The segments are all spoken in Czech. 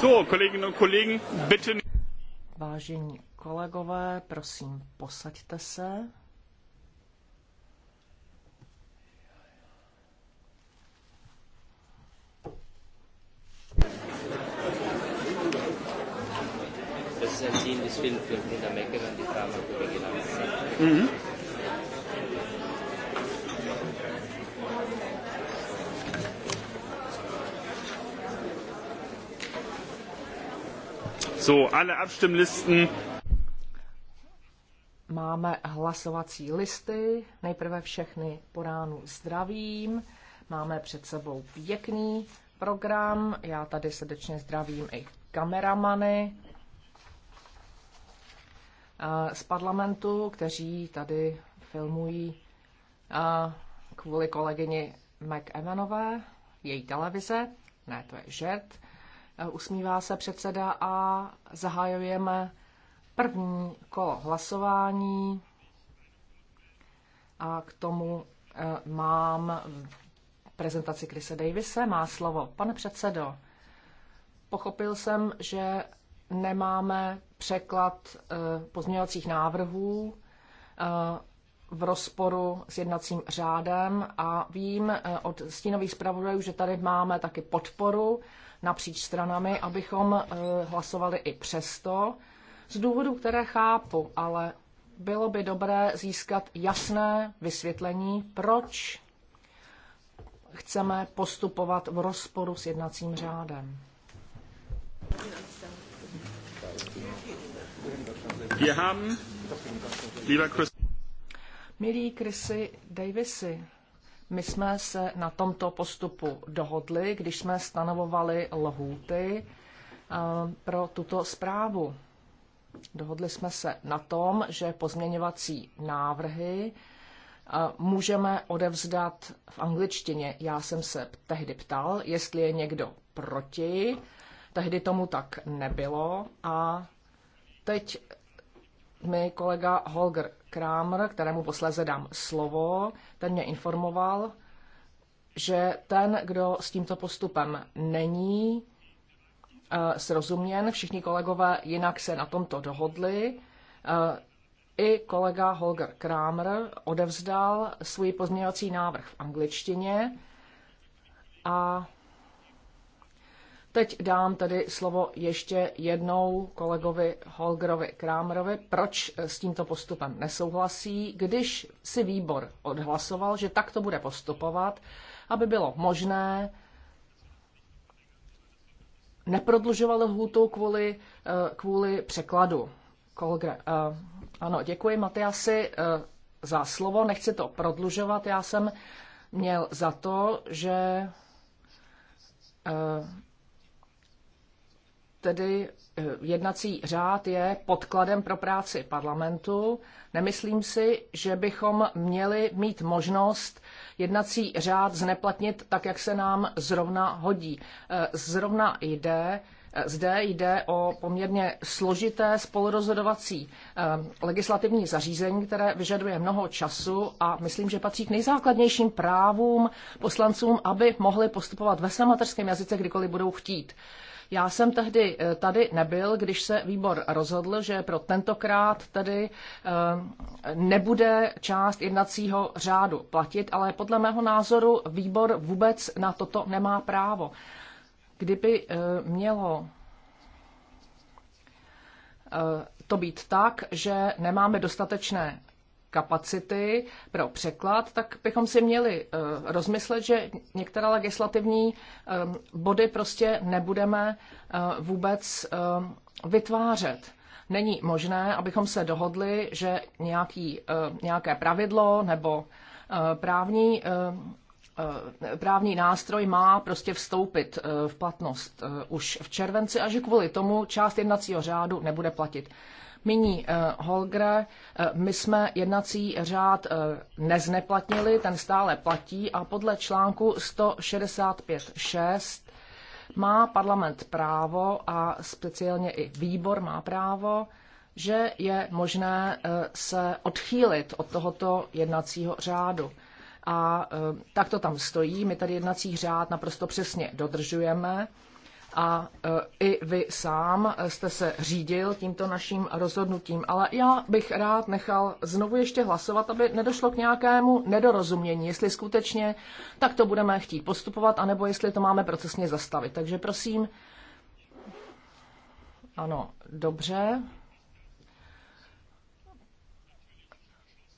So, Kolleginnen und Kollegen, bitte... Vážení kolegové, prosím, posaďte se. Das ist ein Team des Filmfilms, die da meckern, die Drama, Mhm. So, alle Abstimmlisten. Máme hlasovací listy. Nejprve všechny po ránu zdravím. Máme před sebou pěkný program. Já tady srdečně zdravím i kameramany z parlamentu, kteří tady filmují kvůli kolegyni McEvanové, její televize. Ne, to je žert. Eh, usmívá se předseda a zahajujeme první kolo hlasování a k tomu eh, mám prezentaci Krise Davise. Má slovo. Pane předsedo, pochopil jsem, že nemáme překlad eh, pozměňovacích návrhů v rozporu s jednacím řádem a vím od stínových zpravodajů, že tady máme taky podporu napříč stranami, abychom eh, hlasovali i přesto, z důvodu které chápu, ale bylo by dobré získat jasné vysvětlení, proč chceme postupovat v rozporu s jednacím řádem. Milí Chrisy Davisy, my jsme se na tomto postupu dohodli, když jsme stanovovali lhůty eh, pro tuto zprávu. Dohodli jsme se na tom, že pozměňovací návrhy eh, můžeme odevzdat v angličtině. Já jsem se tehdy ptal, jestli je někdo proti. Tehdy tomu tak nebylo a teď mi kolega Holger Kramer, kterému posléze dám slovo, ten mě informoval, že ten, kdo s tímto postupem není eh, srozuměn, všichni kolegové jinak se na tomto dohodli, eh, i kolega Holger Kramer odevzdal svůj pozměňovací návrh v angličtině a Teď dám tedy slovo ještě jednou kolegovi Holgerovi Krámerovi, proč s tímto postupem nesouhlasí, když si výbor odhlasoval, že takto bude postupovat, aby bylo možné neprodlužovat lhůtu kvůli, eh, kvůli překladu. Kolgre, eh, ano, děkuji Matyasi eh, za slovo, nechci to prodlužovat, já jsem měl za to, že tedy eh, jednací řád je podkladem pro práci parlamentu. Nemyslím si, že bychom měli mít možnost jednací řád zneplatnit tak, jak se nám zrovna hodí. Eh, zrovna jde eh, zde jde o poměrně složité spolurozhodovací legislativní zařízení, které vyžaduje mnoho času a myslím, že patří k nejzákladnějším právům poslancům, aby mohli postupovat ve svém jazyce, kdykoliv budou chtít. Já jsem tehdy eh, tady nebyl, když se výbor rozhodl, že pro tentokrát tedy eh, nebude část jednacího řádu platit, ale podle mého názoru výbor vůbec na toto nemá právo. Kdyby eh, mělo to být tak, že nemáme dostatečné kapacity pro překlad, tak bychom si měli eh, rozmyslet, že některé legislativní eh, body prostě nebudeme eh, vůbec vytvářet. Není možné, abychom se dohodli, že nějaký, nějaké pravidlo nebo právní, právní nástroj má prostě vstoupit v platnost už v červenci a že kvůli tomu část jednacího řádu nebude platit. Miní eh, Holgre, eh, my jsme jednací řád eh, nezneplatnili, ten stále platí a podle článku 165.6 má parlament právo a speciálně i výbor má právo, že je možné se odchýlit od tohoto jednacího řádu. A tak to tam stojí. My tady jednací řád naprosto přesně dodržujeme a e, i vy sám jste se řídil tímto naším rozhodnutím. Ale já bych rád nechal znovu ještě hlasovat, aby nedošlo k nějakému nedorozumění, jestli skutečně tak to budeme chtít postupovat, anebo jestli to máme procesně zastavit. Takže prosím. Ano, dobře.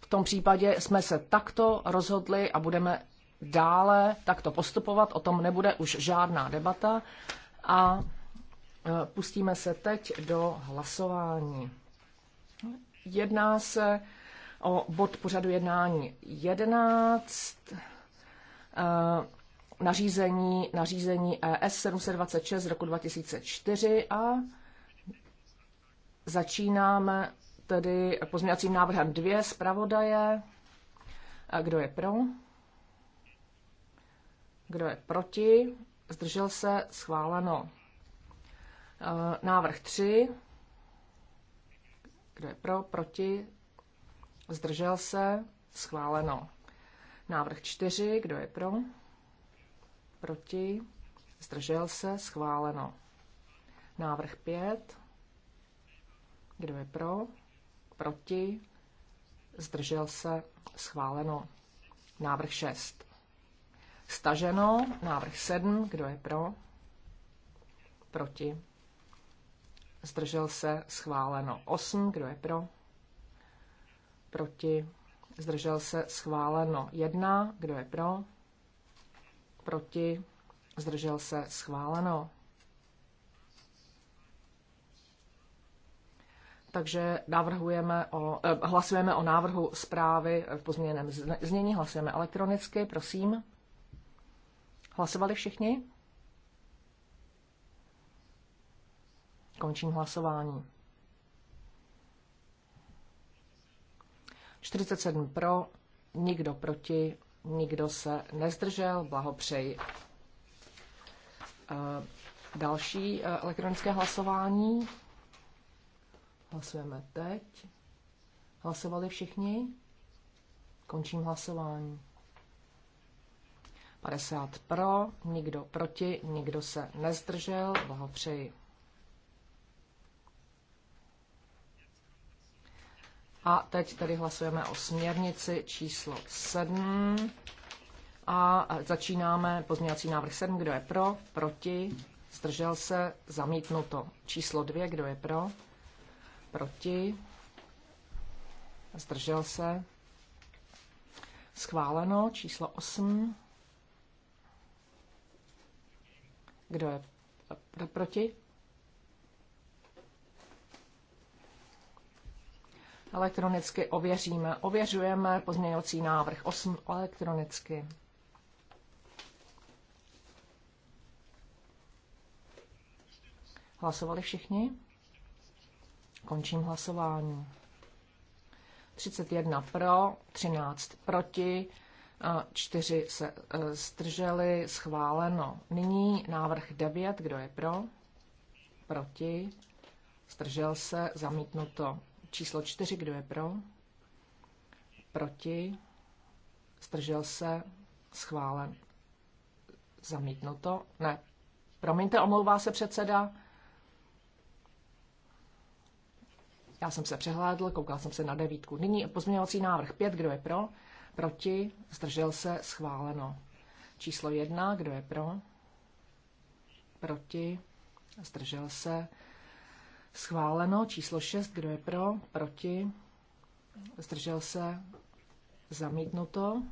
V tom případě jsme se takto rozhodli a budeme dále takto postupovat, o tom nebude už žádná debata a e, pustíme se teď do hlasování. Jedná se o bod pořadu jednání 11, e, nařízení, nařízení e ES 726 z roku 2004 a začínáme tedy pozměňovacím návrhem 2 zpravodaje. Kdo je pro? Kdo je proti? zdržel se, schváleno. Eh, návrh 3, kdo je pro, proti, zdržel se, schváleno. Návrh 4, kdo je pro, proti, zdržel se, schváleno. Návrh 5, kdo je pro, proti, zdržel se, schváleno. Návrh 6. Staženo. Návrh 7. Kdo je pro? Proti. Zdržel se. Schváleno. 8. Kdo je pro? Proti. Zdržel se. Schváleno. 1. Kdo je pro? Proti. Zdržel se. Schváleno. Takže navrhujeme o, eh, hlasujeme o návrhu zprávy v pozměněném znění, hlasujeme elektronicky, prosím. Hlasovali všichni? Končím hlasování. 47 pro, nikdo proti, nikdo se nezdržel, blahopřeji. Eh, další eh, elektronické hlasování. Hlasujeme teď. Hlasovali všichni? Končím hlasování. 50 pro, nikdo proti, nikdo se nezdržel. Blahopřeji. A teď tedy hlasujeme o směrnici číslo 7. A začínáme pozměňovací návrh 7. Kdo je pro? Proti? Zdržel se? Zamítnuto. Číslo 2. Kdo je pro? Proti? Zdržel se? Schváleno. Číslo 8. Kdo je proti? Elektronicky ověříme. Ověřujeme pozměňovací návrh 8 elektronicky. Hlasovali všichni? Končím hlasování. 31 pro, 13 proti čtyři se e, zdrželi, schváleno. Nyní návrh 9, kdo je pro? Proti? Zdržel se, zamítnuto. Číslo 4, kdo je pro? Proti? Zdržel se, schválen. Zamítnuto? Ne. Promiňte, omlouvá se předseda. Já jsem se přehlédl, koukal jsem se na devítku. Nyní pozměňovací návrh 5, kdo je pro? Proti? Zdržel se? Schváleno. Číslo jedna, Kdo je pro? Proti? Zdržel se? Schváleno. Číslo šest, Kdo je pro? Proti? Zdržel se? Zamítnuto.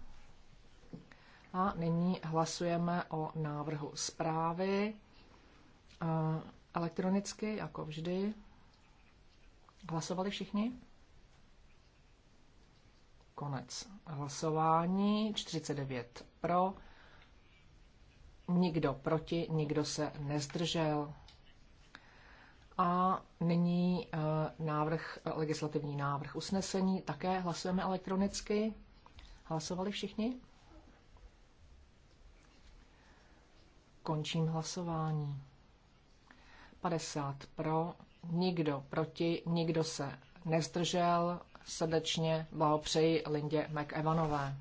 A nyní hlasujeme o návrhu zprávy eh, elektronicky, jako vždy. Hlasovali všichni? Konec hlasování. 49 pro, nikdo proti, nikdo se nezdržel. A nyní eh, návrh, eh, legislativní návrh usnesení. Také hlasujeme elektronicky. Hlasovali všichni? Končím hlasování. 50 pro, nikdo proti, nikdo se nezdržel srdečně blahopřeji Lindě McEvanové.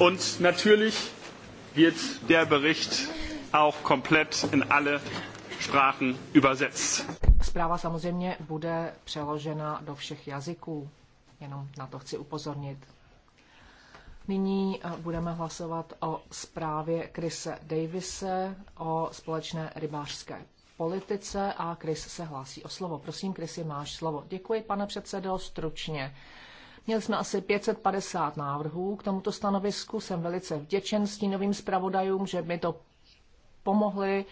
Und natürlich wird der Bericht auch komplett in alle Sprachen übersetzt. Zpráva samozřejmě bude přeložena do všech jazyků, jenom na to chci upozornit. Nyní eh, budeme hlasovat o zprávě Krise Davise o společné rybářské politice a Chris se hlásí o slovo. Prosím, Chris, je máš slovo. Děkuji, pane předsedo, stručně. Měli jsme asi 550 návrhů k tomuto stanovisku. Jsem velice vděčen S tím novým zpravodajům, že mi to pomohli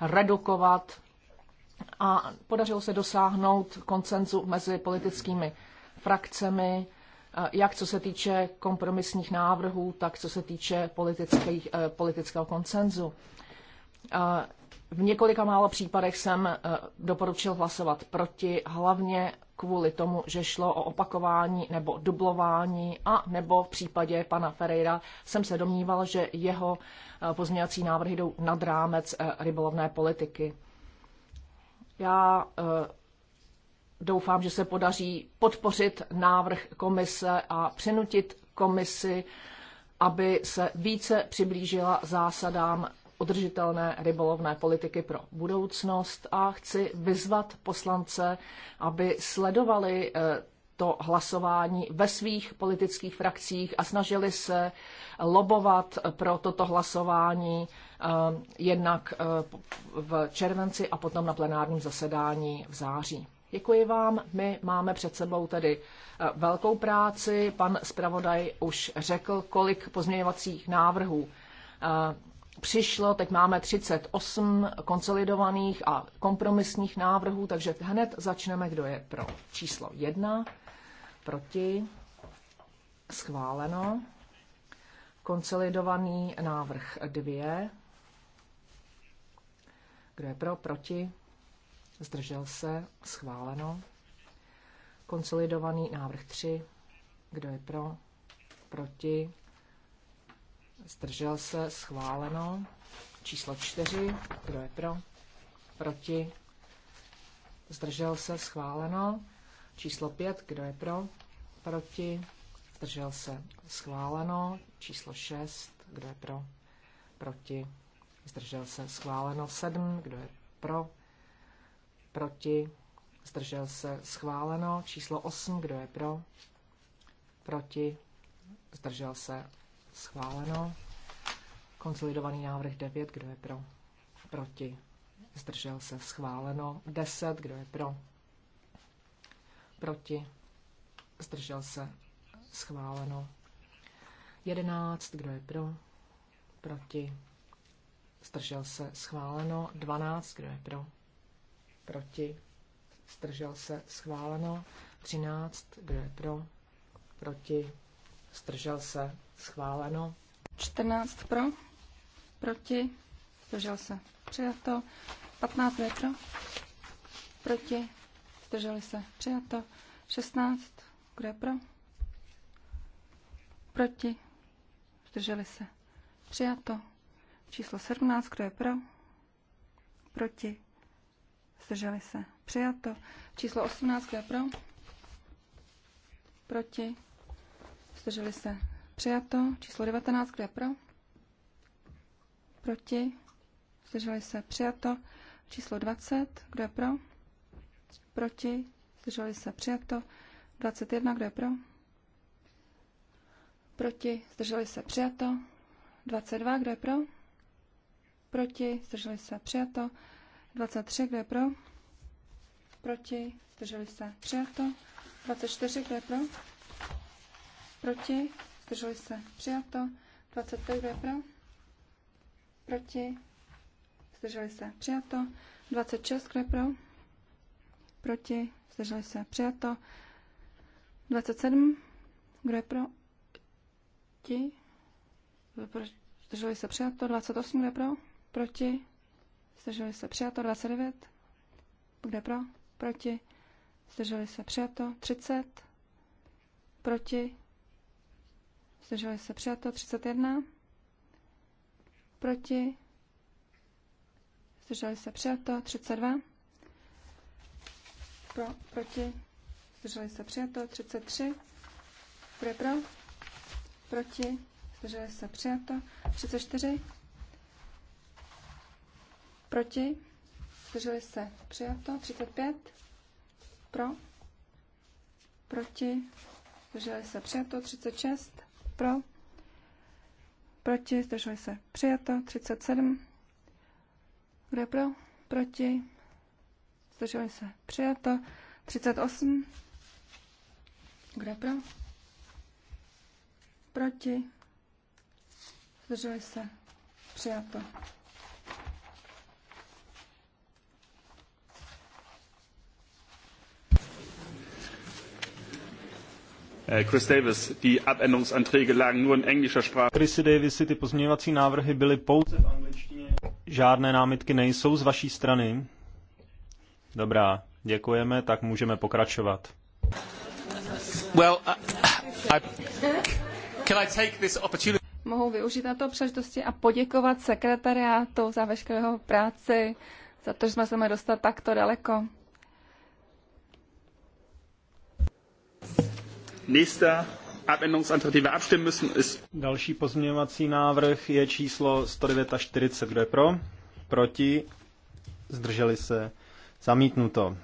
redukovat a podařilo se dosáhnout koncenzu mezi politickými frakcemi, eh, jak co se týče kompromisních návrhů, tak co se týče eh, politického koncenzu. Eh, v několika málo případech jsem eh, doporučil hlasovat proti, hlavně kvůli tomu, že šlo o opakování nebo dublování a nebo v případě pana Ferreira jsem se domníval, že jeho eh, pozměňovací návrhy jdou nad rámec eh, rybolovné politiky. Já doufám, že se podaří podpořit návrh komise a přinutit komisi, aby se více přiblížila zásadám udržitelné rybolovné politiky pro budoucnost a chci vyzvat poslance, aby sledovali eh, to hlasování ve svých politických frakcích a snažili se lobovat pro toto hlasování eh, jednak eh, v červenci a potom na plenárním zasedání v září. Děkuji vám. My máme před sebou tedy velkou práci. Pan zpravodaj už řekl, kolik pozměňovacích návrhů přišlo, teď máme 38 konsolidovaných a kompromisních návrhů, takže hned začneme, kdo je pro číslo 1, proti, schváleno, konsolidovaný návrh 2, kdo je pro, proti, zdržel se, schváleno, konsolidovaný návrh 3, kdo je pro, proti, Zdržel se? Schváleno. Číslo čtyři Kdo je pro? Proti? Zdržel se? Schváleno. Číslo pět Kdo je pro? Proti? Zdržel se? Schváleno. Číslo šest Kdo je pro? Proti? Zdržel se? Schváleno. sedm Kdo je pro? Proti? Zdržel se? Schváleno. Číslo osm Kdo je pro? Proti? Zdržel se? Schváleno. Konsolidovaný návrh 9. Kdo je pro? Proti. Zdržel se. Schváleno. 10. Kdo je pro? Proti. Zdržel se. Schváleno. 11. Kdo je pro? Proti. Zdržel se. Schváleno. 12. Kdo je pro? Proti. Zdržel se. Schváleno. 13. Kdo je pro? Proti. Zdržel se. Schváleno. 14 pro, proti, zdržel se, přijato. 15 je pro, proti, zdrželi se, přijato. 16, kdo je pro? Proti, zdrželi se, přijato. Číslo 17, kdo je pro? Proti, zdrželi se, přijato. Číslo 18, kdo je pro? Proti, zdrželi se, Přijato. Číslo 19. Kdo je pro? Proti? Zdrželi se. Přijato. Číslo 20. Kdo je pro? Proti? Zdrželi se. Přijato. 21. Kdo je pro? Proti? Zdrželi se. Přijato. 22. Kdo je pro? Proti? Zdrželi se. Přijato. 23. Kdo je pro? Proti? Zdrželi se. Přijato. 24. Kdo je pro? Proti? zdrželi se, přijato. 25, kdo je pro? Proti, zdrželi se, přijato. 26, kdo je pro? Proti, zdrželi se, přijato. 27, kdo je pro? Ti, zdrželi se, přijato. 28, kdo je pro? Proti, zdrželi se, přijato. 29, kdo je pro? Proti, zdrželi se, přijato. 30, proti, Zdrželi se přijato 31. Proti. Zdrželi se přijato 32. Pro, proti. Zdrželi se přijato 33. Pro, pro. Proti. Zdrželi se přijato 34. Proti. Zdrželi se přijato 35. Pro. Proti. Zdrželi se přijato 36 pro, proti, zdrželi se přijato, 37, kdo je pro, proti, zdrželi se přijato, 38, kdo je pro, proti, zdrželi se přijato. Äh, Chris Davis, ty pozměňovací návrhy byly pouze v angličtině. Žádné námitky nejsou z vaší strany. Dobrá, děkujeme, tak můžeme pokračovat. Well, uh, I, can I take this opportunity? Mohu využít na to příležitosti a poděkovat sekretariátu za veškerou práci, za to, že jsme se mohli dostat takto daleko. Další pozměňovací návrh je číslo 149. Kdo je pro? Proti? Zdrželi se? Zamítnuto.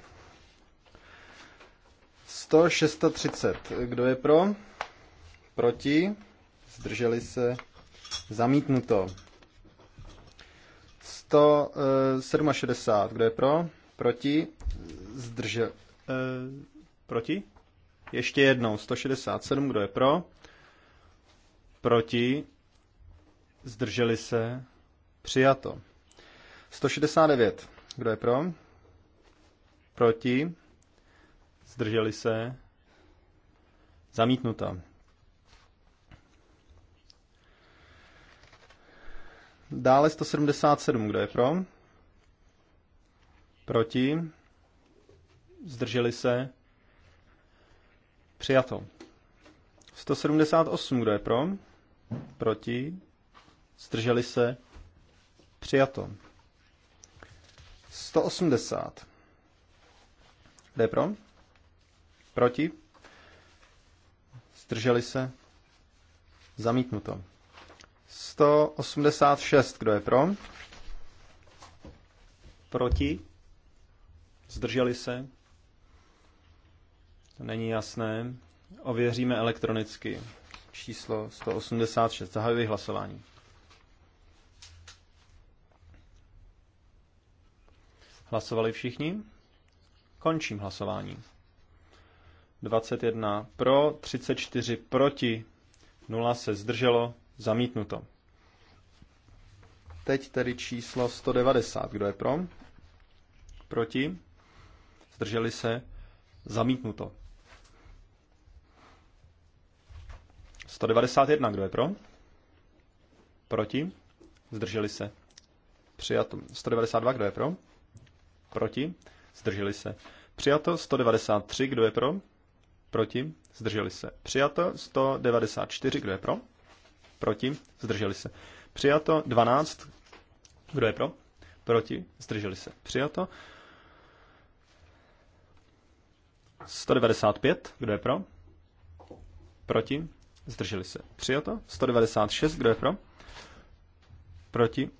136. Kdo je pro? Proti? Zdrželi se? Zamítnuto. 167. Eh, Kdo je pro? Proti? Zdržel... E, proti? Ještě jednou, 167, kdo je pro? Proti? Zdrželi se? Přijato. 169, kdo je pro? Proti? Zdrželi se? Zamítnuta. Dále 177, kdo je pro? Proti? Zdrželi se? Přijato. 178, kdo je pro? Proti? Zdrželi se? Přijato. 180. Kdo je pro? Proti? Zdrželi se? Zamítnuto. 186. Kdo je pro? Proti? Zdrželi se? To není jasné. Ověříme elektronicky. Číslo 186. Zahajuji hlasování. Hlasovali všichni? Končím hlasování. 21 pro, 34 proti, 0 se zdrželo, zamítnuto. Teď tedy číslo 190. Kdo je pro? Proti? Zdrželi se? Zamítnuto. 191, kdo je pro? Proti? Zdrželi se. Přijato. 192, kdo je pro? Proti? Zdrželi se. Přijato. 193, kdo je pro? Proti? Zdrželi se. Přijato. 194, kdo je pro? Proti? Zdrželi se. Přijato. 12, kdo je pro? Proti? Zdrželi se. Přijato. 195, kdo je pro? Proti? Zdrželi se. Přijato. 196. Kdo je pro? Proti.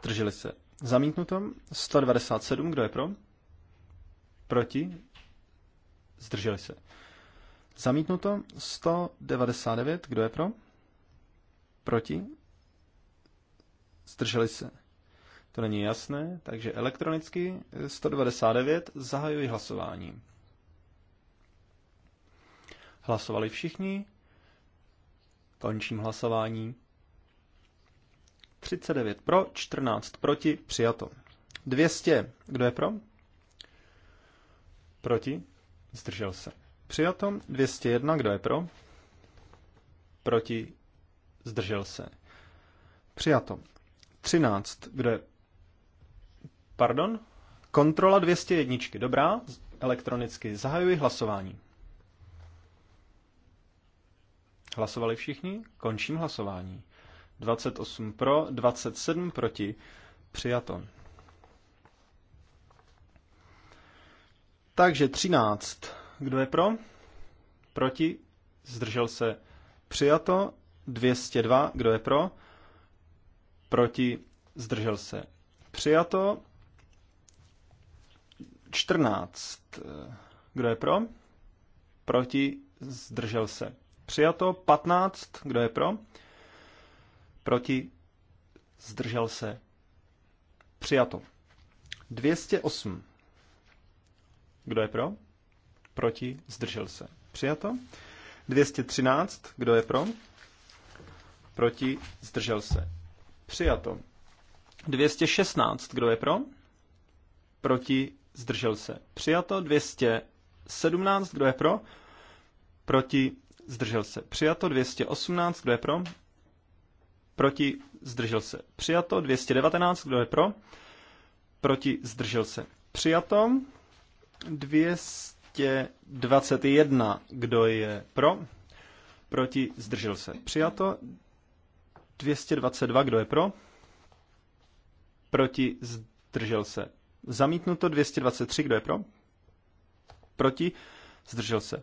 Zdrželi se. Zamítnuto. 197. Kdo je pro? Proti. Zdrželi se. Zamítnuto. 199. Kdo je pro? Proti. Zdrželi se. To není jasné, takže elektronicky 199 zahajuji hlasování. Hlasovali všichni. Končím hlasování. 39 pro, 14 proti, přijato. 200. Kdo je pro? Proti? Zdržel se. Přijato. 201. Kdo je pro? Proti? Zdržel se. Přijato. 13. Kdo je... Pardon? Kontrola 201. Dobrá. Elektronicky zahajuji hlasování. Hlasovali všichni? Končím hlasování. 28 pro, 27 proti. Přijato. Takže 13. Kdo je pro? Proti? Zdržel se. Přijato. 202. Kdo je pro? Proti? Zdržel se. Přijato. 14. Kdo je pro? Proti? Zdržel se. Přijato 15. Kdo je pro? Proti? Zdržel se. Přijato. 208. Kdo je pro? Proti? Zdržel se. Přijato. 213. Kdo je pro? Proti? Zdržel se. Přijato. 216. Kdo je pro? Proti? Zdržel se. Přijato. 217. Kdo je pro? Proti? zdržel se, přijato 218, kdo je pro, proti, zdržel se, přijato 219, kdo je pro, proti, zdržel se, přijato 221, kdo je pro, proti, zdržel se, přijato 222, kdo je pro, proti, zdržel se, zamítnuto 223, kdo je pro, proti, zdržel se.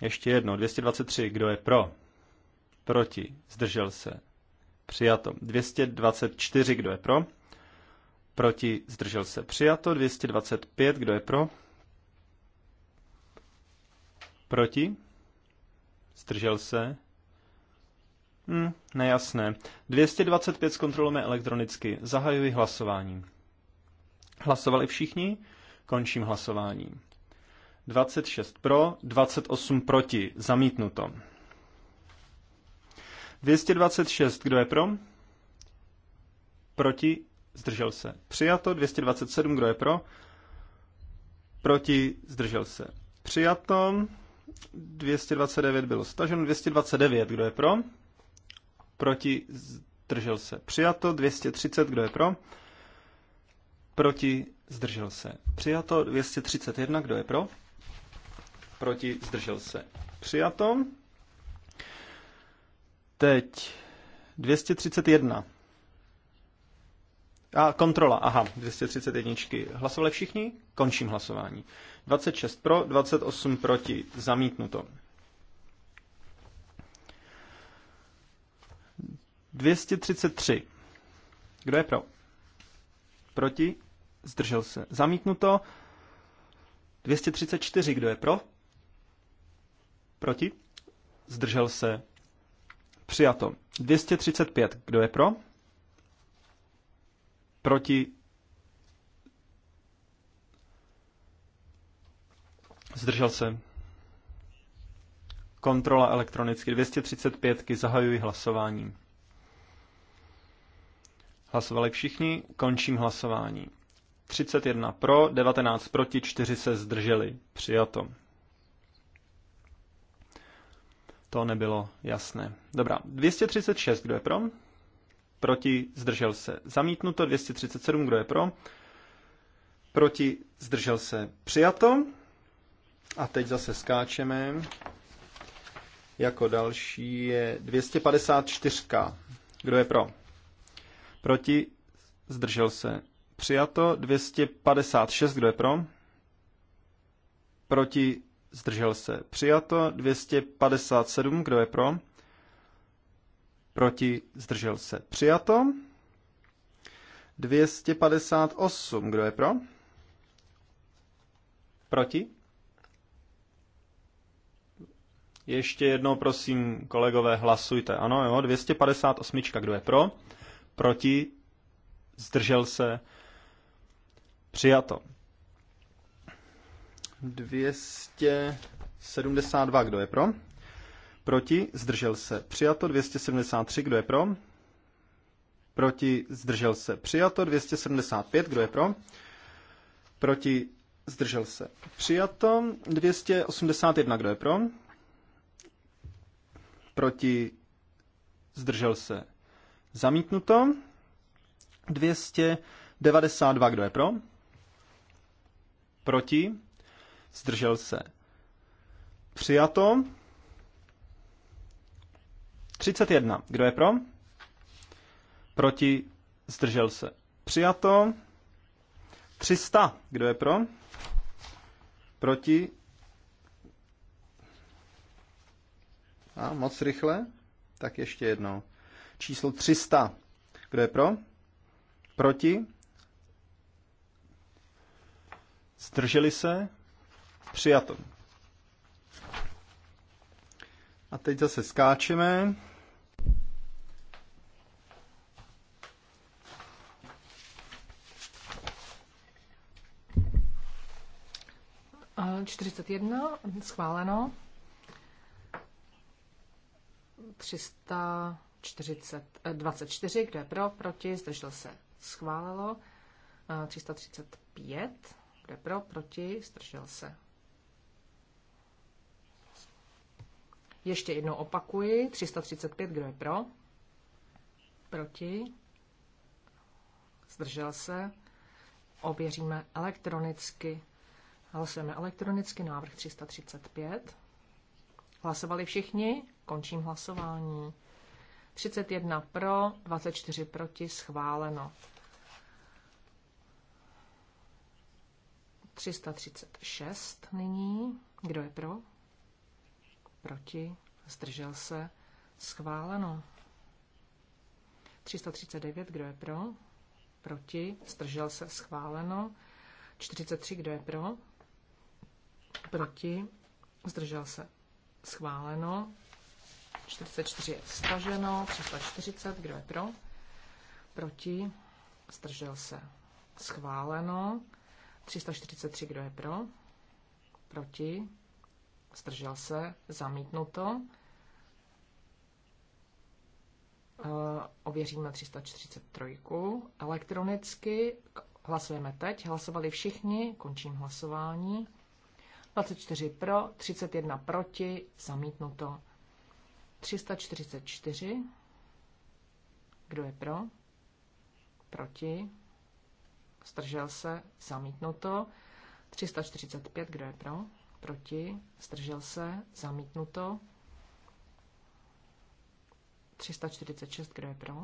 Ještě jedno. 223. Kdo je pro? Proti. Zdržel se. Přijato. 224. Kdo je pro? Proti. Zdržel se. Přijato. 225. Kdo je pro? Proti. Zdržel se. Hm, nejasné. 225 zkontrolujeme elektronicky. Zahajuji hlasování. Hlasovali všichni? Končím hlasováním. 26 pro, 28 proti. Zamítnuto. 226, kdo je pro? Proti, zdržel se. Přijato. 227, kdo je pro? Proti, zdržel se. Přijato. 229 bylo staženo. 229, kdo je pro? Proti, zdržel se. Přijato. 230, kdo je pro? Proti, zdržel se. Přijato. 231, kdo je pro? proti, zdržel se. Přijato. Teď 231. A kontrola, aha, 231. Hlasovali všichni? Končím hlasování. 26 pro, 28 proti, zamítnuto. 233. Kdo je pro? Proti? Zdržel se. Zamítnuto. 234. Kdo je pro? Proti? Zdržel se. Přijato. 235. Kdo je pro? Proti? Zdržel se. Kontrola elektronicky. 235. Zahajuji hlasování. Hlasovali všichni. Končím hlasování. 31 pro, 19 proti, 4 se zdrželi. Přijato. To nebylo jasné. Dobrá, 236, kdo je pro? Proti, zdržel se. Zamítnuto, 237, kdo je pro? Proti, zdržel se. Přijato. A teď zase skáčeme. Jako další je 254. Kdo je pro? Proti, zdržel se. Přijato, 256, kdo je pro? Proti, zdržel se. Přijato 257, kdo je pro? Proti, zdržel se. Přijato 258, kdo je pro? Proti? Ještě jednou prosím, kolegové, hlasujte. Ano, jo, 258, kdo je pro? Proti, zdržel se. Přijato. 272, kdo je pro? Proti, zdržel se, přijato 273, kdo je pro? Proti, zdržel se, přijato 275, kdo je pro? Proti, zdržel se, přijato 281, kdo je pro? Proti, zdržel se, zamítnuto 292, kdo je pro? Proti, zdržel se. Přijato. 31. Kdo je pro? Proti, zdržel se. Přijato. 300. Kdo je pro? Proti. A moc rychle. Tak ještě jednou. Číslo 300. Kdo je pro? Proti. Zdrželi se. Přijato. A teď zase skáčeme. A 41, schváleno. 324, eh, kdo je pro, proti, zdržel se, schválilo. 335, eh, kdo je pro, proti, zdržel se, Ještě jednou opakuji. 335, kdo je pro? Proti? Zdržel se? Ověříme elektronicky. Hlasujeme elektronicky návrh 335. Hlasovali všichni? Končím hlasování. 31 pro, 24 proti, schváleno. 336 nyní. Kdo je pro? proti, zdržel se, schváleno. 339, kdo je pro, proti, zdržel se, schváleno. 43, kdo je pro, proti, zdržel se, schváleno. 44 je staženo, 340, kdo je pro, proti, zdržel se, schváleno. 343, kdo je pro, proti, zdržel se, zamítnu to. E, Ověříme 343 elektronicky. Hlasujeme teď. Hlasovali všichni. Končím hlasování. 24 pro, 31 proti, zamítnuto. 344. Kdo je pro? Proti. Zdržel se, zamítnuto. 345. Kdo je pro? proti, zdržel se, zamítnuto. 346, kdo je pro,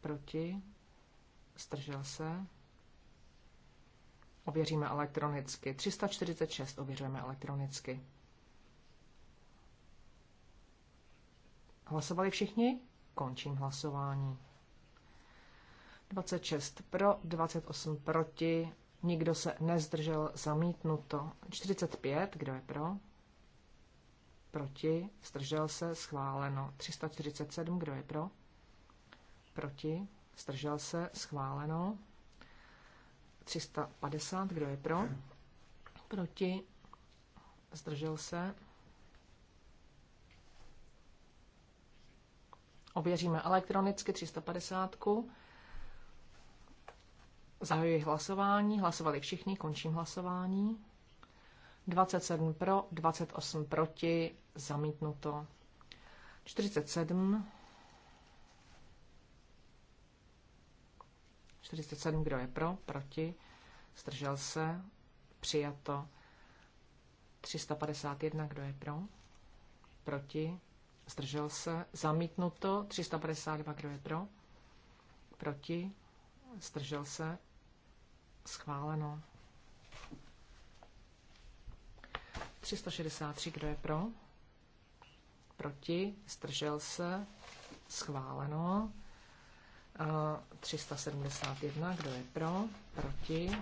proti, zdržel se. Ověříme elektronicky. 346 ověřujeme elektronicky. Hlasovali všichni? Končím hlasování. 26 pro, 28 proti, Nikdo se nezdržel zamítnuto. 45, kdo je pro? Proti, zdržel se, schváleno. 347, kdo je pro? Proti, zdržel se, schváleno. 350, kdo je pro? Proti, zdržel se. Ověříme elektronicky 350. Zahajuji hlasování. Hlasovali všichni. Končím hlasování. 27 pro, 28 proti. Zamítnuto. 47. 47, kdo je pro, proti, zdržel se, přijato. 351, kdo je pro, proti, zdržel se, zamítnuto. 352, kdo je pro, proti, zdržel se, Schváleno. 363, kdo je pro? Proti? Zdržel se? Schváleno. 371, eh, kdo je pro? Proti?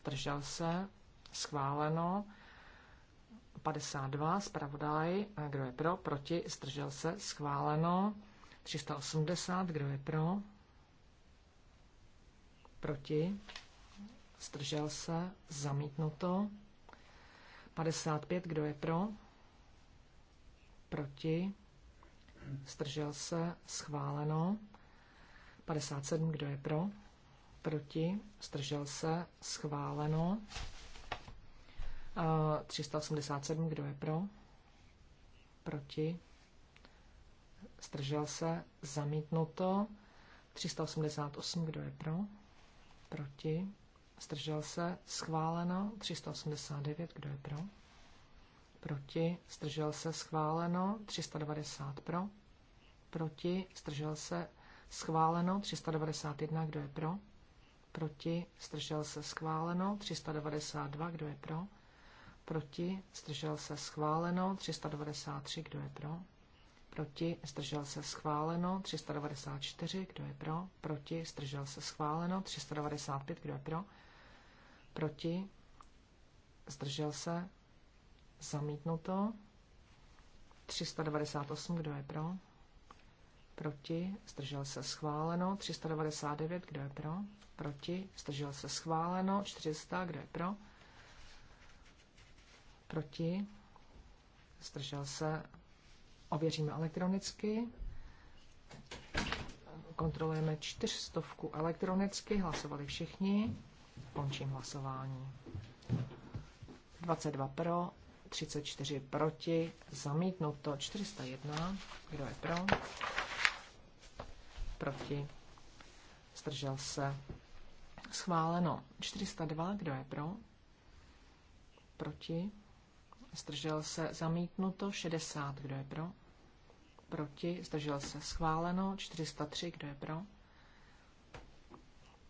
Zdržel se? Schváleno. 52, zpravodaj, eh, kdo je pro? Proti? Zdržel se? Schváleno. 380, kdo je pro? proti, zdržel se, zamítnuto. 55, kdo je pro, proti, zdržel se, schváleno. 57, kdo je pro, proti, zdržel se, schváleno. 387, eh, kdo je pro, proti, zdržel se, zamítnuto. 388, kdo je pro, proti, zdržel se, schváleno, 389, kdo je pro, proti, zdržel se, schváleno, 390 pro, proti, zdržel se, schváleno, 391, kdo je pro, proti, zdržel se, schváleno, 392, kdo je pro, proti, zdržel se, schváleno, 393, kdo je pro, proti, zdržel se schváleno, 394, kdo je pro, proti, zdržel se schváleno, 395, kdo je pro, proti, zdržel se, zamítnuto, 398, kdo je pro, proti, zdržel se schváleno, 399, kdo je pro, proti, zdržel se schváleno, 400, kdo je pro, proti, zdržel se Ověříme elektronicky. Kontrolujeme čtyřstovku elektronicky. Hlasovali všichni. Končím hlasování. 22 pro, 34 proti, zamítnuto 401. Kdo je pro? Proti. Zdržel se. Schváleno 402. Kdo je pro? Proti. Zdržel se. Zamítnuto 60. Kdo je pro? proti, zdržel se schváleno, 403, kdo je pro,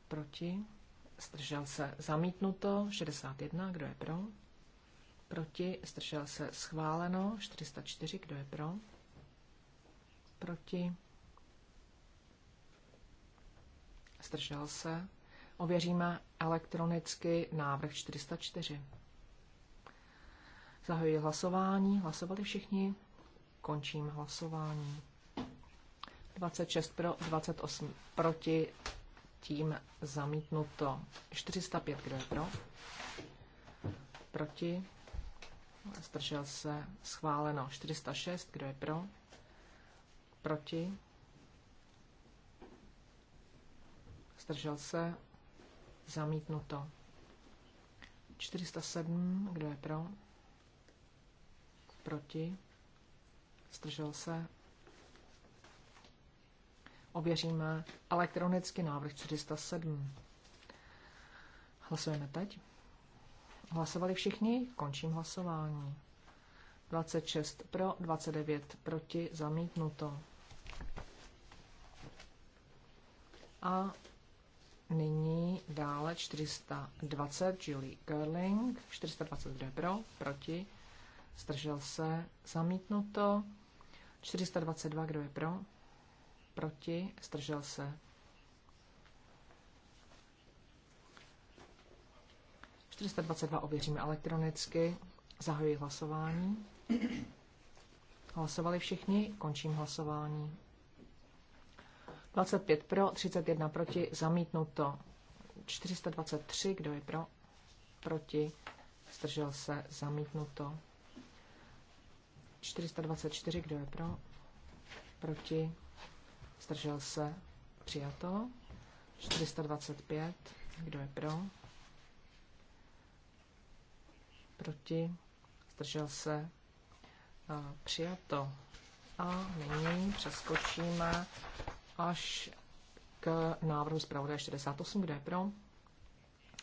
proti, zdržel se zamítnuto, 61, kdo je pro, proti, zdržel se schváleno, 404, kdo je pro, proti, zdržel se, ověříme elektronicky návrh 404. Zahajuji hlasování, hlasovali všichni. Končím hlasování. 26 pro, 28 proti, tím zamítnuto. 405, kdo je pro? Proti. Zdržel se schváleno. 406, kdo je pro? Proti. Zdržel se zamítnuto. 407, kdo je pro? Proti zdržel se. Ověříme elektronický návrh 407. Hlasujeme teď. Hlasovali všichni? Končím hlasování. 26 pro, 29 proti, zamítnuto. A nyní dále 420 Julie Gerling, 420 pro, proti, zdržel se, zamítnuto. 422, kdo je pro, proti, zdržel se. dva ověříme elektronicky, zahajuji hlasování. Hlasovali všichni, končím hlasování. 25 pro, 31 proti, zamítnuto. 423, kdo je pro, proti, zdržel se, zamítnuto. 424, kdo je pro? Proti? Zdržel se? Přijato. 425, kdo je pro? Proti? Zdržel se? Přijato. A nyní přeskočíme až k návrhu zpravodaje 68, kdo je pro?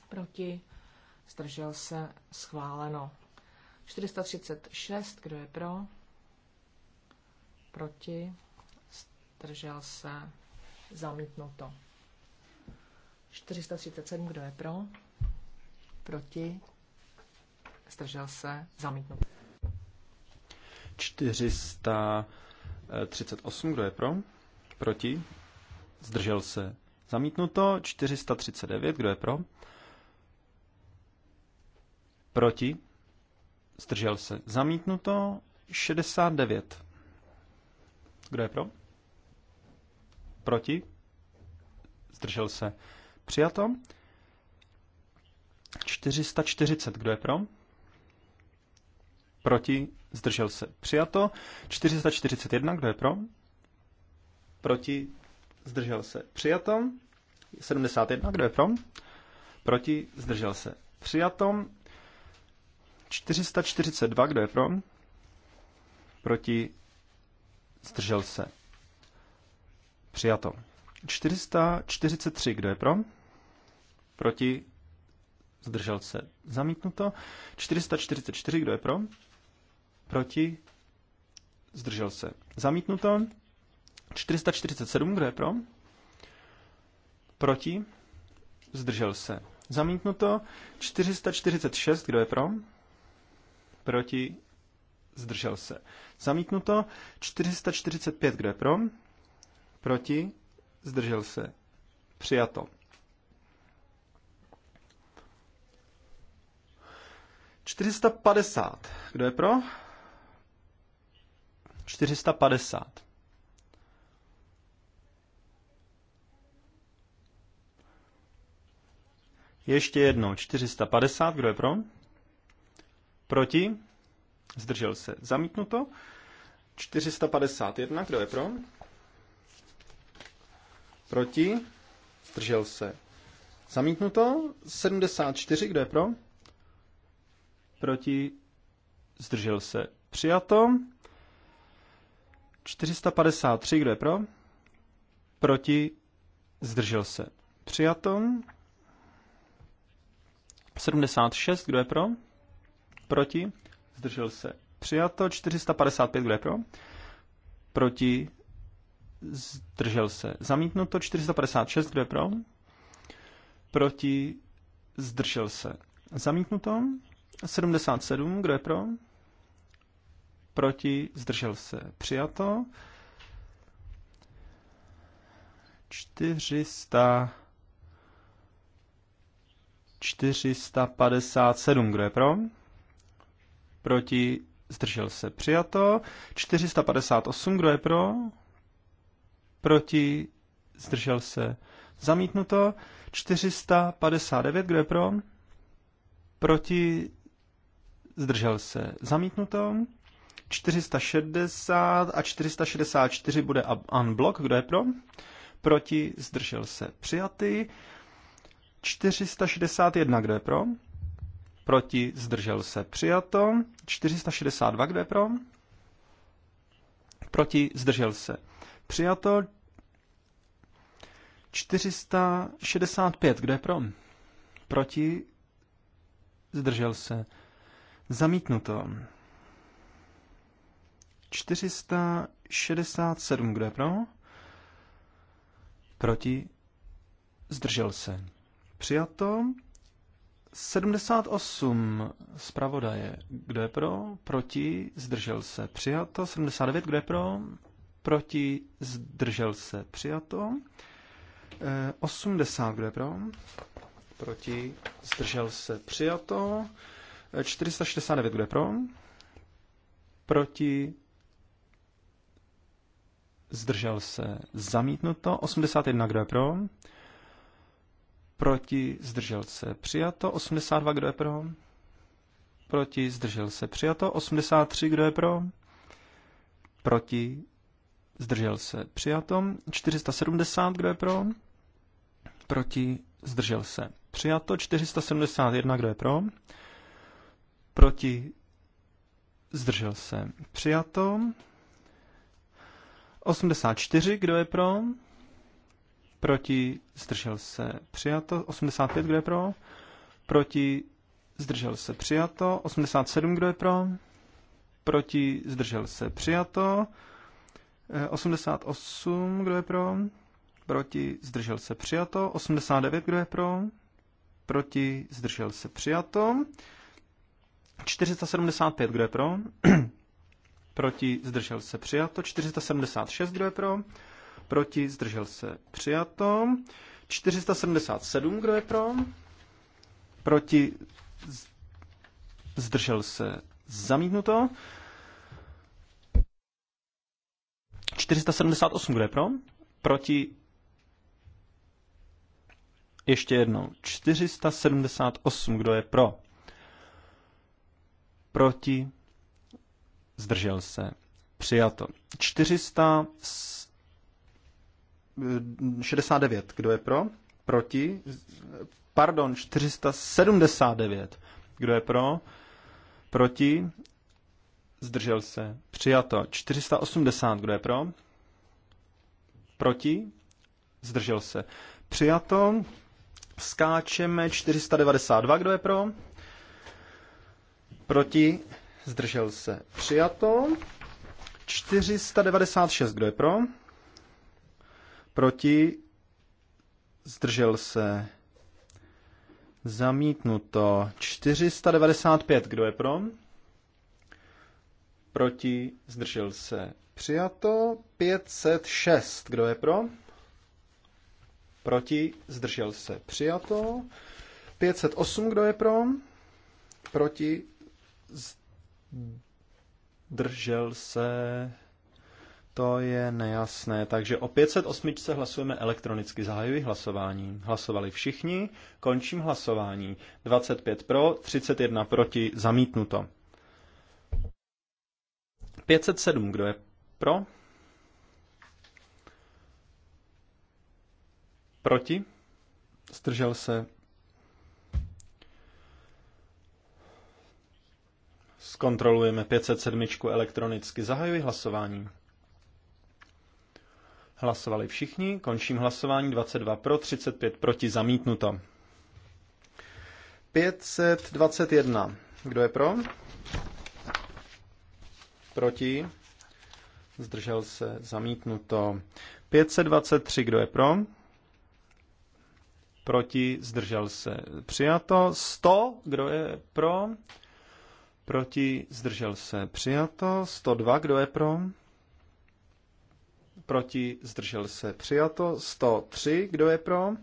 Proti? Zdržel se? Schváleno. 436, kdo je pro? Proti? Zdržel se? Zamítnuto. 437, kdo je pro? Proti? Zdržel se? Zamítnuto. 438, kdo je pro? Proti? Zdržel se? Zamítnuto. 439, kdo je pro? Proti? Zdržel se. Zamítnuto 69. Kdo je pro? Proti? Zdržel se. Přijato. 440. Kdo je pro? Proti? Zdržel se. Přijato. 441. Kdo je pro? Proti? Zdržel se. Přijato. 71. Kdo je pro? Proti? Zdržel se. Přijato. 442, kdo je pro? Proti? Zdržel se. Přijato. 443, kdo je pro? Proti? Zdržel se. Zamítnuto. 444, kdo je pro? Proti? Zdržel se. Zamítnuto. 447, kdo je pro? Proti? Zdržel se. Zamítnuto. 446, kdo je pro? proti, zdržel se. Zamítnuto 445, kdo je pro, proti, zdržel se. Přijato. 450. Kdo je pro? 450. Ještě jednou. 450. Kdo je pro? Proti? Zdržel se. Zamítnuto. 451. Kdo je pro? Proti? Zdržel se. Zamítnuto. 74. Kdo je pro? Proti? Zdržel se. Přijato. 453. Kdo je pro? Proti? Zdržel se. Přijato. 76. Kdo je pro? Proti? Zdržel se. Přijato. 455, kdo je pro? Proti? Zdržel se. Zamítnuto. 456, kdo je pro? Proti? Zdržel se. Zamítnuto. 77, kdo je pro? Proti? Zdržel se. Přijato. 400... 457, kdo je pro? proti, zdržel se, přijato. 458, kdo je pro, proti, zdržel se, zamítnuto. 459, kdo je pro, proti, zdržel se, zamítnuto. 460 a 464 bude unblock, kdo je pro? Proti, zdržel se, přijaty. 461, kdo je pro? proti, zdržel se, přijato. 462, kdo je pro? Proti, zdržel se, přijato. 465, kdo je pro? Proti, zdržel se, zamítnuto. 467, kdo je pro? Proti, zdržel se. Přijato. 78 zpravodaje. Kdo je pro? Proti? Zdržel se. Přijato. 79. Kdo je pro? Proti? Zdržel se. Přijato. 80. Eh, Kdo je pro? Proti? Zdržel se. Přijato. 469. Eh, Kdo je pro? Proti? Zdržel se. Zamítnuto. 81. Kdo je pro? Proti zdržel se přijato. 82, kdo je pro? Proti zdržel se přijato. 83, kdo je pro? Proti zdržel se přijato. 470, kdo je pro? Proti zdržel se přijato. 471, kdo je pro? Proti zdržel se přijato. 84, kdo je pro? proti, zdržel se, přijato. 85, kdo je pro, proti, zdržel se, přijato. 87, kdo je pro, proti, zdržel se, přijato. 88, eh, kdo je pro, proti, zdržel se, přijato. 89, kdo je pro, proti, zdržel se, přijato. 475, kdo je pro, proti, zdržel se, přijato. 476, kdo je pro, proti, zdržel se, přijato. 477, kdo je pro, proti, zdržel se, zamítnuto. 478, kdo je pro, proti, ještě jednou, 478, kdo je pro, proti, zdržel se, přijato. 400 69. Kdo je pro? Proti? Pardon, 479. Kdo je pro? Proti? Zdržel se. Přijato. 480. Kdo je pro? Proti? Zdržel se. Přijato. Skáčeme 492. Kdo je pro? Proti? Zdržel se. Přijato. 496. Kdo je pro? proti, zdržel se, zamítnuto. 495, kdo je pro? Proti, zdržel se, přijato. 506, kdo je pro? Proti, zdržel se, přijato. 508, kdo je pro? Proti, zdržel se, to je nejasné. Takže o 508 hlasujeme elektronicky. Zahajuji hlasování. Hlasovali všichni. Končím hlasování. 25 pro, 31 proti, zamítnuto. 507, kdo je pro? Proti? Zdržel se. Zkontrolujeme 507 elektronicky. Zahajuji hlasování. Hlasovali všichni, končím hlasování 22 pro, 35 proti, zamítnuto. 521. Kdo je pro? Proti? Zdržel se, zamítnuto. 523. Kdo je pro? Proti? Zdržel se, přijato. 100. Kdo je pro? Proti? Zdržel se, přijato. 102. Kdo je pro? Proti zdržel se přijato. 103, kdo je pro?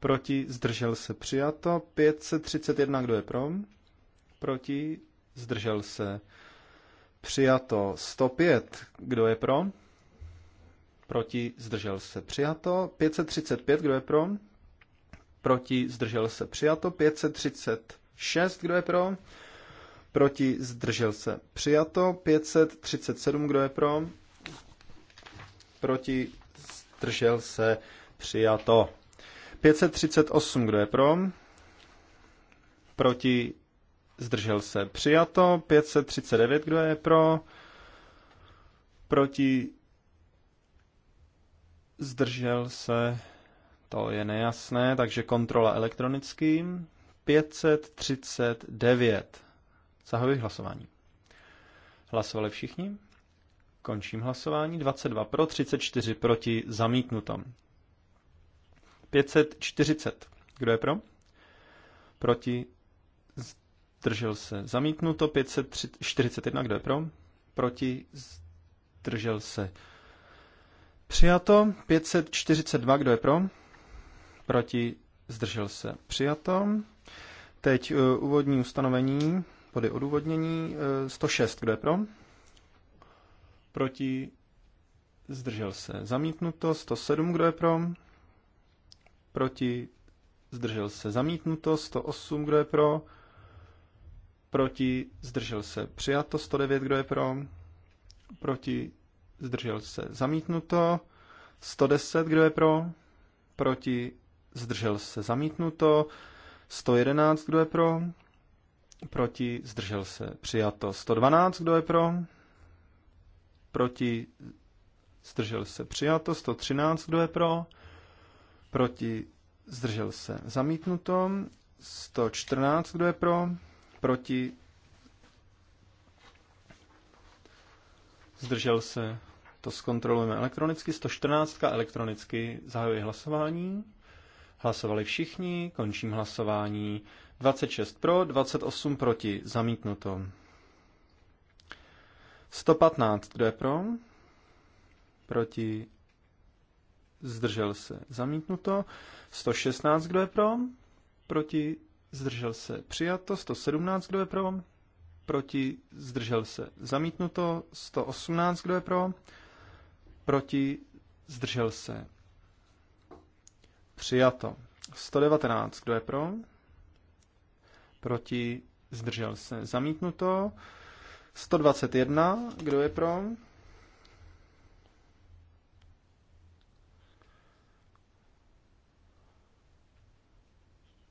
Proti zdržel se přijato. 531, kdo je pro? Proti zdržel se přijato. 105, kdo je pro? Proti zdržel se přijato. 535, kdo je pro? Proti zdržel se přijato. 536, kdo je pro? Proti zdržel se přijato. 537, kdo je pro? proti, zdržel se, přijato. 538, kdo je pro, proti, zdržel se, přijato. 539, kdo je pro, proti, zdržel se, to je nejasné, takže kontrola elektronickým 539. Zahajuji hlasování. Hlasovali všichni? Končím hlasování. 22 pro, 34 proti, zamítnuto. 540. Kdo je pro? Proti, zdržel se. Zamítnuto. 541. Kdo je pro? Proti, zdržel se. Přijato. 542. Kdo je pro? Proti, zdržel se. Přijato. Teď uh, úvodní ustanovení, body odůvodnění. Uh, 106. Kdo je pro? proti, zdržel se. Zamítnuto 107, kdo je pro, proti, zdržel se. Zamítnuto 108, kdo je pro, proti, zdržel se. Přijato 109, kdo je pro, proti, zdržel se. Zamítnuto 110, kdo je pro, proti, zdržel se. Zamítnuto 111, kdo je pro, proti, zdržel se. Přijato 112, kdo je pro, proti, zdržel se přijato, 113, kdo je pro, proti, zdržel se zamítnuto, 114, kdo je pro, proti, zdržel se, to zkontrolujeme elektronicky, 114 elektronicky zahajuje hlasování, hlasovali všichni, končím hlasování, 26 pro, 28 proti, zamítnuto. 115, jde pro? Proti? Zdržel se. Zamítnuto. 116, kdo je pro? Proti? Zdržel se. Přijato. 117, kdo je pro? Proti? Zdržel se. Zamítnuto. 118, kdo je pro? Proti? Zdržel se. Přijato. 119, kdo je pro? Proti? Zdržel se. Zamítnuto. 121, kdo je pro?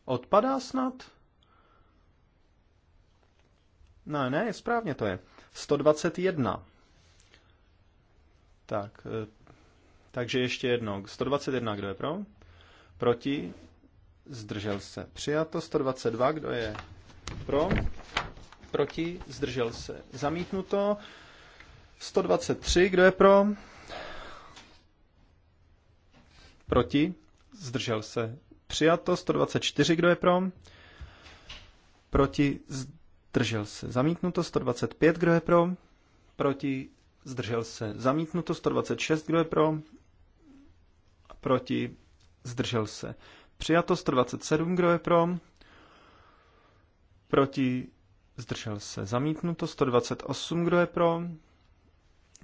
Odpadá snad? No, ne, ne, správně to je. 121. Tak, e, takže ještě jednou. 121, kdo je pro? Proti? Zdržel se. Přijato. 122, kdo je pro? proti, zdržel se. Zamítnuto. 123, kdo je pro? Proti, zdržel se. Přijato. 124, kdo je pro? Proti, zdržel se. Zamítnuto. 125, kdo je pro? Proti, zdržel se. Zamítnuto. 126, kdo je pro? Proti, zdržel se. Přijato 127, kdo je pro? Proti Zdržel se. Zamítnuto. 128. Kdo je pro?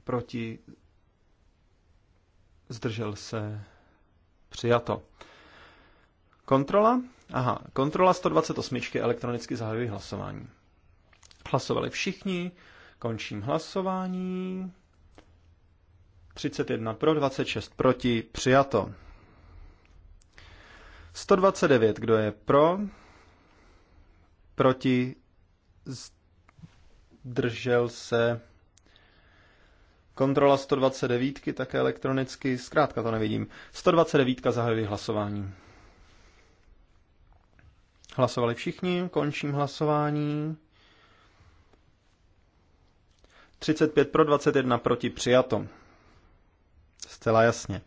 Proti. Zdržel se. Přijato. Kontrola? Aha, kontrola 128. Elektronicky zahajuji hlasování. Hlasovali všichni. Končím hlasování. 31 pro, 26 proti, přijato. 129, kdo je pro, proti, zdržel se. Kontrola 129, také elektronicky, zkrátka to nevidím. 129 zahajuji hlasování. Hlasovali všichni, končím hlasování. 35 pro 21 proti přijato. Zcela jasně.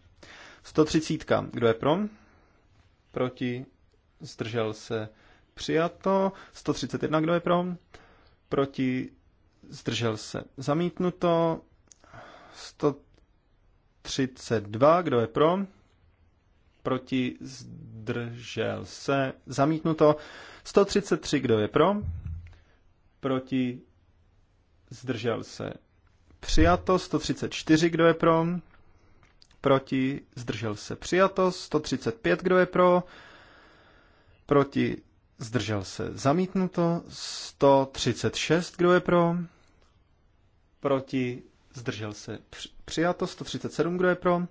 130. Kdo je pro? Proti. Zdržel se. Přijato. 131. Kdo je pro? proti, zdržel se. Zamítnuto 132, kdo je pro, proti, zdržel se. Zamítnuto 133, kdo je pro, proti, zdržel se. Přijato 134, kdo je pro, proti, zdržel se. Přijato 135, kdo je pro, proti, Zdržel se. Zamítnuto. 136. Kdo je pro? Proti. Zdržel se. Přijato. 137. Kdo je pro?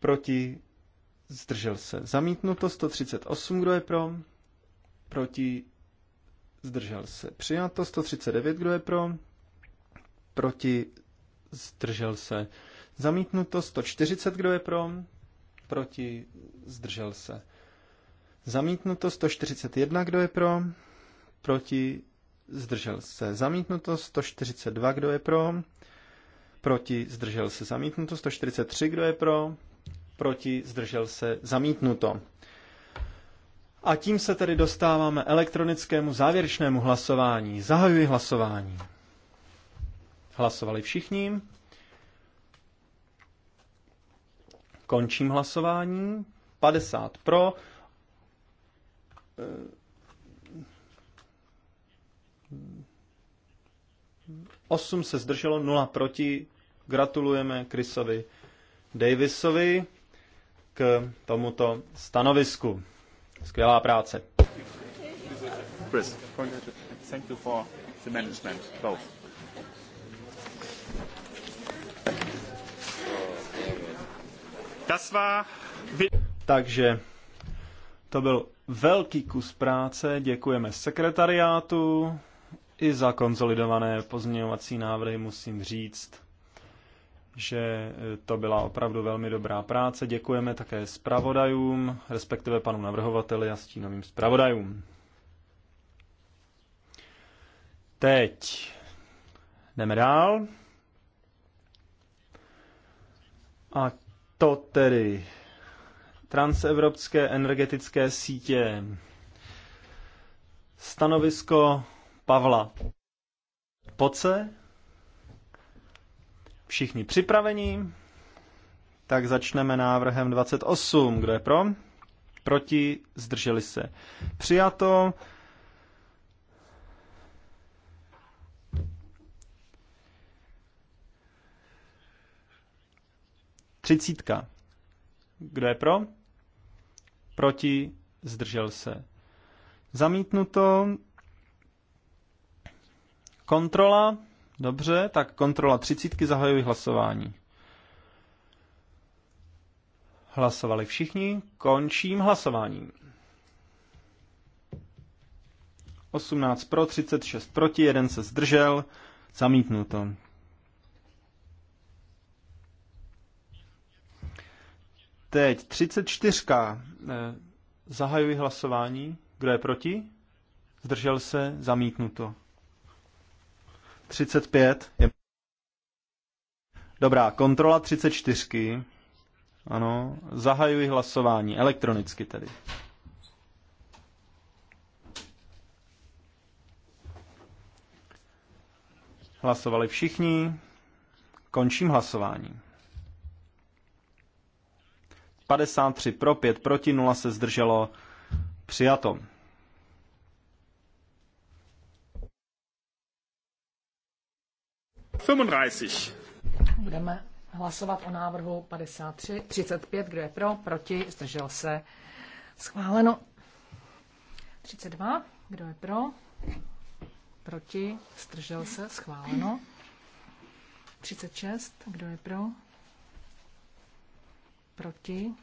Proti. Zdržel se. Zamítnuto. 138. Kdo je pro? Proti. Zdržel se. Přijato. 139. Kdo je pro? Proti. Zdržel se. Zamítnuto. 140. Kdo je pro? Proti. Zdržel se. Zamítnuto 141, kdo je pro? Proti? Zdržel se. Zamítnuto 142, kdo je pro? Proti? Zdržel se. Zamítnuto 143, kdo je pro? Proti? Zdržel se. Zamítnuto. A tím se tedy dostáváme elektronickému závěrečnému hlasování. Zahajuji hlasování. Hlasovali všichni. Končím hlasování. 50 pro, 8 se zdrželo, 0 proti. Gratulujeme Chrisovi Davisovi k tomuto stanovisku. Skvělá práce. Chris, Das war... Takže to byl velký kus práce. Děkujeme sekretariátu i za konzolidované pozměňovací návrhy, musím říct že eh, to byla opravdu velmi dobrá práce. Děkujeme také zpravodajům, respektive panu navrhovateli a stínovým zpravodajům. Teď jdeme dál. A to tedy transevropské energetické sítě. Stanovisko Pavla Poce. Všichni připraveni? Tak začneme návrhem 28. Kdo je pro? Proti? Zdrželi se. Přijato. Třicítka. Kdo je pro? proti, zdržel se. Zamítnuto. Kontrola, dobře, tak kontrola třicítky, zahajují hlasování. Hlasovali všichni, končím hlasování. 18 pro, 36 proti, jeden se zdržel, zamítnuto. Teď 34. Eh, zahajuji hlasování. Kdo je proti? Zdržel se? Zamítnuto. 35. Je... Dobrá, kontrola 34. Ano, zahajuji hlasování, elektronicky tedy. Hlasovali všichni. Končím hlasování. 53 pro, 5 proti, 0 se zdrželo přijato. Budeme hlasovat o návrhu 53, 35, kdo je pro, proti, zdržel se, schváleno. 32, kdo je pro, proti, zdržel se, schváleno. 36, kdo je pro, Proti?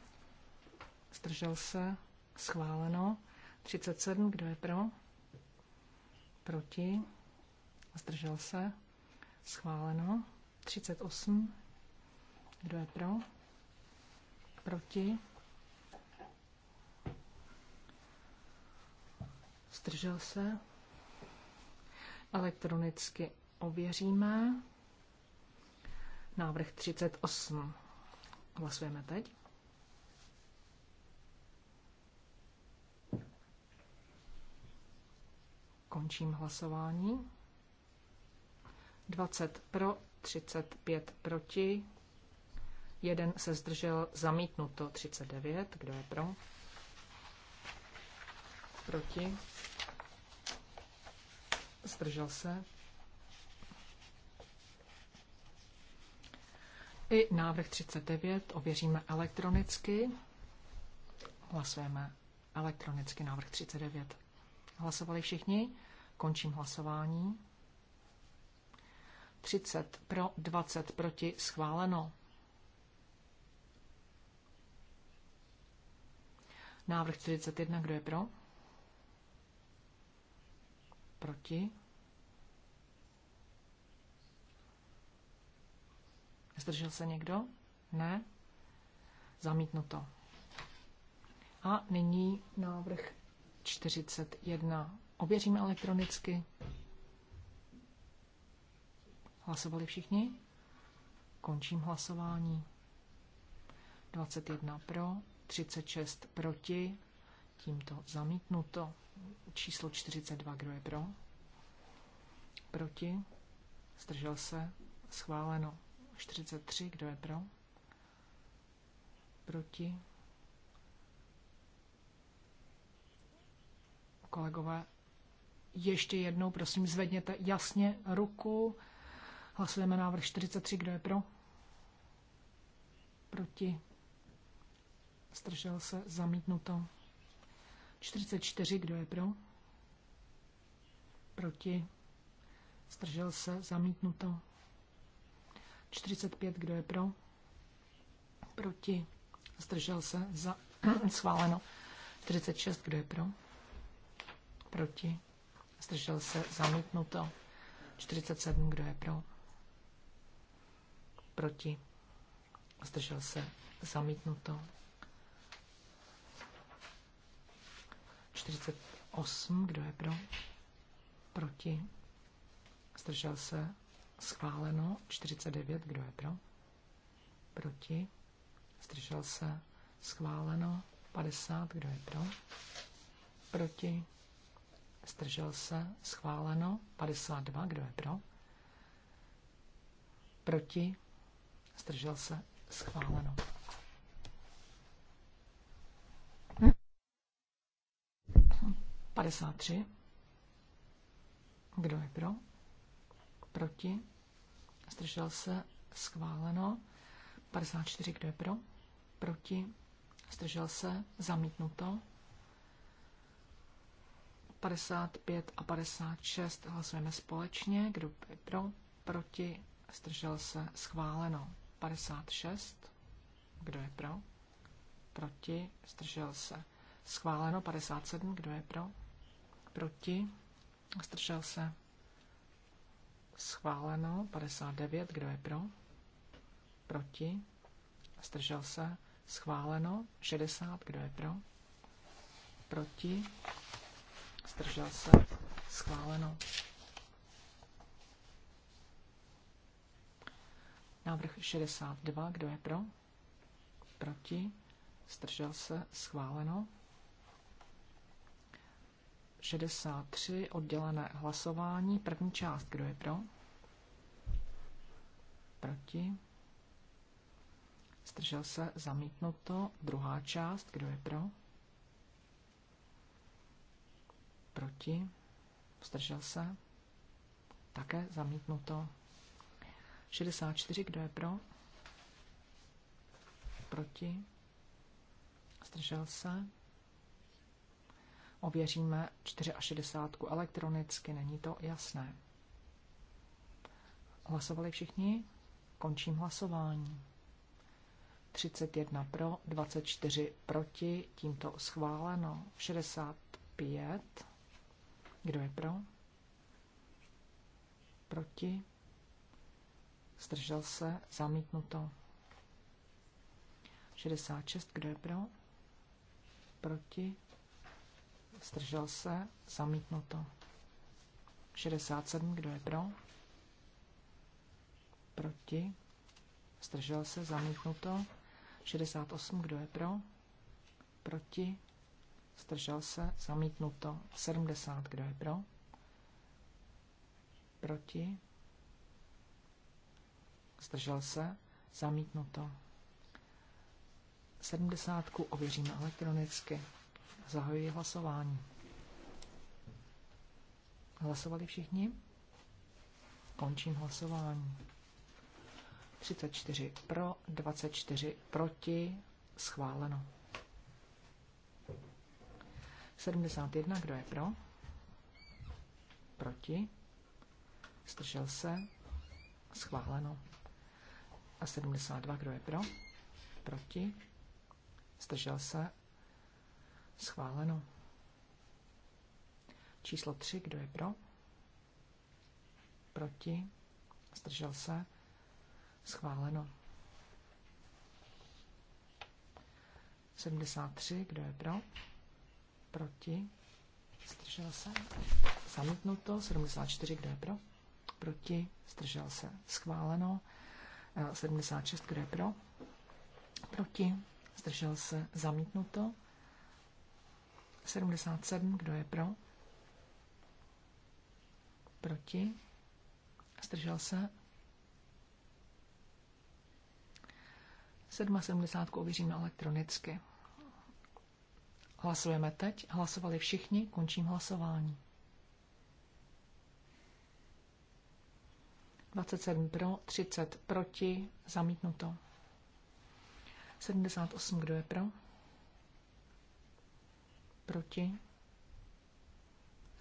Zdržel se? Schváleno. 37. Kdo je pro? Proti? Zdržel se? Schváleno. 38. Kdo je pro? Proti? Zdržel se? Elektronicky ověříme. Návrh 38. Hlasujeme teď. Končím hlasování. 20 pro, 35 proti, jeden se zdržel zamítnuto 39. Kdo je pro? Proti? Zdržel se? I návrh 39 ověříme elektronicky. Hlasujeme elektronicky návrh 39. Hlasovali všichni? Končím hlasování. 30 pro, 20 proti, schváleno. Návrh 41, kdo je pro? Proti? Zdržel se někdo? Ne. to. A nyní návrh 41. Ověříme elektronicky. Hlasovali všichni? Končím hlasování. 21 pro, 36 proti, tímto zamítnuto. Číslo 42, kdo je pro? Proti? Zdržel se? Schváleno. 43, kdo je pro? Proti? Kolegové, ještě jednou, prosím, zvedněte jasně ruku. Hlasujeme návrh 43, kdo je pro? Proti? Zdržel se, zamítnuto. 44, kdo je pro? Proti? Zdržel se, zamítnuto. 45, kdo je pro? Proti. Zdržel se za schváleno. 46, kdo je pro? Proti. Zdržel se zamítnuto. 47, kdo je pro? Proti. Zdržel se zamítnuto. 48, kdo je pro? Proti. Zdržel se Schváleno 49, kdo je pro? Proti? Zdržel se? Schváleno 50, kdo je pro? Proti? Zdržel se? Schváleno 52, kdo je pro? Proti? Zdržel se? Schváleno. Hm? 53. Kdo je pro? Proti? Zdržel se? Schváleno. 54. Kdo je pro? Proti? Zdržel se? Zamítnuto. 55 a 56 hlasujeme společně. Kdo je pro? Proti? Zdržel se? Schváleno. 56. Kdo je pro? Proti? Zdržel se? Schváleno. 57. Kdo je pro? Proti? Zdržel se? Schváleno 59, kdo je pro? Proti? Zdržel se? Schváleno 60, kdo je pro? Proti? Zdržel se? Schváleno. Návrh 62, kdo je pro? Proti? Zdržel se? Schváleno. 63 oddělené hlasování. První část, kdo je pro? Proti? Zdržel se zamítnuto. Druhá část, kdo je pro? Proti? Zdržel se? Také zamítnuto. 64, kdo je pro? Proti? Zdržel se? Ověříme 64 elektronicky, není to jasné. Hlasovali všichni? Končím hlasování. 31 pro, 24 proti, tímto schváleno. 65. Kdo je pro? Proti? Zdržel se, zamítnuto. 66. Kdo je pro? Proti? Zdržel se? Zamítnuto. 67. Kdo je pro? Proti? Zdržel se? Zamítnuto. 68. Kdo je pro? Proti? Zdržel se? Zamítnuto. 70. Kdo je pro? Proti? Zdržel se? Zamítnuto. 70. ověříme elektronicky. Zahajuji hlasování. Hlasovali všichni? Končím hlasování. 34 pro, 24 proti, schváleno. 71, kdo je pro? Proti. Zdržel se. Schváleno. A 72, kdo je pro? Proti. Zdržel se. Schváleno. Číslo 3, kdo je pro? Proti? Zdržel se? Schváleno. 73, kdo je pro? Proti? Zdržel se? Zamítnuto. 74, kdo je pro? Proti? Zdržel se? Schváleno. 76, eh, kdo je pro? Proti? Zdržel se? Zamítnuto. 77, kdo je pro? Proti? Zdržel se? 77 ověříme elektronicky. Hlasujeme teď. Hlasovali všichni. Končím hlasování. 27 pro, 30 proti, zamítnuto. 78, kdo je pro? Proti?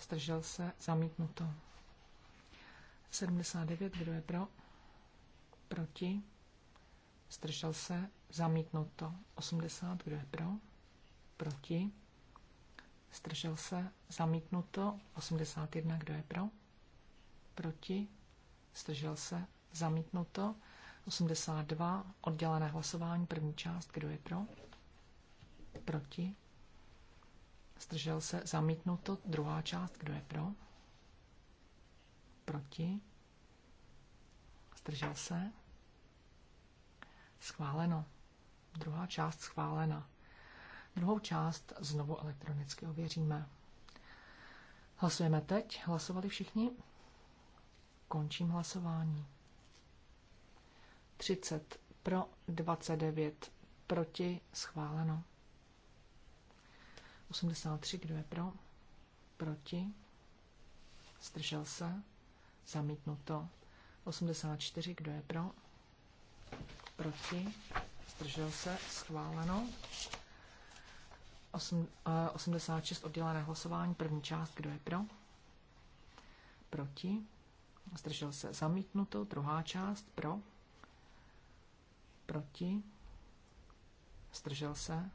Zdržel se? Zamítnuto. 79. Kdo je pro? Proti? Zdržel se? Zamítnuto. 80. Kdo je pro? Proti? Zdržel se? Zamítnuto. 81. Kdo je pro? Proti? Zdržel se? Zamítnuto. 82. Oddělené hlasování. První část. Kdo je pro? Proti? Zdržel se zamítnuto. Druhá část. Kdo je pro? Proti? Zdržel se? Schváleno. Druhá část schválena. Druhou část znovu elektronicky ověříme. Hlasujeme teď. Hlasovali všichni? Končím hlasování. 30 pro, 29 proti, schváleno. 83, kdo je pro? Proti? Zdržel se? Zamítnuto. 84, kdo je pro? Proti? Zdržel se? Schváleno. 86 eh, oddělené hlasování, první část, kdo je pro? Proti? Zdržel se? Zamítnuto. Druhá část, pro? Proti? Zdržel se?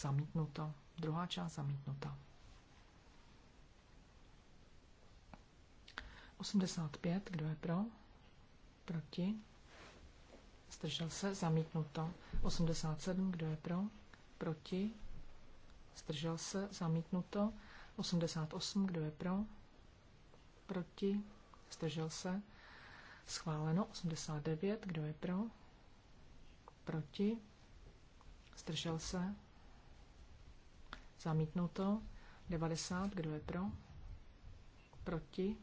Zamítnuto. Druhá část zamítnuta. 85, kdo je pro? Proti? Zdržel se, zamítnuto. 87, kdo je pro? Proti? Zdržel se, zamítnuto. 88, kdo je pro? Proti? Zdržel se. Schváleno. 89, kdo je pro? Proti? Zdržel se. Zamítnuto. 90. Kdo je pro? Proti?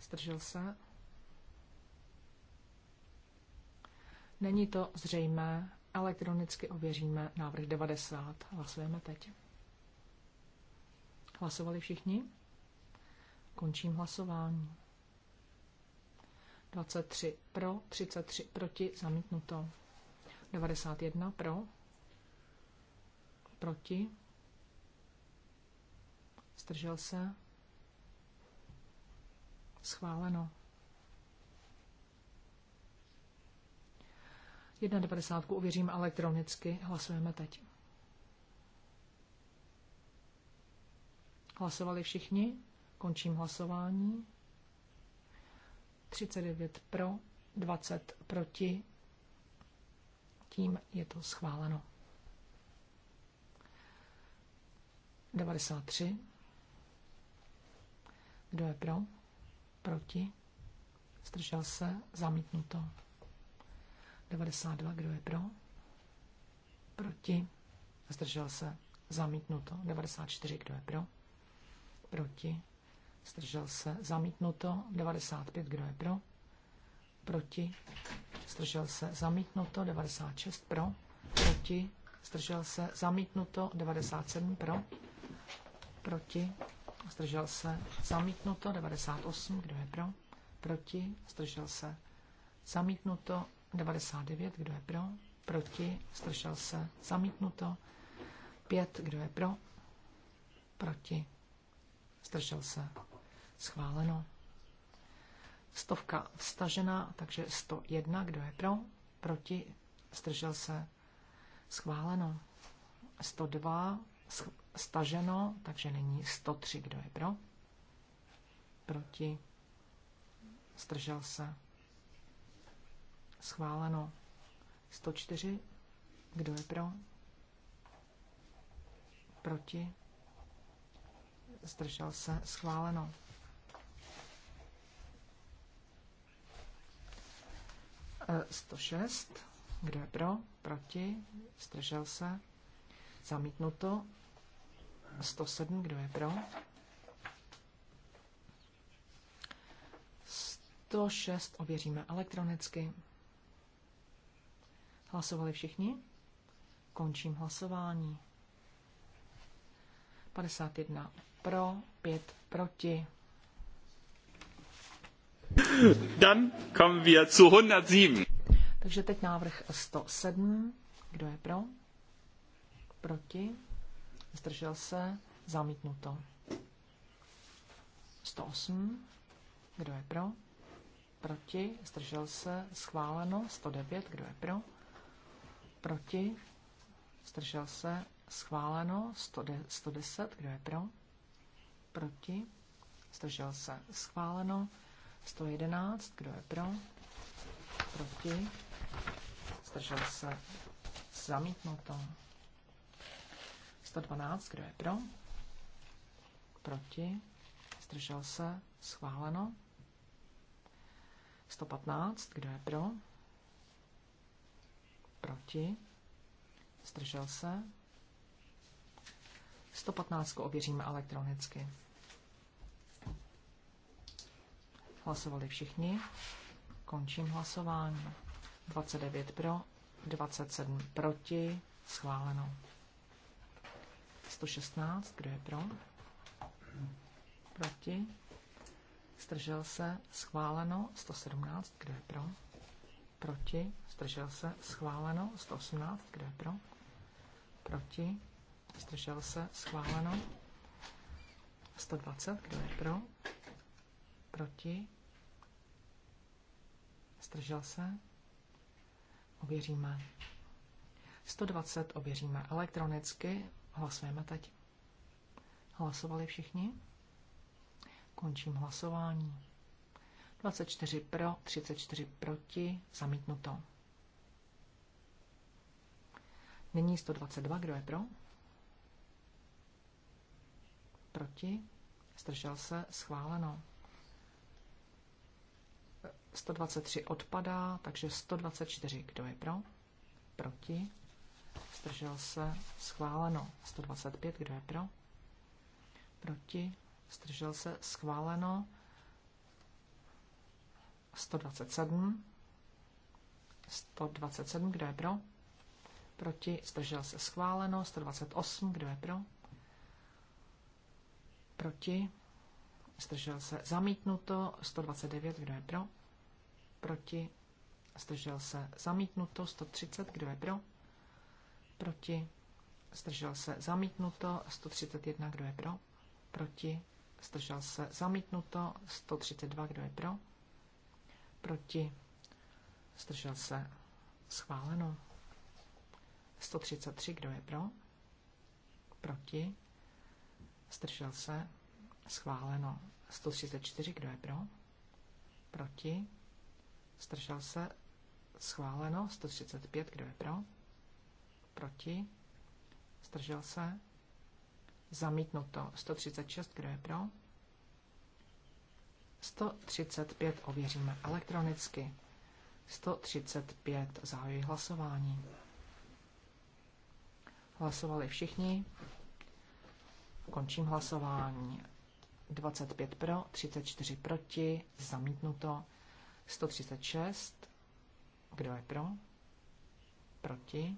Zdržel se? Není to zřejmé. Elektronicky ověříme návrh 90. Hlasujeme teď. Hlasovali všichni? Končím hlasování. 23 pro, 33 proti, zamítnuto. 91 pro, Proti? Zdržel se? Schváleno. 1,90 uvěřím elektronicky. Hlasujeme teď. Hlasovali všichni? Končím hlasování. 39 pro, 20 proti. Tím je to schváleno. 93. Kdo je pro? Proti? Zdržel se? Zamítnuto. 92. Kdo je pro? Proti? Zdržel se? Zamítnuto. 94. Kdo je pro? Proti? Zdržel se? Zamítnuto. 95. Kdo je pro? Proti? Zdržel se? Zamítnuto. 96. Pro? Proti? Zdržel se? Zamítnuto. 97. Pro? proti, zdržel se, zamítnuto, 98, kdo je pro, proti, zdržel se, zamítnuto, 99, kdo je pro, proti, zdržel se, zamítnuto, 5, kdo je pro, proti, zdržel se, schváleno. Stovka vstažena, takže 101, kdo je pro, proti, zdržel se, schváleno. 102, staženo, takže není 103, kdo je pro. Proti. Zdržel se. Schváleno. 104. Kdo je pro? Proti? Zdržel se. Schváleno. E, 106. Kdo je pro? Proti? Zdržel se. Zamítnuto. 107, kdo je pro? 106 ověříme elektronicky. Hlasovali všichni? Končím hlasování. 51 pro, 5 proti. Dan, kommen wir zu 107. Takže teď návrh 107. Kdo je pro? Proti? Zdržel se? Zamítnuto. 108. Kdo je pro? Proti? Zdržel se? Schváleno. 109. Kdo je pro? Proti? Zdržel se? Schváleno. 110. Kdo je pro? Proti? Zdržel se? Schváleno. 111. Kdo je pro? Proti? Zdržel se? Zamítnuto. 112, kdo je pro? Proti? Zdržel se? Schváleno. 115, kdo je pro? Proti? Zdržel se? 115 ověříme elektronicky. Hlasovali všichni. Končím hlasování. 29 pro, 27 proti, schváleno. 116, kdo je pro? Proti? Zdržel se, schváleno. 117, kdo je pro? Proti? Zdržel se, schváleno. 118, kdo je pro? Proti? Zdržel se, schváleno. 120, kdo je pro? Proti? Zdržel se? Ověříme. 120 ověříme elektronicky. Hlasujeme teď. Hlasovali všichni? Končím hlasování. 24 pro, 34 proti, zamítnuto. Nyní 122, kdo je pro? Proti, zdržel se, schváleno. 123 odpadá, takže 124, kdo je pro? Proti, Zdržel se? Schváleno. 125. Kdo je pro? Proti? Zdržel se? Schváleno. 127. 127. Kdo je pro? Proti? Zdržel se? Schváleno. 128. Kdo je pro? Proti? Zdržel se? Zamítnuto. 129. Kdo je pro? Proti? Zdržel se? Zamítnuto. 130. Kdo je pro? Proti? Zdržel se zamítnuto. 131. Kdo je pro? Proti? Zdržel se zamítnuto. 132. Kdo je pro? Proti? Zdržel se schváleno. 133. Kdo je pro? Proti? Zdržel se schváleno. 134. Kdo je pro? Proti? Zdržel se schváleno. 135. Kdo je pro? Proti? Zdržel se? Zamítnuto. 136, kdo je pro? 135 ověříme elektronicky. 135 zahajuji hlasování. Hlasovali všichni. Končím hlasování. 25 pro, 34 proti, zamítnuto. 136. Kdo je pro? Proti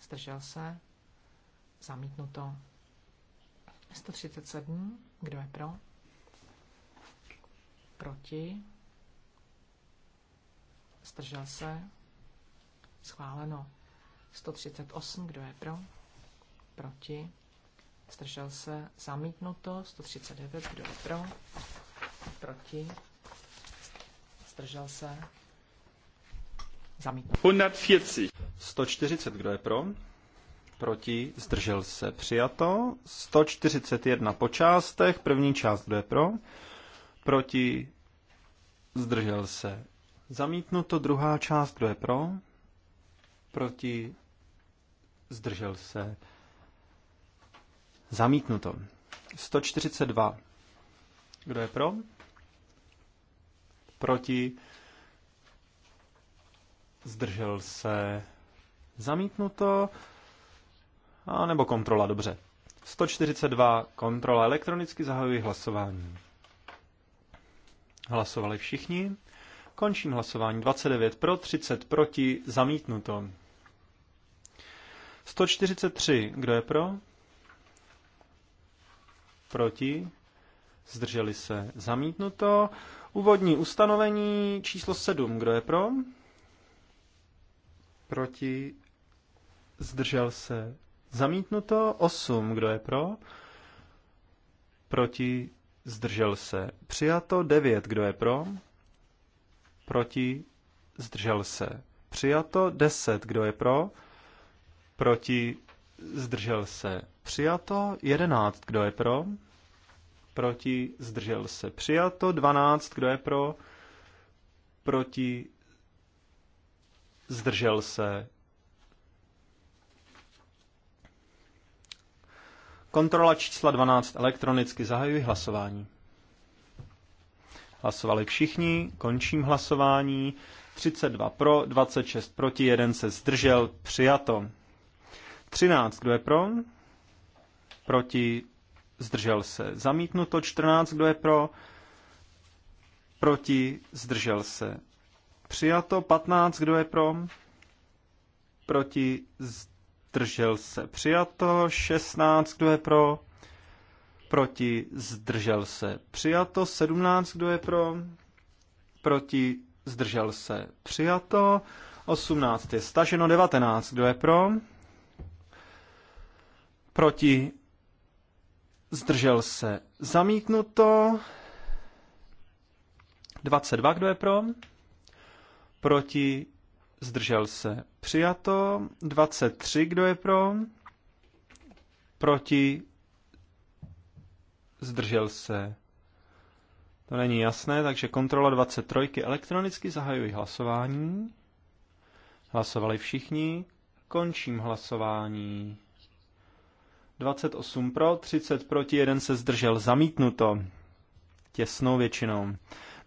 zdržel se, zamítnuto. 137, kdo je pro, proti, zdržel se, schváleno. 138, kdo je pro, proti, zdržel se, zamítnuto. 139, kdo je pro, proti, zdržel se, zamítnuto. 140. 140, kdo je pro? Proti, zdržel se, přijato. 141 po částech, první část, kdo je pro? Proti, zdržel se. Zamítnuto, druhá část, kdo je pro? Proti, zdržel se. Zamítnuto. 142. Kdo je pro? Proti. Zdržel se. Zamítnuto. A nebo kontrola, dobře. 142 kontrola elektronicky zahajuji hlasování. Hlasovali všichni. Končím hlasování 29 pro, 30 proti, zamítnuto. 143, kdo je pro? Proti, zdrželi se, zamítnuto. Úvodní ustanovení číslo 7, kdo je pro? Proti, zdržel se zamítnuto, 8, kdo je pro, proti, zdržel se přijato, 9, kdo je pro, proti, zdržel se přijato, 10, kdo je pro, proti, zdržel se přijato, 11, kdo je pro, proti, zdržel se přijato, 12, kdo je pro, proti, zdržel se Kontrola čísla 12 elektronicky zahajuji hlasování. Hlasovali všichni, končím hlasování. 32 pro, 26 proti, 1 se zdržel, přijato. 13, kdo je pro? Proti, zdržel se, zamítnuto. 14, kdo je pro? Proti, zdržel se, přijato. 15, kdo je pro? Proti, zdržel zdržel se přijato, 16, kdo je pro, proti, zdržel se přijato, 17, kdo je pro, proti, zdržel se přijato, 18 je staženo, 19, kdo je pro, proti, zdržel se zamítnuto, 22, kdo je pro, proti, zdržel se Přijato 23, kdo je pro? Proti? Zdržel se. To není jasné, takže kontrola 23. Elektronicky zahajuji hlasování. Hlasovali všichni. Končím hlasování. 28 pro, 30 proti, 1 se zdržel. Zamítnuto. Těsnou většinou.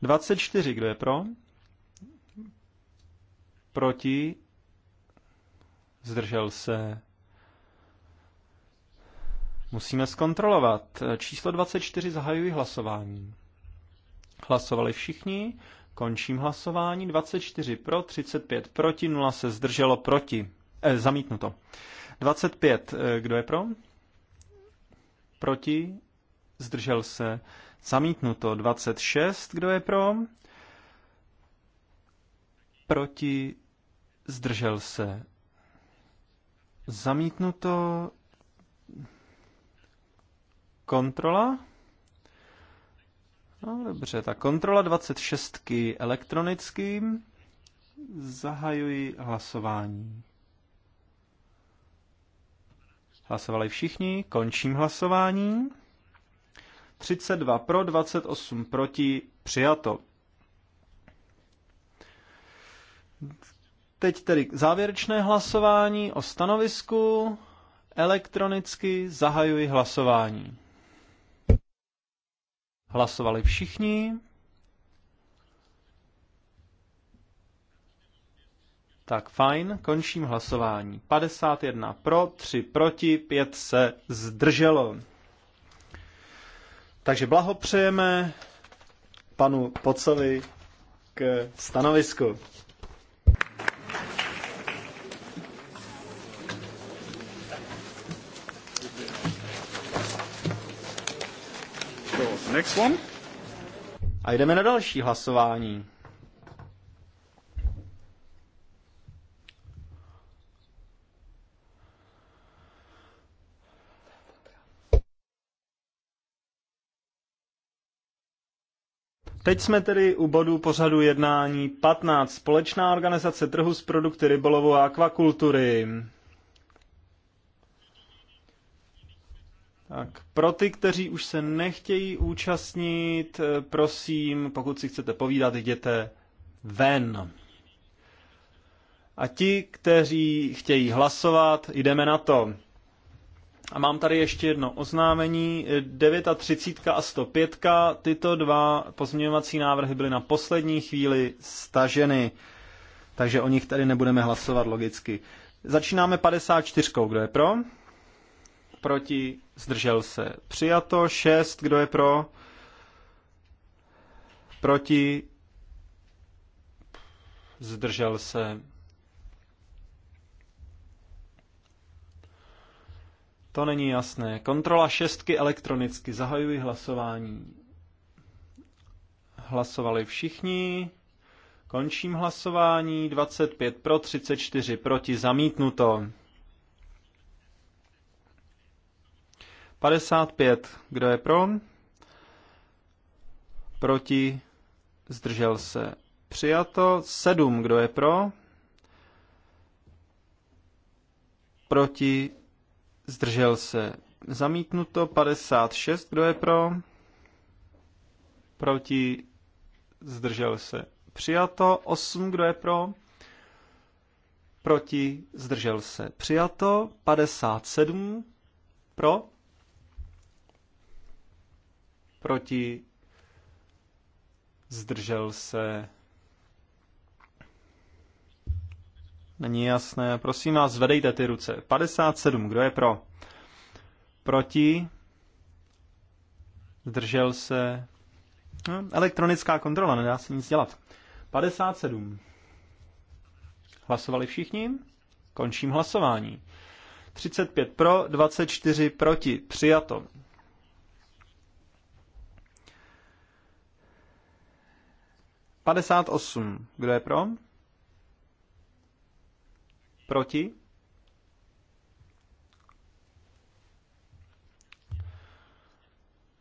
24, kdo je pro? Proti, zdržel se. Musíme zkontrolovat. Číslo 24 zahajuji hlasování. Hlasovali všichni, končím hlasování. 24 pro, 35 proti, 0 se zdrželo proti. Eh, zamítnuto. 25, eh, kdo je pro? Proti, zdržel se, zamítnuto. 26, kdo je pro? Proti, zdržel se, Zamítnuto kontrola. No dobře, ta kontrola 26 elektronickým. Zahajuji hlasování. Hlasovali všichni, končím hlasování. 32 pro, 28 proti, přijato. Teď tedy závěrečné hlasování o stanovisku. Elektronicky zahajuji hlasování. Hlasovali všichni. Tak fajn, končím hlasování. 51 pro, 3 proti, 5 se zdrželo. Takže blahopřejeme panu Pocovi k stanovisku. next one. A jdeme na další hlasování. Teď jsme tedy u bodu pořadu jednání 15. Společná organizace trhu s produkty rybolovu a akvakultury. Tak, pro ty, kteří už se nechtějí účastnit, eh, prosím, pokud si chcete povídat, jděte ven. A ti, kteří chtějí hlasovat, jdeme na to. A mám tady ještě jedno oznámení. 39 a 105. Tyto dva pozměňovací návrhy byly na poslední chvíli staženy. Takže o nich tady nebudeme hlasovat logicky. Začínáme 54. Kdo je pro? proti, zdržel se, přijato. 6, kdo je pro, proti, zdržel se. To není jasné. Kontrola šestky elektronicky. Zahajuji hlasování. Hlasovali všichni. Končím hlasování. 25 pro, 34 proti. Zamítnuto. 55. Kdo je pro? Proti? Zdržel se. Přijato. 7. Kdo je pro? Proti? Zdržel se. Zamítnuto. 56. Kdo je pro? Proti? Zdržel se. Přijato. 8. Kdo je pro? Proti? Zdržel se. Přijato. 57. Pro? proti, zdržel se, není jasné, prosím vás, zvedejte ty ruce. 57, kdo je pro? Proti, zdržel se, no, elektronická kontrola, nedá se nic dělat. 57. Hlasovali všichni? Končím hlasování. 35 pro, 24 proti. Přijato. 58. Kdo je pro? Proti?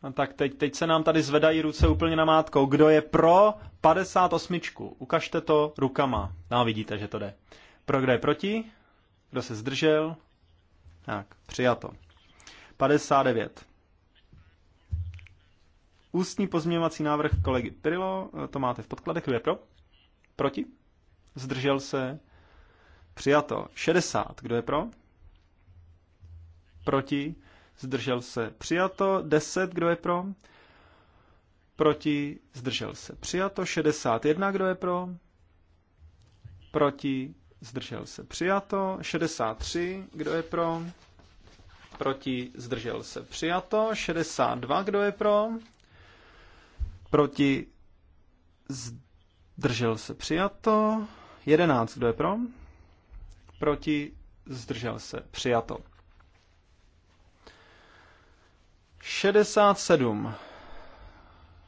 A no tak teď, teď se nám tady zvedají ruce úplně na mátkou. Kdo je pro 58? Ukažte to rukama. No vidíte, že to jde. Pro kdo je proti? Kdo se zdržel? Tak, přijato. 59. Ústní pozměňovací návrh kolegy Pirilo, eh, to máte v podkladech, kdo je pro? Proti? Zdržel se? Přijato. 60, kdo je pro? Proti? Zdržel se? Přijato. 10, kdo je pro? Proti? Zdržel se? Přijato. 61, kdo je pro? Proti? Zdržel se? Přijato. 63, kdo je pro? Proti? Zdržel se? Přijato. 62, kdo je pro? Proti? Zdržel se přijato. 11. Kdo je pro? Proti? Zdržel se přijato. 67.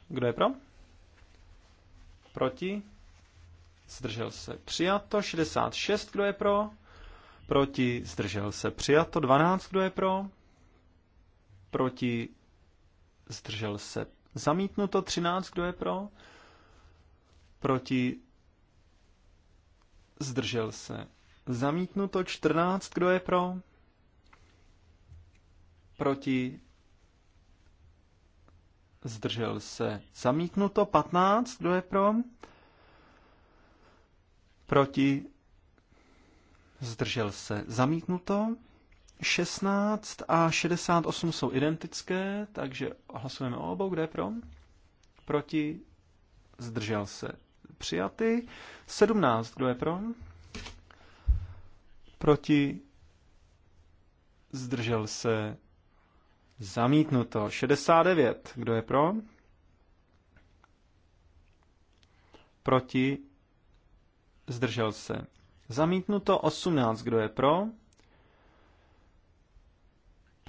Kdo je pro? Proti? Zdržel se přijato. 66. Kdo je pro? Proti? Zdržel se přijato. 12. Kdo je pro? Proti? Zdržel se Zamítnuto 13, kdo je pro? Proti? Zdržel se. Zamítnuto 14, kdo je pro? Proti? Zdržel se. Zamítnuto 15, kdo je pro? Proti? Zdržel se. Zamítnuto 16 a 68 jsou identické, takže hlasujeme o obou. kde je pro? Proti? Zdržel se. Přijaty. 17. Kdo je pro? Proti? Zdržel se. Zamítnuto. 69. Kdo je pro? Proti? Zdržel se. Zamítnuto. 18. Kdo je pro?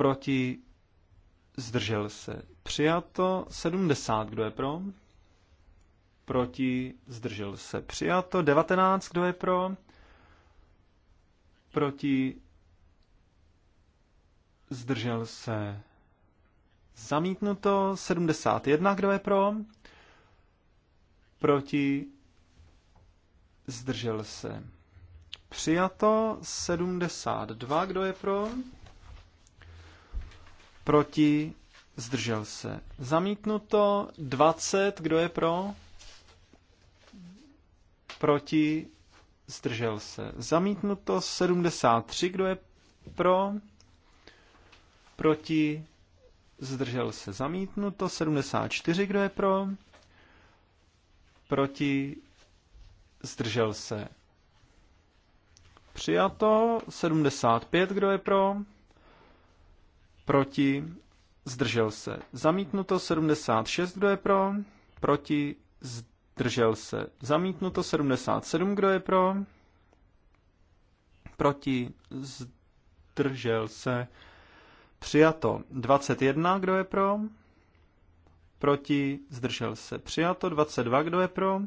proti, zdržel se. Přijato 70, kdo je pro? Proti, zdržel se. Přijato 19, kdo je pro? Proti, zdržel se. Zamítnuto 71, kdo je pro? Proti, zdržel se. Přijato 72, kdo je pro? Proti? Zdržel se. Zamítnuto 20. Kdo je pro? Proti? Zdržel se. Zamítnuto 73. Kdo je pro? Proti? Zdržel se. Zamítnuto 74. Kdo je pro? Proti? Zdržel se. Přijato 75. Kdo je pro? Proti? Zdržel se. Zamítnuto 76, kdo je pro? Proti? Zdržel se. Zamítnuto 77, kdo je pro? Proti? Zdržel se. Přijato 21, kdo je pro? Proti? Zdržel se. Přijato 22, kdo je pro?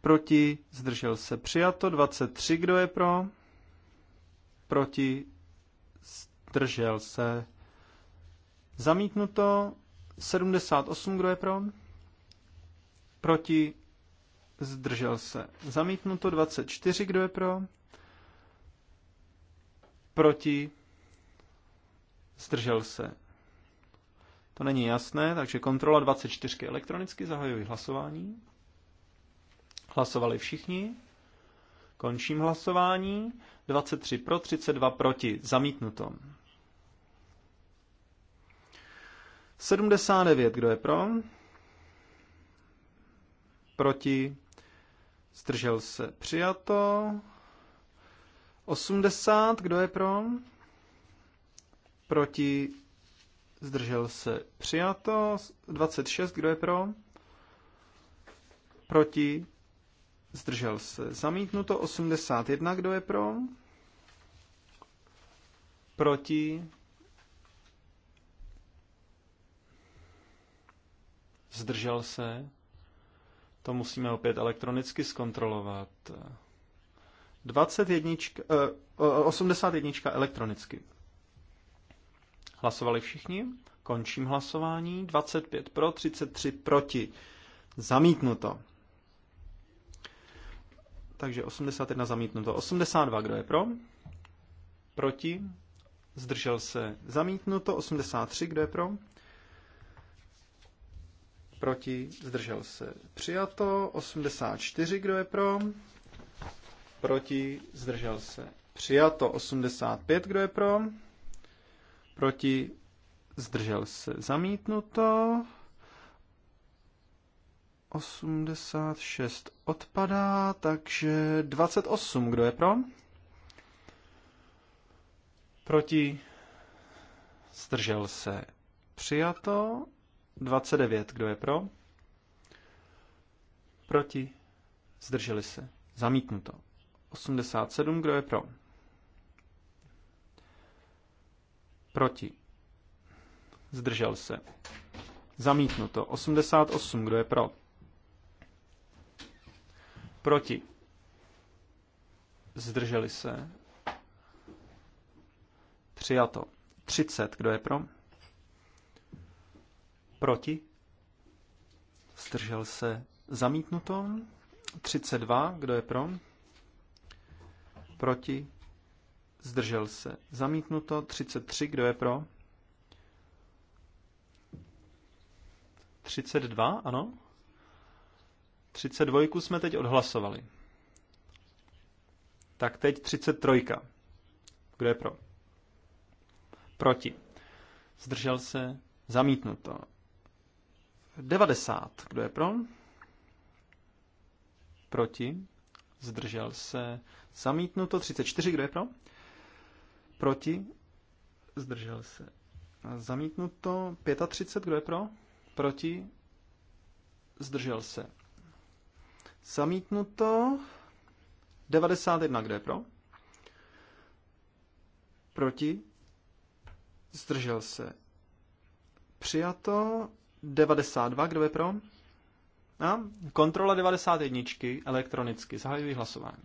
Proti? Zdržel se. Přijato 23, kdo je pro? Proti? zdržel se. Zamítnuto 78, kdo je pro? Proti zdržel se. Zamítnuto 24, kdo je pro? Proti zdržel se. To není jasné, takže kontrola 24 elektronicky, zahajuji hlasování. Hlasovali všichni. Končím hlasování. 23 pro, 32 proti. Zamítnuto. 79, kdo je pro? Proti? Zdržel se. Přijato. 80, kdo je pro? Proti? Zdržel se. Přijato. 26, kdo je pro? Proti? Zdržel se. Zamítnuto. 81, kdo je pro? Proti? zdržel se, to musíme opět elektronicky zkontrolovat. 21, eh, 81 eh, elektronicky. Hlasovali všichni? Končím hlasování. 25 pro, 33 proti. Zamítnuto. Takže 81 zamítnuto. 82, kdo je pro? Proti. Zdržel se zamítnuto. 83, kdo je pro? Proti? Zdržel se. Přijato. 84. Kdo je pro? Proti? Zdržel se. Přijato. 85. Kdo je pro? Proti? Zdržel se. Zamítnuto. 86 odpadá, takže 28. Kdo je pro? Proti? Zdržel se. Přijato. 29. Kdo je pro? Proti? Zdrželi se. Zamítnuto. 87. Kdo je pro? Proti? Zdržel se. Zamítnuto. 88. Kdo je pro? Proti? Zdrželi se. Přijato. 30. Kdo je pro? Proti? Zdržel se zamítnuto. 32. Kdo je pro? Proti? Zdržel se zamítnuto. 33. Kdo je pro? 32, ano. 32 jsme teď odhlasovali. Tak teď 33. Kdo je pro? Proti. Zdržel se? Zamítnuto. 90. Kdo je pro? Proti. Zdržel se. Zamítnuto. 34. Kdo je pro? Proti. Zdržel se. Zamítnuto. 35. Kdo je pro? Proti. Zdržel se. Zamítnuto. 91. Kdo je pro? Proti. Zdržel se. Přijato. 92, kdo je pro? A kontrola 91 elektronicky. zahajují hlasování.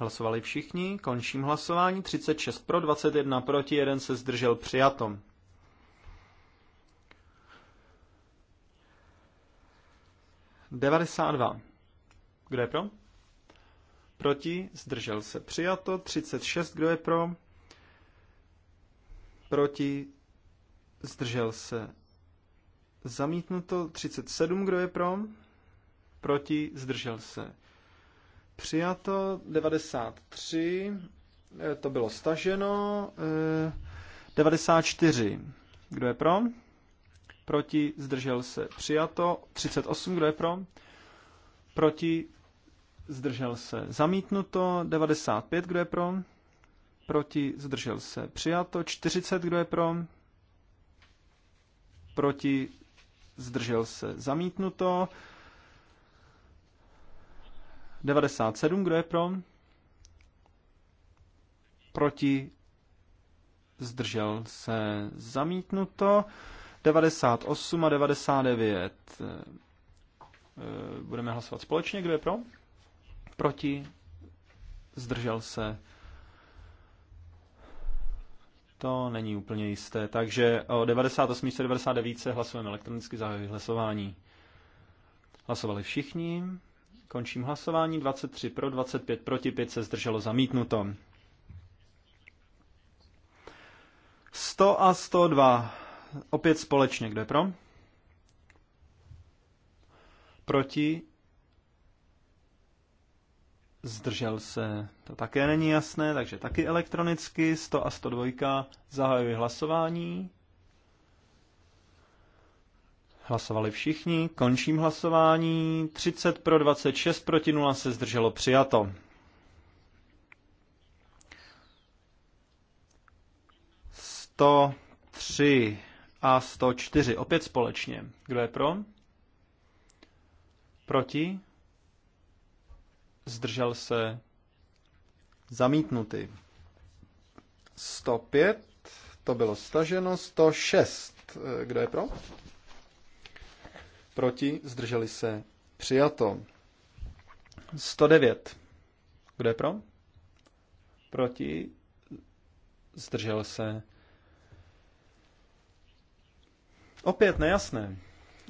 Hlasovali všichni, končím hlasování. 36 pro, 21 proti, Jeden se zdržel přijatom. Devadesát dva. Kdo je pro? Proti, zdržel se přijato. 36, kdo je pro? proti, zdržel se. Zamítnuto 37, kdo je pro, proti, zdržel se. Přijato 93, eh, to bylo staženo, 94, eh, kdo je pro, proti, zdržel se. Přijato 38, kdo je pro, proti, zdržel se. Zamítnuto 95, kdo je pro, proti, zdržel se, přijato. 40, kdo je pro, proti, zdržel se, zamítnuto. 97, kdo je pro, proti, zdržel se, zamítnuto. 98 a 99 eh, budeme hlasovat společně. Kdo je pro? Proti? Zdržel se? To není úplně jisté. Takže o 98 99 hlasujeme elektronicky za hlasování. Hlasovali všichni. Končím hlasování. 23 pro, 25 proti, 5 se zdrželo zamítnuto. 100 a 102. Opět společně. Kdo je pro? Proti zdržel se, to také není jasné, takže taky elektronicky, 100 a 102, zahajuji hlasování. Hlasovali všichni, končím hlasování, 30 pro 26, proti 0 se zdrželo přijato. 103 a 104, opět společně. Kdo je pro? Proti? zdržel se, zamítnutý. 105, to bylo staženo, 106, kdo je pro? Proti, zdrželi se, přijato. 109, kdo je pro? Proti, zdržel se. Opět nejasné.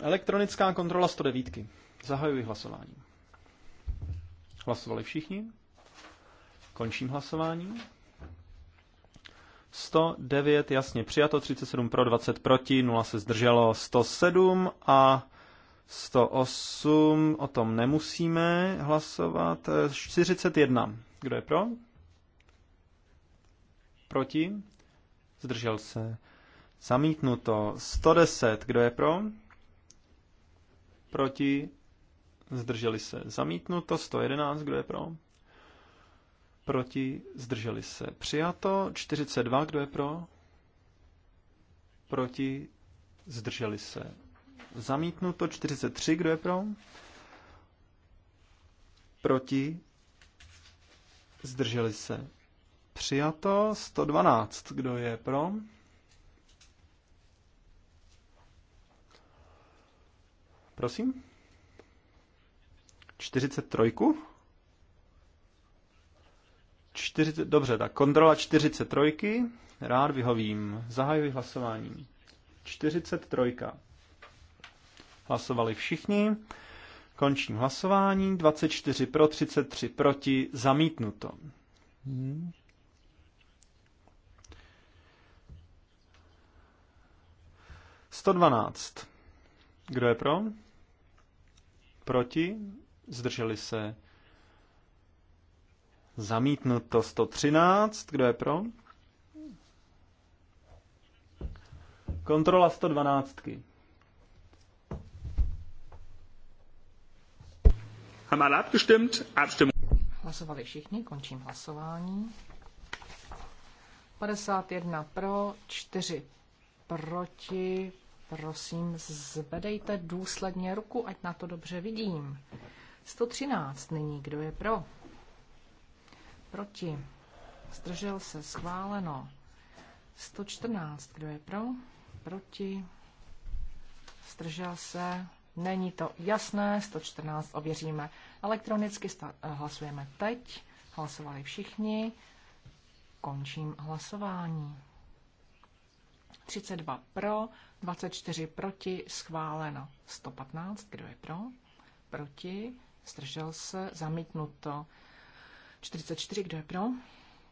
Elektronická kontrola 109. Zahajuji hlasování. Hlasovali všichni? Končím hlasování. 109 jasně přijato, 37 pro, 20 proti, 0 se zdrželo, 107 a 108, o tom nemusíme hlasovat, 41. Kdo je pro? Proti? Zdržel se. Zamítnuto. 110. Kdo je pro? Proti? zdrželi se zamítnuto, 111, kdo je pro, proti, zdrželi se přijato, 42, kdo je pro, proti, zdrželi se zamítnuto, 43, kdo je pro, proti, zdrželi se přijato, 112, kdo je pro, Prosím? 43? 40, dobře, tak kontrola 43. Rád vyhovím. Zahajuji hlasování. 43. Hlasovali všichni. Končím hlasování. 24 pro, 33 proti, zamítnuto. Hmm. 112. Kdo je pro? Proti? zdrželi se, zamítnuto 113, kdo je pro? Kontrola 112. Haben alle abgestimmt? Abstimmung. Hlasovali všichni, končím hlasování. 51 pro, 4 proti. Prosím, zvedejte důsledně ruku, ať na to dobře vidím. 113 nyní, kdo je pro? Proti. Zdržel se, schváleno. 114, kdo je pro? Proti. Zdržel se, není to jasné, 114 ověříme. Elektronicky eh, hlasujeme teď, hlasovali všichni. Končím hlasování. 32 pro, 24 proti, schváleno. 115, kdo je pro? Proti, zdržel se, zamítnuto. 44, kdo je pro?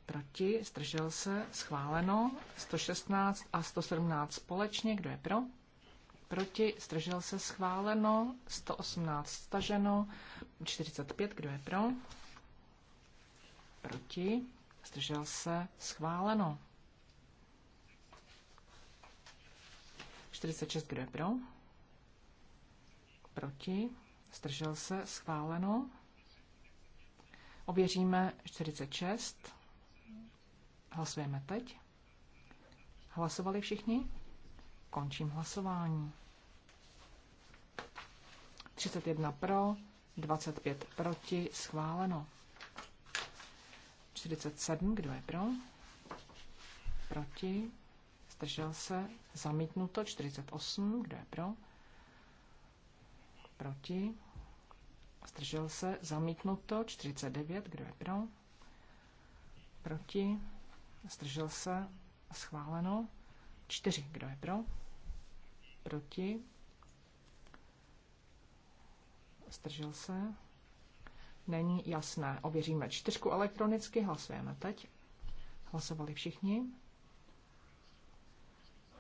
Proti, zdržel se, schváleno. 116 a 117 společně, kdo je pro? Proti, zdržel se, schváleno. 118 staženo. 45, kdo je pro? Proti, zdržel se, schváleno. 46, kdo je pro? Proti, Zdržel se? Schváleno. Ověříme 46. Hlasujeme teď. Hlasovali všichni? Končím hlasování. 31 pro, 25 proti, schváleno. 47, kdo je pro? Proti, zdržel se, zamítnuto. 48, kdo je pro? Proti, zdržel se, zamítnuto, 49, kdo je pro, proti, zdržel se, schváleno, 4, kdo je pro, proti, zdržel se, není jasné, ověříme čtyřku elektronicky, hlasujeme teď, hlasovali všichni,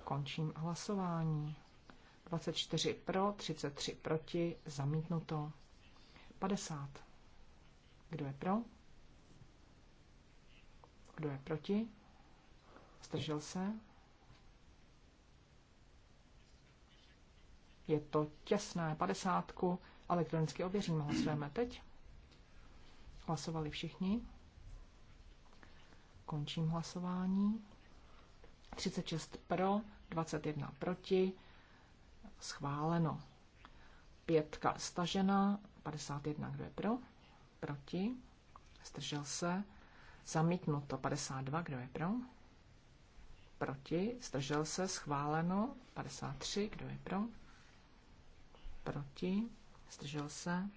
končím hlasování. 24 pro, 33 proti, zamítnuto. 50. Kdo je pro? Kdo je proti? Zdržel se? Je to těsné. 50. Elektronicky ověřím, Hlasujeme teď. Hlasovali všichni. Končím hlasování. 36 pro, 21 proti. Schváleno. Pětka stažena, 51, kdo je pro? Proti? Zdržel se? Zamítnuto 52, kdo je pro? Proti? Zdržel se? Schváleno 53, kdo je pro? Proti? Zdržel se?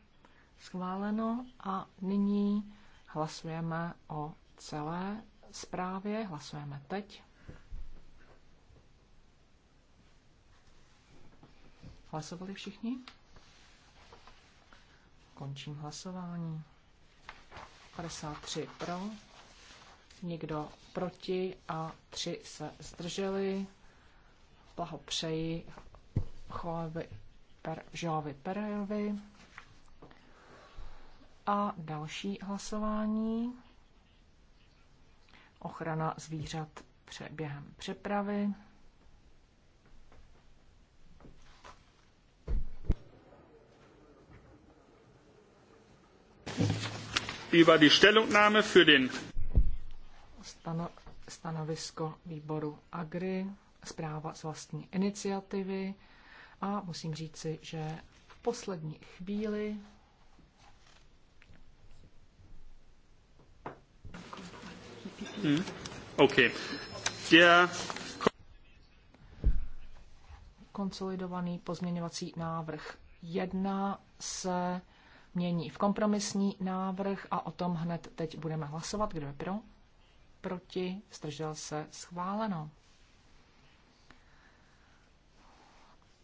Schváleno a nyní hlasujeme o celé zprávě. Hlasujeme teď. Hlasovali všichni? Končím hlasování. 53 pro, nikdo proti a 3 se zdrželi. Blahopřeji Chovi per, Žovi Perejovi. A další hlasování. Ochrana zvířat během přepravy. über die Stellungnahme für den Stano, stanovisko výboru Agri, zpráva z vlastní iniciativy a musím říci, že v poslední chvíli Hmm. Okay. Der konsolidovaný pozměňovací návrh 1 se mění v kompromisní návrh a o tom hned teď budeme hlasovat. Kdo je pro? Proti? Zdržel se? Schváleno.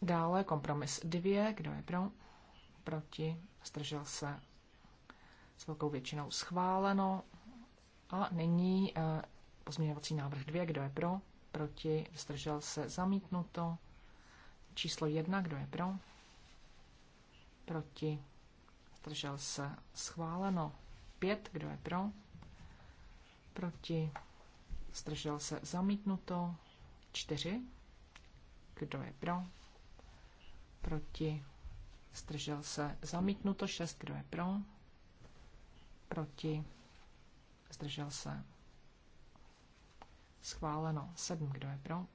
Dále kompromis 2. Kdo je pro? Proti? Zdržel se? S velkou většinou schváleno. A nyní eh, pozměňovací návrh 2. Kdo je pro? Proti? Zdržel se? Zamítnuto. Číslo 1. Kdo je pro? Proti? zdržel se, schváleno. 5, kdo je pro, proti, zdržel se, zamítnuto. 4, kdo je pro, proti, zdržel se, zamítnuto. 6, kdo je pro, proti, zdržel se, schváleno. 7, kdo je pro,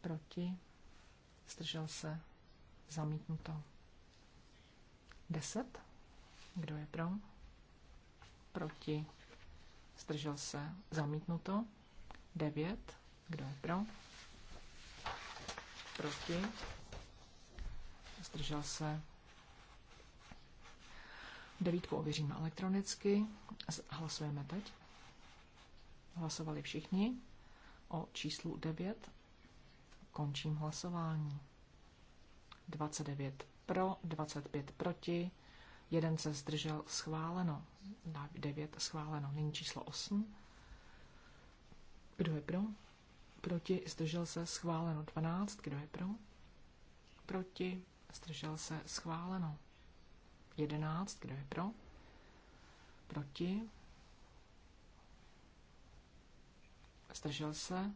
proti, zdržel se, zamítnuto. 10. Kdo je pro? Proti? Zdržel se? Zamítnuto. 9. Kdo je pro? Proti? Zdržel se? Devítku ověříme elektronicky. Hlasujeme teď. Hlasovali všichni o číslu 9. Končím hlasování. 29 pro, 25 proti, jeden se zdržel schváleno, 9 schváleno, nyní číslo 8. Kdo je pro? Proti, zdržel se schváleno, 12. Kdo je pro? Proti, zdržel se schváleno, 11. Kdo je pro? Proti, zdržel se,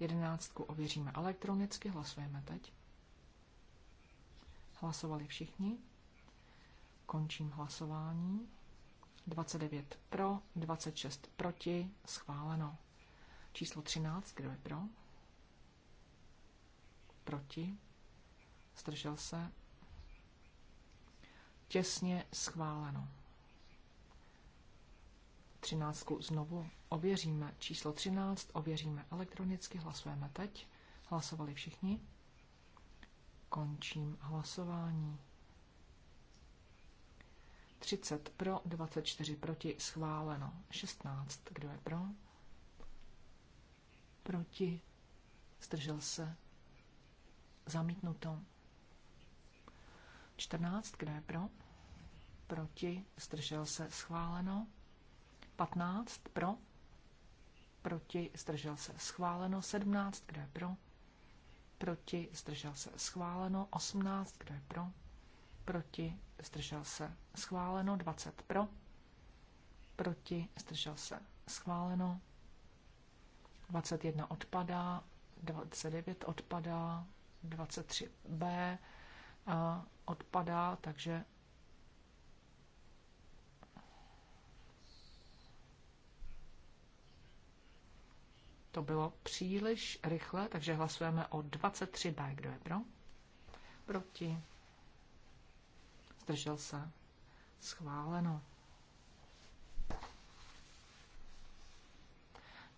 jedenáctku ověříme elektronicky, hlasujeme teď. Hlasovali všichni. Končím hlasování. 29 pro, 26 proti, schváleno. Číslo 13, kdo je pro? Proti. Zdržel se. Těsně schváleno. 13 znovu ověříme. Číslo 13 ověříme elektronicky, hlasujeme teď. Hlasovali všichni. Končím hlasování. 30 pro, 24 proti, schváleno. 16. Kdo je pro? Proti. Zdržel se. Zamítnuto. 14. Kdo je pro? Proti. Zdržel se. Schváleno. 15. Pro. Proti. Zdržel se. Schváleno. 17. Kdo je pro? proti, zdržel se, schváleno, 18, kdo je pro, proti, zdržel se, schváleno, 20 pro, proti, zdržel se, schváleno, 21 odpadá, 29 odpadá, 23b eh, odpadá, takže To bylo příliš rychle, takže hlasujeme o 23B. Kdo je pro? Proti. Zdržel se. Schváleno.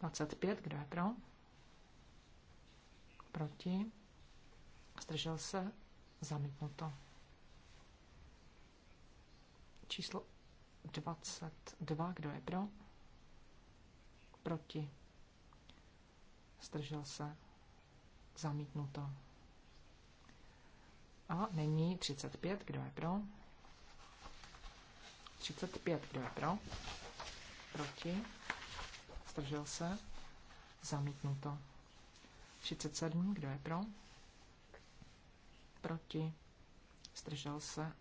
25. Kdo je pro? Proti. Zdržel se. Zamítnuto. Číslo 22. Kdo je pro? Proti zdržel se, zamítnuto. A nyní 35, kdo je pro? 35, kdo je pro? Proti, zdržel se, zamítnuto. 37, kdo je pro? Proti, zdržel se,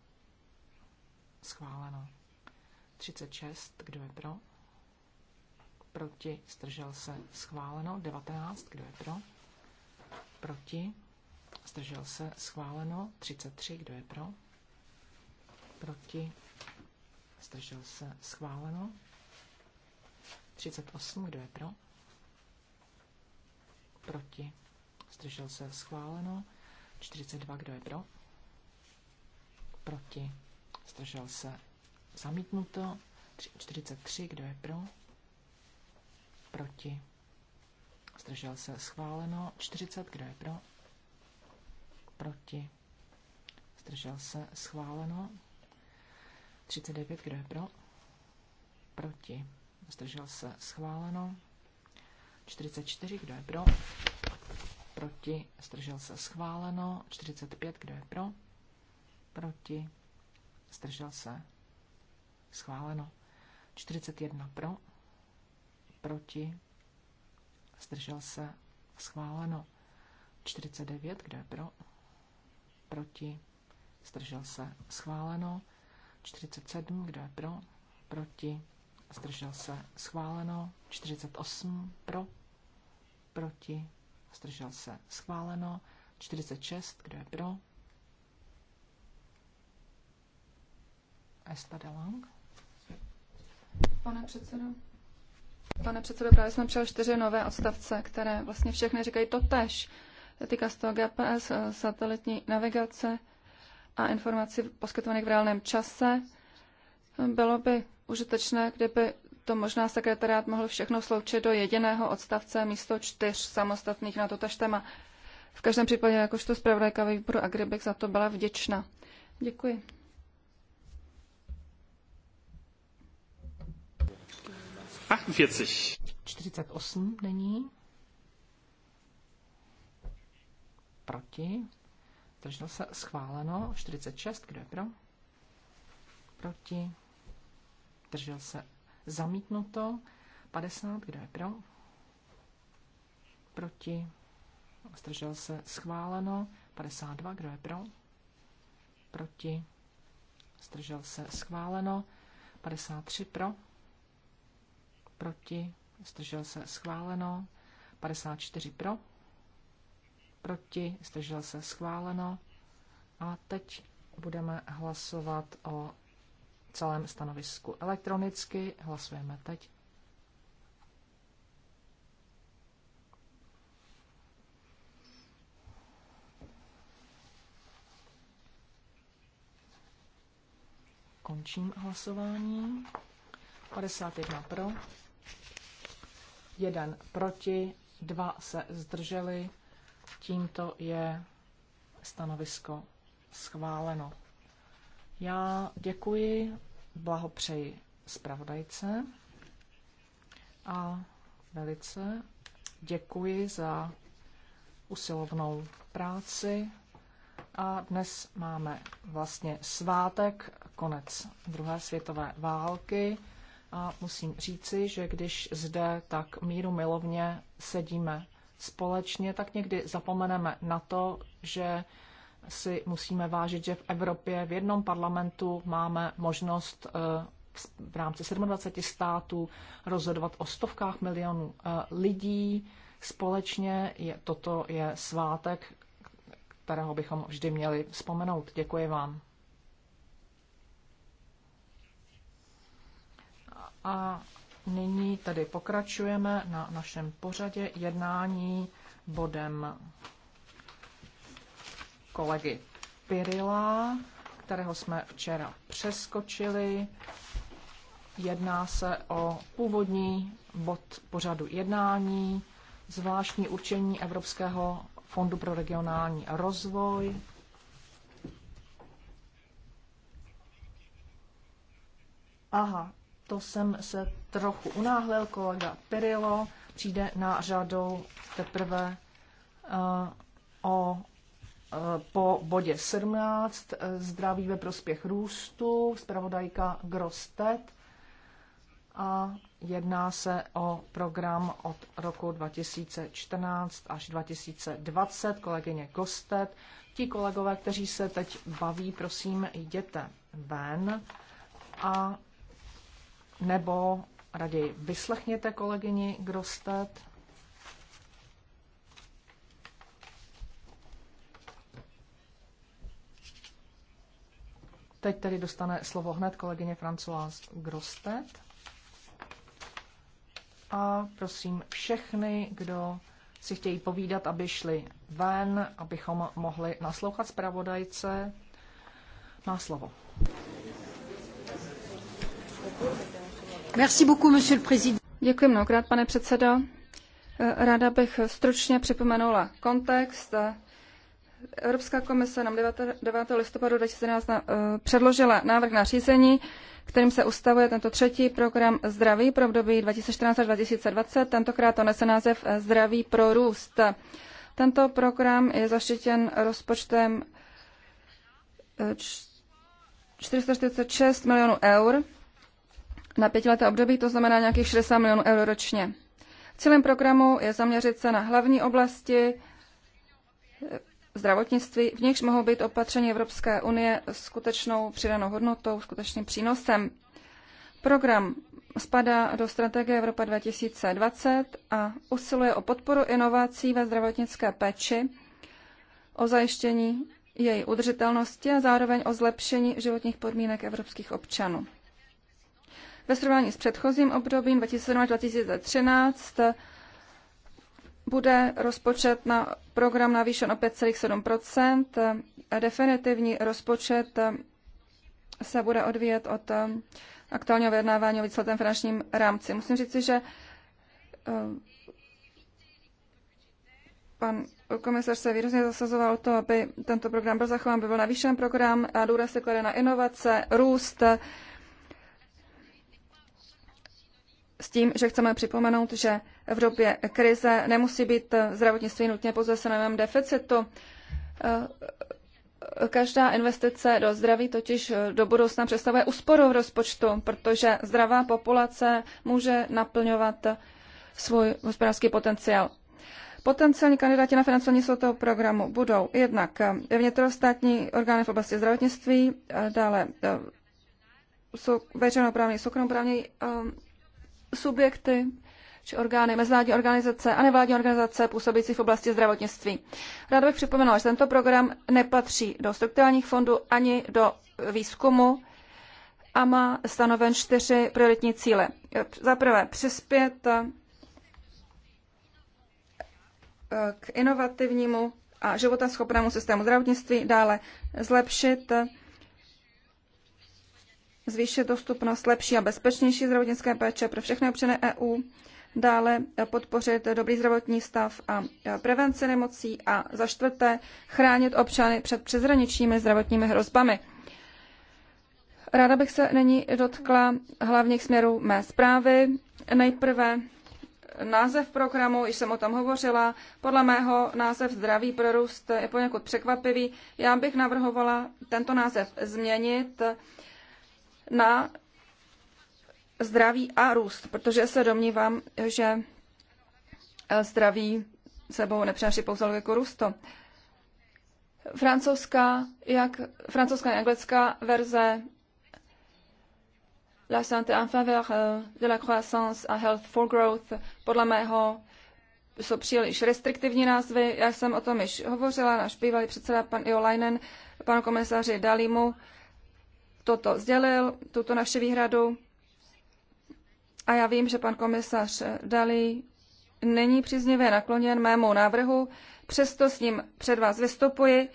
schváleno. 36, kdo je pro? proti, zdržel se, schváleno. 19, kdo je pro, proti, zdržel se, schváleno. 33, kdo je pro, proti, zdržel se, schváleno. 38, kdo je pro, proti, zdržel se, schváleno. 42, kdo je pro, proti, zdržel se, zamítnuto. 43, kdo je pro, Proti. Zdržel se schváleno. 40. Kdo je pro? Proti. Zdržel se schváleno. 39. Kdo je pro? Proti. Zdržel se schváleno. 44. Kdo je pro? Proti. Zdržel se schváleno. 45. Kdo je pro? Proti. Zdržel se schváleno. 41 pro proti, zdržel se, schváleno. 49, kdo je pro, proti, zdržel se, schváleno. 47, kdo je pro, proti, zdržel se, schváleno. 48, pro, proti, zdržel se, schváleno. 46, kdo je pro, Estadelang. Pane předsedo, Pane předsedo, právě jsem přijal čtyři nové odstavce, které vlastně všechny říkají to tež. Týká se toho GPS, eh, satelitní navigace a informací poskytovaných v reálném čase. Bylo by užitečné, kdyby to možná sekretariát mohl všechno sloučit do jediného odstavce místo čtyř samostatných na to tež téma. V každém případě, jakožto zpravodajka výboru Agribek za to byla vděčná. Děkuji. 48. 48 není. Proti. Zdržel se schváleno. 46. Kdo je pro? Proti. Zdržel se zamítnuto. 50. Kdo je pro? Proti. Zdržel se schváleno. 52. Kdo je pro? Proti. Zdržel se schváleno. 53 pro proti, zdržel se schváleno, 54 pro, proti, zdržel se schváleno. A teď budeme hlasovat o celém stanovisku elektronicky. Hlasujeme teď. Končím hlasování. 51 pro, jeden proti, dva se zdrželi. Tímto je stanovisko schváleno. Já děkuji, blahopřeji zpravodajce a velice děkuji za usilovnou práci. A dnes máme vlastně svátek, konec druhé světové války. A musím říci, že když zde tak míru milovně sedíme společně, tak někdy zapomeneme na to, že si musíme vážit, že v Evropě v jednom parlamentu máme možnost eh, v rámci 27 států rozhodovat o stovkách milionů eh, lidí. Společně je, toto je svátek, kterého bychom vždy měli vzpomenout. Děkuji vám. A nyní tedy pokračujeme na našem pořadě jednání bodem kolegy Pirila, kterého jsme včera přeskočili. Jedná se o původní bod pořadu jednání, zvláštní určení Evropského fondu pro regionální rozvoj. Aha, to jsem se trochu unáhlil, kolega Perilo přijde na řadu teprve uh, o, uh, po bodě 17, zdraví ve prospěch růstu, zpravodajka Grostet a jedná se o program od roku 2014 až 2020, kolegyně Gostet. Ti kolegové, kteří se teď baví, prosím, jděte ven a nebo raději vyslechněte kolegyni Grostet. Teď tedy dostane slovo hned kolegyně Françoise Grostet. A prosím všechny, kdo si chtějí povídat, aby šli ven, abychom mohli naslouchat zpravodajce. Má slovo. Thank you. Děkuji mnohokrát, pane předsedo. Ráda bych stručně připomenula kontext. Evropská komise nám 9. listopadu 2011 eh, předložila návrh na řízení, kterým se ustavuje tento třetí program Zdraví pro období 2014 až 2020. Tentokrát to nese název eh, Zdraví pro růst. Tento program je zaštítěn rozpočtem 446 eh, milionů eur na pětileté období, to znamená nějakých 60 milionů euro ročně. Cílem programu je zaměřit se na hlavní oblasti eh, zdravotnictví, v nichž mohou být opatření Evropské unie skutečnou přidanou hodnotou, skutečným přínosem. Program spadá do strategie Evropa 2020 a usiluje o podporu inovací ve zdravotnické péči, o zajištění její udržitelnosti a zároveň o zlepšení životních podmínek evropských občanů. Ve srovnání s předchozím obdobím 2017-2013 bude rozpočet na program navýšen o 5,7 Definitivní rozpočet se bude odvíjet od aktuálního vyjednávání o víceletém finančním rámci. Musím říci, že eh, pan komisař se výrazně zasazoval to, aby tento program byl zachován, by byl navýšen program a důraz se klade na inovace, růst, s tím, že chceme připomenout, že v době krize nemusí být zdravotnictví nutně pouze se novém deficitu. Eh, každá investice do zdraví totiž eh, do budoucna představuje úsporu v rozpočtu, protože zdravá populace může naplňovat eh, svůj hospodářský potenciál. Potenciální kandidáti na financování toho programu budou jednak vnitrostátní orgány v oblasti zdravotnictví, dále veřejnoprávní, soukromoprávní subjekty či orgány, mezinárodní organizace a nevládní organizace působící v oblasti zdravotnictví. Ráda bych připomenula, že tento program nepatří do strukturálních fondů ani do výzkumu a má stanoven čtyři prioritní cíle. Za prvé přispět eh, k inovativnímu a životaschopnému systému zdravotnictví, dále zlepšit eh, zvýšit dostupnost lepší a bezpečnější zdravotnické péče pro všechny občany EU, dále podpořit dobrý zdravotní stav a prevenci nemocí a za čtvrté chránit občany před přezraničními zdravotními hrozbami. Ráda bych se nyní dotkla hlavních směrů mé zprávy. Nejprve název programu, již jsem o tom hovořila. Podle mého název Zdravý pro růst je poněkud překvapivý. Já bych navrhovala tento název změnit na zdraví a růst, protože se domnívám, že eh, zdraví sebou nepřináší pouze logiku růsto. Francouzská, jak francouzská a anglická verze La santé en faveur eh, de la croissance a health for growth, podle mého jsou příliš restriktivní názvy. Já jsem o tom již hovořila, náš bývalý předseda pan Iolainen, panu komisaři Dalímu, toto sdělil, tuto naši výhradu. A já vím, že pan komisař Dalí není příznivě nakloněn mému návrhu, přesto s ním před vás vystupuji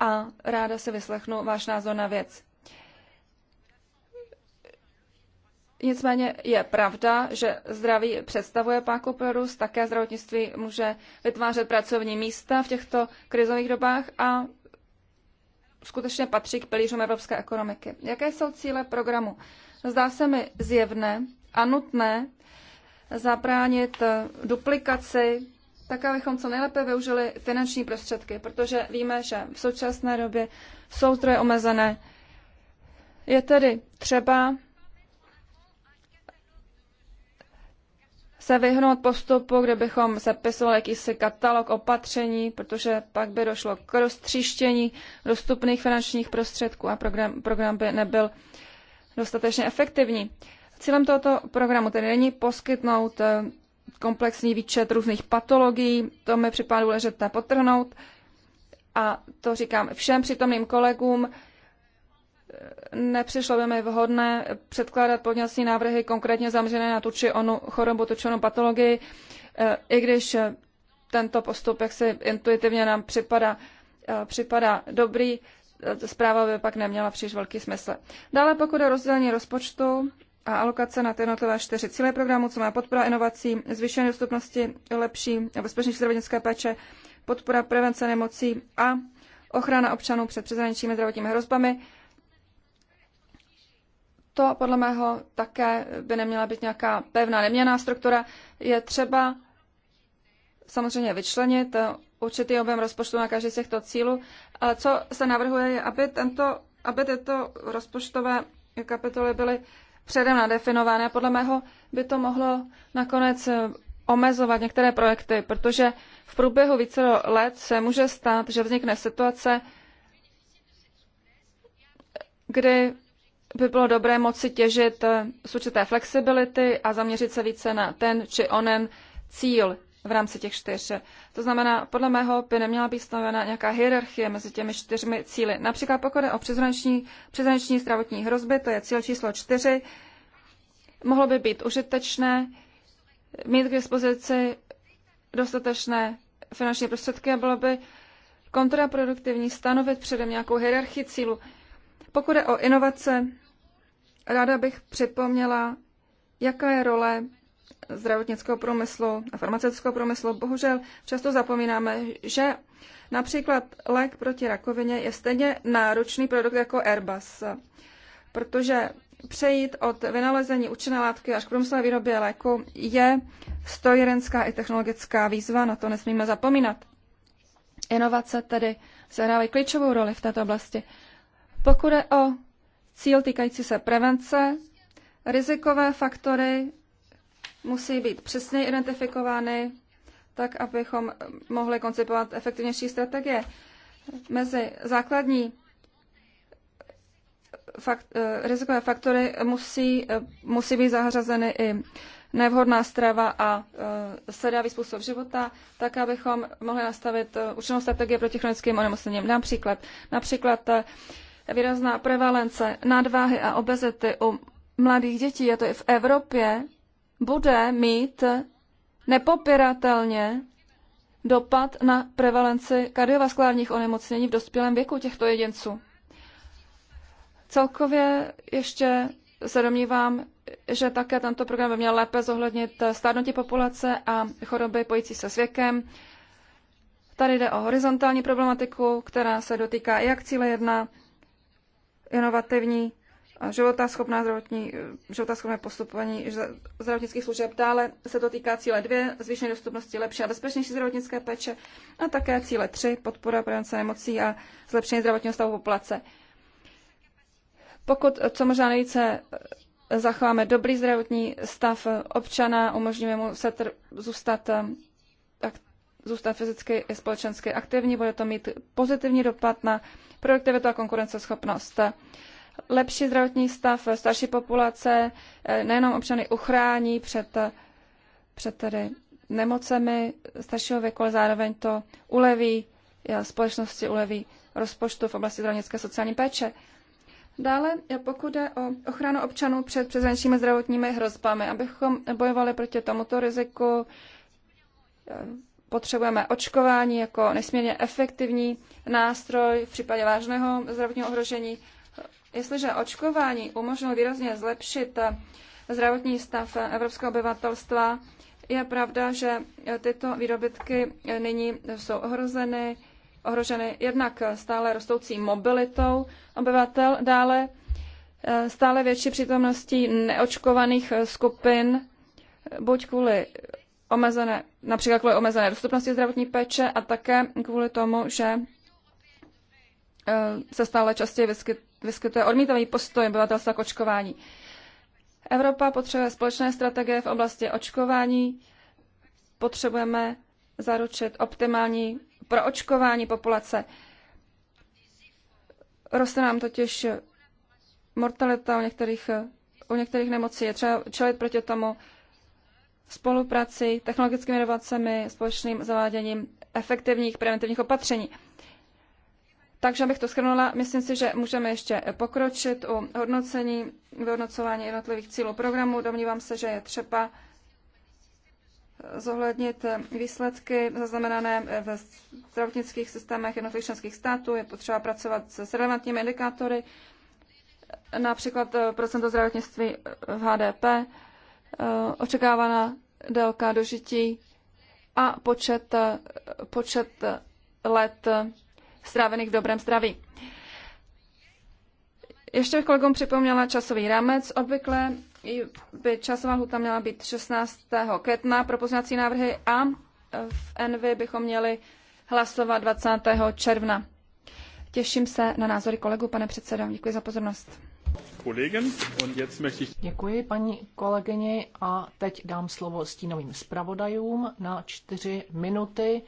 a ráda se vyslechnu váš názor na věc. Nicméně je pravda, že zdraví představuje páku pro růst, také zdravotnictví může vytvářet pracovní místa v těchto krizových dobách a skutečně patří k pilířům evropské ekonomiky. Jaké jsou cíle programu? Zdá se mi zjevné a nutné zabránit duplikaci, tak abychom co nejlépe využili finanční prostředky, protože víme, že v současné době jsou zdroje omezené. Je tedy třeba se vyhnout postupu, kde bychom sepisovali jakýsi katalog opatření, protože pak by došlo k roztříštění dostupných finančních prostředků a program, program by nebyl dostatečně efektivní. Cílem tohoto programu tedy není poskytnout eh, komplexní výčet různých patologií, to mi připadá důležité potrhnout. A to říkám všem přítomným kolegům, nepřišlo by mi vhodné předkládat podněcí návrhy konkrétně zaměřené na tu či onu chorobu, tu či onu patologii, eh, i když eh, tento postup, jak si intuitivně nám připadá, eh, připadá dobrý, zpráva by pak neměla příliš velký smysl. Dále pokud je rozdělení rozpočtu a alokace na ty jednotlivé čtyři cíle programu, co má podpora inovací, zvýšení dostupnosti lepší a bezpečnější zdravotnické péče, podpora prevence nemocí a ochrana občanů před přeshraničními zdravotními hrozbami, to podle mého také by neměla být nějaká pevná neměná struktura. Je třeba samozřejmě vyčlenit určitý objem rozpočtu na každý z těchto cílů, ale co se navrhuje, je, aby, tento, aby tyto rozpočtové kapitoly byly předem nadefinovány. Podle mého by to mohlo nakonec omezovat některé projekty, protože v průběhu více let se může stát, že vznikne situace, kdy by bylo dobré moci těžit eh, z určité flexibility a zaměřit se více na ten či onen cíl v rámci těch čtyř. To znamená, podle mého by neměla být stanovena nějaká hierarchie mezi těmi čtyřmi cíly. Například pokud je o přizraniční, přizraniční zdravotní hrozby, to je cíl číslo čtyři, mohlo by být užitečné mít k dispozici dostatečné finanční prostředky a bylo by kontraproduktivní stanovit předem nějakou hierarchii cílu. Pokud je o inovace, ráda bych připomněla, jaká je role zdravotnického průmyslu a farmaceutického průmyslu. Bohužel často zapomínáme, že například lék proti rakovině je stejně náročný produkt jako Airbus, protože přejít od vynalezení účinné látky až k průmyslové výrobě léku je strojírenská i technologická výzva, na to nesmíme zapomínat. Inovace tedy sehrávají klíčovou roli v této oblasti. Pokud je o cíl týkající se prevence, rizikové faktory musí být přesně identifikovány, tak abychom mohli koncipovat efektivnější strategie. Mezi základní fakt, eh, rizikové faktory musí, eh, musí být zařazeny i nevhodná strava a eh, sedavý způsob života, tak abychom mohli nastavit účinnou strategii proti chronickým onemocněním. Například, například výrazná prevalence nadváhy a obezity u mladých dětí, a to i v Evropě, bude mít nepopiratelně dopad na prevalenci kardiovaskulárních onemocnění v dospělém věku těchto jedinců. Celkově ještě se domnívám, že také tento program by měl lépe zohlednit stárnutí populace a choroby pojící se s věkem. Tady jde o horizontální problematiku, která se dotýká jak cíle 1, inovativní životaschopná zdravotní, životaschopné postupování zdravotnických služeb. Dále se to týká cíle 2, zvýšení dostupnosti lepší a bezpečnější zdravotnické péče a také cíle 3, podpora prevence nemocí a zlepšení zdravotního stavu populace. Pokud co možná nejvíce eh, zachováme dobrý zdravotní stav občana, umožníme mu se zůstat eh, zůstat fyzicky i společensky aktivní, bude to mít pozitivní dopad na produktivitu a konkurenceschopnost. Lepší zdravotní stav starší populace eh, nejenom občany uchrání před, eh, před tedy nemocemi staršího věku, ale zároveň to uleví eh, společnosti, uleví rozpočtu v oblasti zdravotnické sociální péče. Dále, pokud jde o ochranu občanů před přeshraničními zdravotními hrozbami, abychom bojovali proti tomuto riziku, Potřebujeme očkování jako nesmírně efektivní nástroj v případě vážného zdravotního ohrožení. Jestliže očkování umožnilo výrazně zlepšit zdravotní stav evropského obyvatelstva, je pravda, že tyto výrobitky nyní jsou ohrozeny, ohroženy jednak stále rostoucí mobilitou obyvatel, dále stále větší přítomností neočkovaných skupin, buď kvůli omezené, například kvůli omezené dostupnosti zdravotní péče a také kvůli tomu, že eh, se stále častěji vyskytuje odmítavý postoj obyvatelstva k očkování. Evropa potřebuje společné strategie v oblasti očkování. Potřebujeme zaručit optimální proočkování populace. Roste nám totiž mortalita u některých, u některých nemocí. Je třeba čelit proti tomu spoluprací, technologickými inovacemi, společným zaváděním efektivních preventivních opatření. Takže abych to schrnula, myslím si, že můžeme ještě pokročit u hodnocení, vyhodnocování jednotlivých cílů programu. Domnívám se, že je třeba zohlednit výsledky zaznamenané ve zdravotnických systémech jednotlivých členských států. Je potřeba pracovat s relevantními indikátory, například procento zdravotnictví v HDP, Eh, očekávaná délka dožití a počet, eh, počet let strávených v dobrém zdraví. Ještě bych kolegům připomněla časový rámec. Obvykle by časová huta měla být 16. května pro poznací návrhy a v NV bychom měli hlasovat 20. června. Těším se na názory kolegu, pane předsedo. Děkuji za pozornost. Děkuji paní kolegyni a teď dám slovo stínovým zpravodajům na čtyři minuty.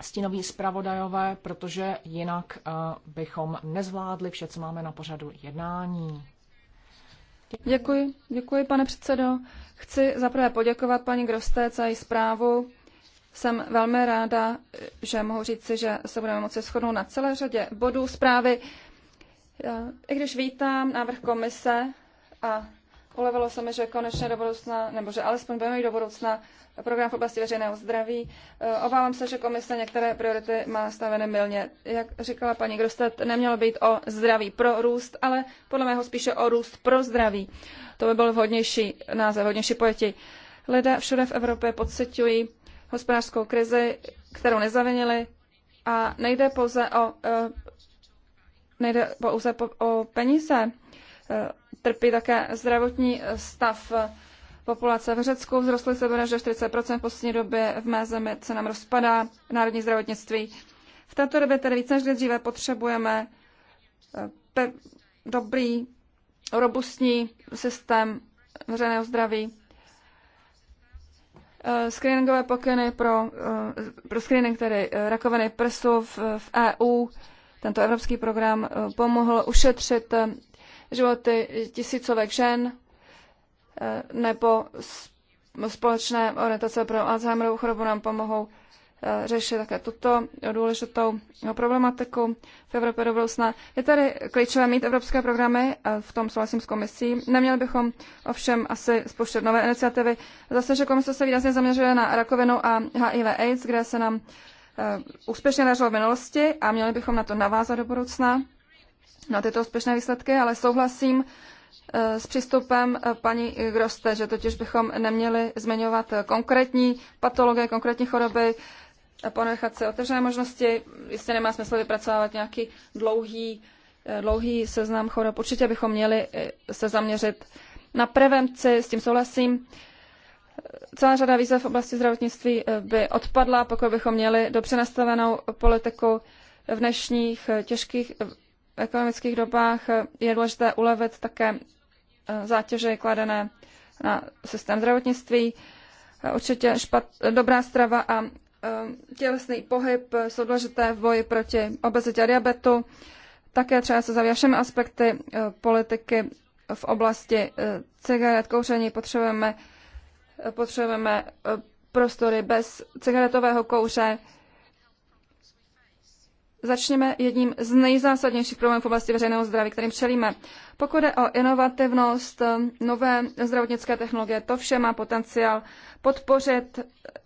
Stínoví zpravodajové, protože jinak eh, bychom nezvládli vše, co máme na pořadu jednání. Děkuji, děkuji pane předsedo. Chci zaprvé poděkovat paní Grosté za její zprávu. Jsem velmi ráda, že mohu říci, že se budeme moci shodnout na celé řadě bodů zprávy. I když vítám návrh komise a ulevilo se mi, že konečně do budoucna, nebo že alespoň budeme mít do budoucna program v oblasti veřejného zdraví. Eh, obávám se, že komise některé priority má staveny milně. Jak říkala paní Grostet, nemělo být o zdraví pro růst, ale podle mého spíše o růst pro zdraví. To by byl vhodnější název, vhodnější pojetí. Lidé všude v Evropě pocitují hospodářskou krizi, kterou nezavinili a nejde pouze o eh, nejde pouze o peníze. E, trpí také zdravotní stav populace v Řecku. Vzrostly se než 40% v poslední době. V mé zemi se nám rozpadá národní zdravotnictví. V této době tedy více než dříve potřebujeme e, dobrý, robustní systém veřejného zdraví. E, screeningové pokyny pro, pro screening tedy rakoviny prsu v, v EU tento evropský program eh, pomohl ušetřit eh, životy tisícovek žen eh, nebo společné orientace pro Alzheimerovou chorobu nám pomohou řešit také tuto důležitou problematiku v Evropě do budoucna. Je tady klíčové mít evropské programy, v tom souhlasím s komisí. Neměli bychom ovšem asi spouštět nové iniciativy. Zase, že komise se výrazně zaměřuje na rakovinu a HIV AIDS, kde se nám Eh, úspěšně dařilo v minulosti a měli bychom na to navázat do budoucna, na tyto úspěšné výsledky, ale souhlasím eh, s přístupem eh, paní Groste, že totiž bychom neměli zmiňovat konkrétní patologie, konkrétní choroby, ponechat si otevřené možnosti. Jistě nemá smysl vypracovávat nějaký dlouhý, dlouhý seznam chorob. Určitě bychom měli se zaměřit na prevenci, s tím souhlasím celá řada výzev v oblasti zdravotnictví eh, by odpadla, pokud bychom měli dobře nastavenou politiku v dnešních eh, těžkých eh, ekonomických dobách. Je důležité ulevit také zátěže kladené na systém zdravotnictví. Určitě špat, dobrá strava a tělesný pohyb jsou důležité v boji proti obezitě a diabetu. Také třeba se zavěšeme aspekty politiky v oblasti cigaret, kouření. Potřebujeme potřebujeme eh, prostory bez cigaretového kouře. Začněme jedním z nejzásadnějších problémů v oblasti veřejného zdraví, kterým čelíme. Pokud je o inovativnost, eh, nové zdravotnické technologie, to vše má potenciál podpořit eh,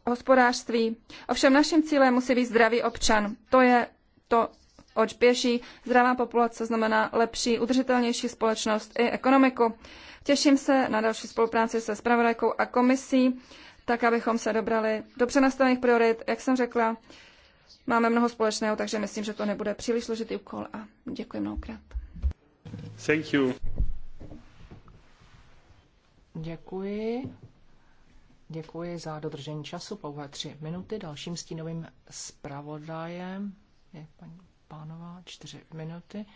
hospodářství. Ovšem naším cílem musí být zdravý občan. To je to, oč běží. Zdravá populace znamená lepší, udržitelnější společnost i ekonomiku. Těším se na další spolupráci se spravodajkou a komisí, tak abychom se dobrali dobře nastavených priorit. Jak jsem řekla, máme mnoho společného, takže myslím, že to nebude příliš složitý úkol a děkuji mnohokrát. Thank you. Děkuji. Děkuji za dodržení času, pouhé tři minuty. Dalším stínovým zpravodajem je paní Pánová, čtyři minuty.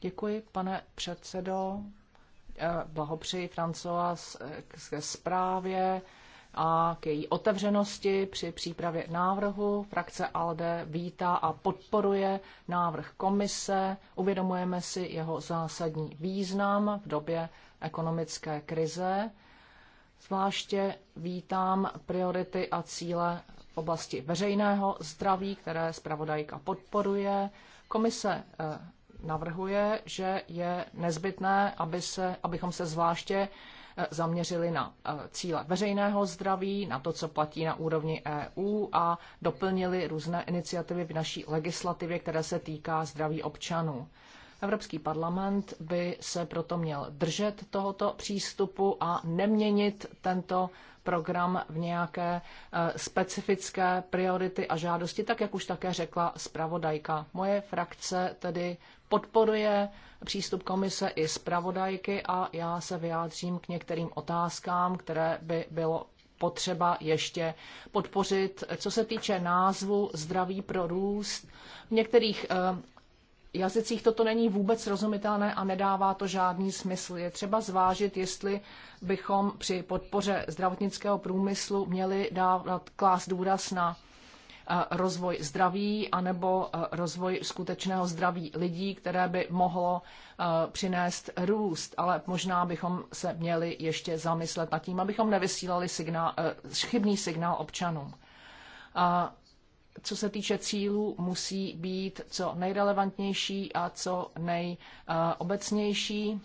Děkuji, pane předsedo, Eh, blahopřeji Francois eh, k zprávě a k její otevřenosti při přípravě návrhu. Frakce ALDE vítá a podporuje návrh komise. Uvědomujeme si jeho zásadní význam v době ekonomické krize. Zvláště vítám priority a cíle v oblasti veřejného zdraví, které zpravodajka podporuje. Komise eh, navrhuje, že je nezbytné, aby se, abychom se zvláště eh, zaměřili na eh, cíle veřejného zdraví, na to, co platí na úrovni EU a doplnili různé iniciativy v naší legislativě, které se týká zdraví občanů. Evropský parlament by se proto měl držet tohoto přístupu a neměnit tento program v nějaké eh, specifické priority a žádosti, tak jak už také řekla zpravodajka. Moje frakce tedy podporuje přístup komise i zpravodajky a já se vyjádřím k některým otázkám, které by bylo potřeba ještě podpořit. Co se týče názvu Zdraví pro růst, v některých eh, jazycích toto není vůbec rozumitelné a nedává to žádný smysl. Je třeba zvážit, jestli bychom při podpoře zdravotnického průmyslu měli dávat klást důraz na Eh, rozvoj zdraví anebo eh, rozvoj skutečného zdraví lidí, které by mohlo eh, přinést růst. Ale možná bychom se měli ještě zamyslet nad tím, abychom nevysílali signál, chybný signál občanům. co se týče cílů, musí být co nejrelevantnější a co nejobecnější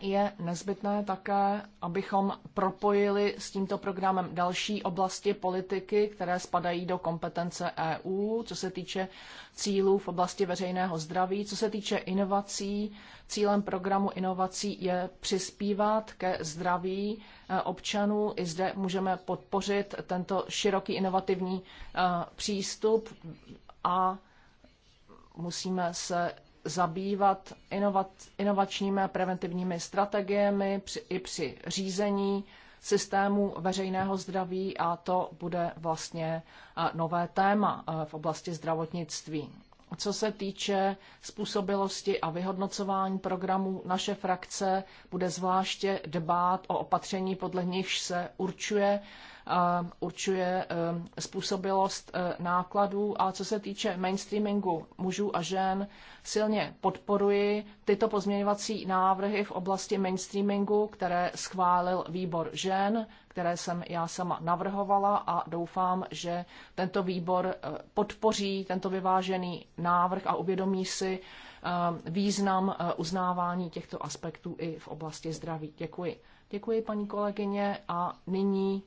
je nezbytné také, abychom propojili s tímto programem další oblasti politiky, které spadají do kompetence EU, co se týče cílů v oblasti veřejného zdraví, co se týče inovací. Cílem programu inovací je přispívat ke zdraví eh, občanů. I zde můžeme podpořit tento široký inovativní eh, přístup a musíme se zabývat inovat, inovačními a preventivními strategiemi při, i při řízení systému veřejného zdraví a to bude vlastně nové téma v oblasti zdravotnictví. Co se týče způsobilosti a vyhodnocování programů, naše frakce bude zvláště dbát o opatření, podle nichž se určuje Eh, určuje eh, způsobilost eh, nákladů. A co se týče mainstreamingu mužů a žen, silně podporuji tyto pozměňovací návrhy v oblasti mainstreamingu, které schválil výbor žen, které jsem já sama navrhovala a doufám, že tento výbor podpoří tento vyvážený návrh a uvědomí si význam uznávání těchto aspektů i v oblasti zdraví. Děkuji. Děkuji, paní kolegyně, a nyní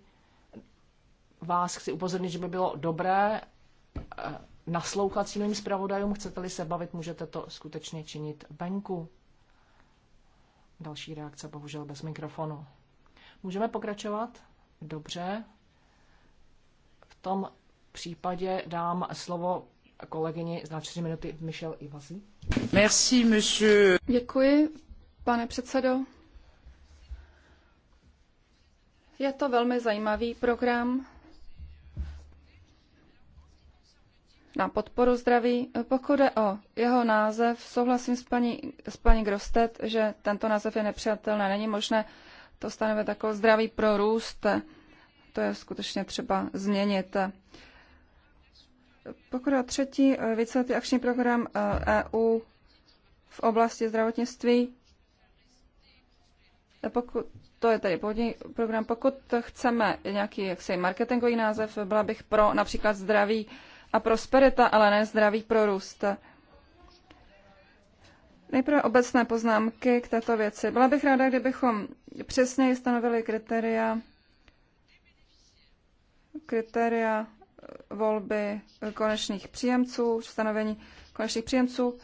vás chci upozornit, že by bylo dobré eh, naslouchat svým zpravodajům. Chcete-li se bavit, můžete to skutečně činit venku. Další reakce, bohužel bez mikrofonu. Můžeme pokračovat? Dobře. V tom případě dám slovo kolegyni na čtyři minuty Michel Ivasi. Merci, monsieur. Děkuji, pane předsedo. Je to velmi zajímavý program. na podporu zdraví. Pokud je o jeho název, souhlasím s paní, s paní Grostet, že tento název je nepřijatelný. Není možné to stanovit jako zdraví pro růst. To je skutečně třeba změnit. Pokud o třetí víceletý akční program EU eh, e v oblasti zdravotnictví, pokud, to je tady původní program, pokud chceme nějaký jaksi marketingový název, byla bych pro například zdraví a prosperita, ale ne zdravý pro růst. Nejprve obecné poznámky k této věci. Byla bych ráda, kdybychom přesněji stanovili kritéria, kritéria volby konečných příjemců, stanovení konečných příjemců,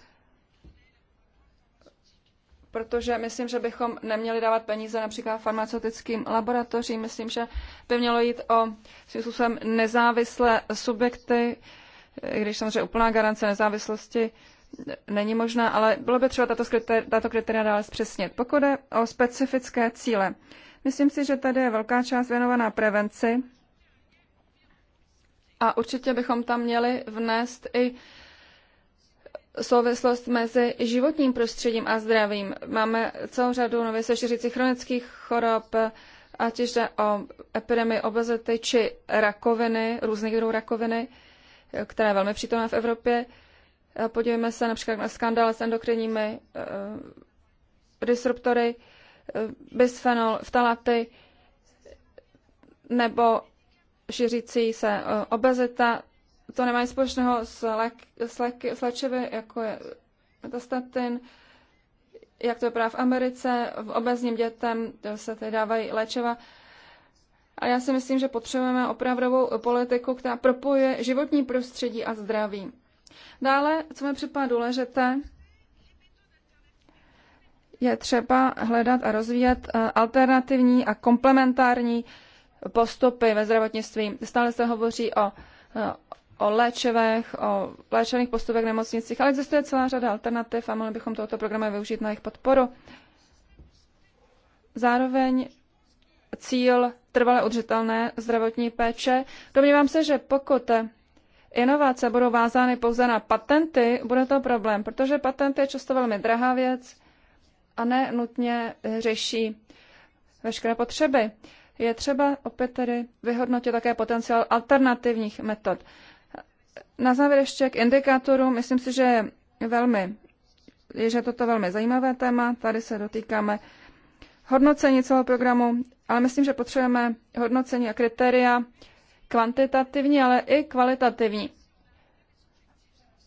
protože myslím, že bychom neměli dávat peníze například farmaceutickým laboratořím. Myslím, že by mělo jít o způsobem nezávislé subjekty, když samozřejmě úplná garance nezávislosti není možná, ale bylo by třeba tato, skritéria, tato kritéria dále zpřesnit. Pokud je o specifické cíle, myslím si, že tady je velká část věnovaná prevenci a určitě bychom tam měli vnést i souvislost mezi životním prostředím a zdravím. Máme celou řadu nově se šířících chronických chorob, ať již jde o epidemii obezity či rakoviny, různých druhů rakoviny která je velmi přítomná v Evropě. Podívejme se například na skandál s endokrinními eh, disruptory, eh, bisfenol, ftalaty nebo šířící se eh, obezita. To nemá nic společného s, lék, s, léky, s léčivy, jako je metastatin, jak to právě v Americe. V obezním dětem se tady dávají léčiva a já si myslím, že potřebujeme opravdovou politiku, která propojuje životní prostředí a zdraví. Dále, co mi připadá důležité, je třeba hledat a rozvíjet eh, alternativní a komplementární postupy ve zdravotnictví. Stále se hovoří o, eh, o léčivech, o léčených postupech v nemocnicích, ale existuje celá řada alternativ a mohli bychom tohoto programu využít na jejich podporu. Zároveň cíl trvale udržitelné zdravotní péče. Domnívám se, že pokud inovace budou vázány pouze na patenty, bude to problém, protože patent je často velmi drahá věc a ne nutně řeší veškeré potřeby. Je třeba opět tedy vyhodnotit také potenciál alternativních metod. Na závěr ještě k indikátoru. Myslím si, že je velmi, je, že toto velmi zajímavé téma. Tady se dotýkáme hodnocení celého programu ale myslím, že potřebujeme hodnocení a kritéria kvantitativní, ale i kvalitativní.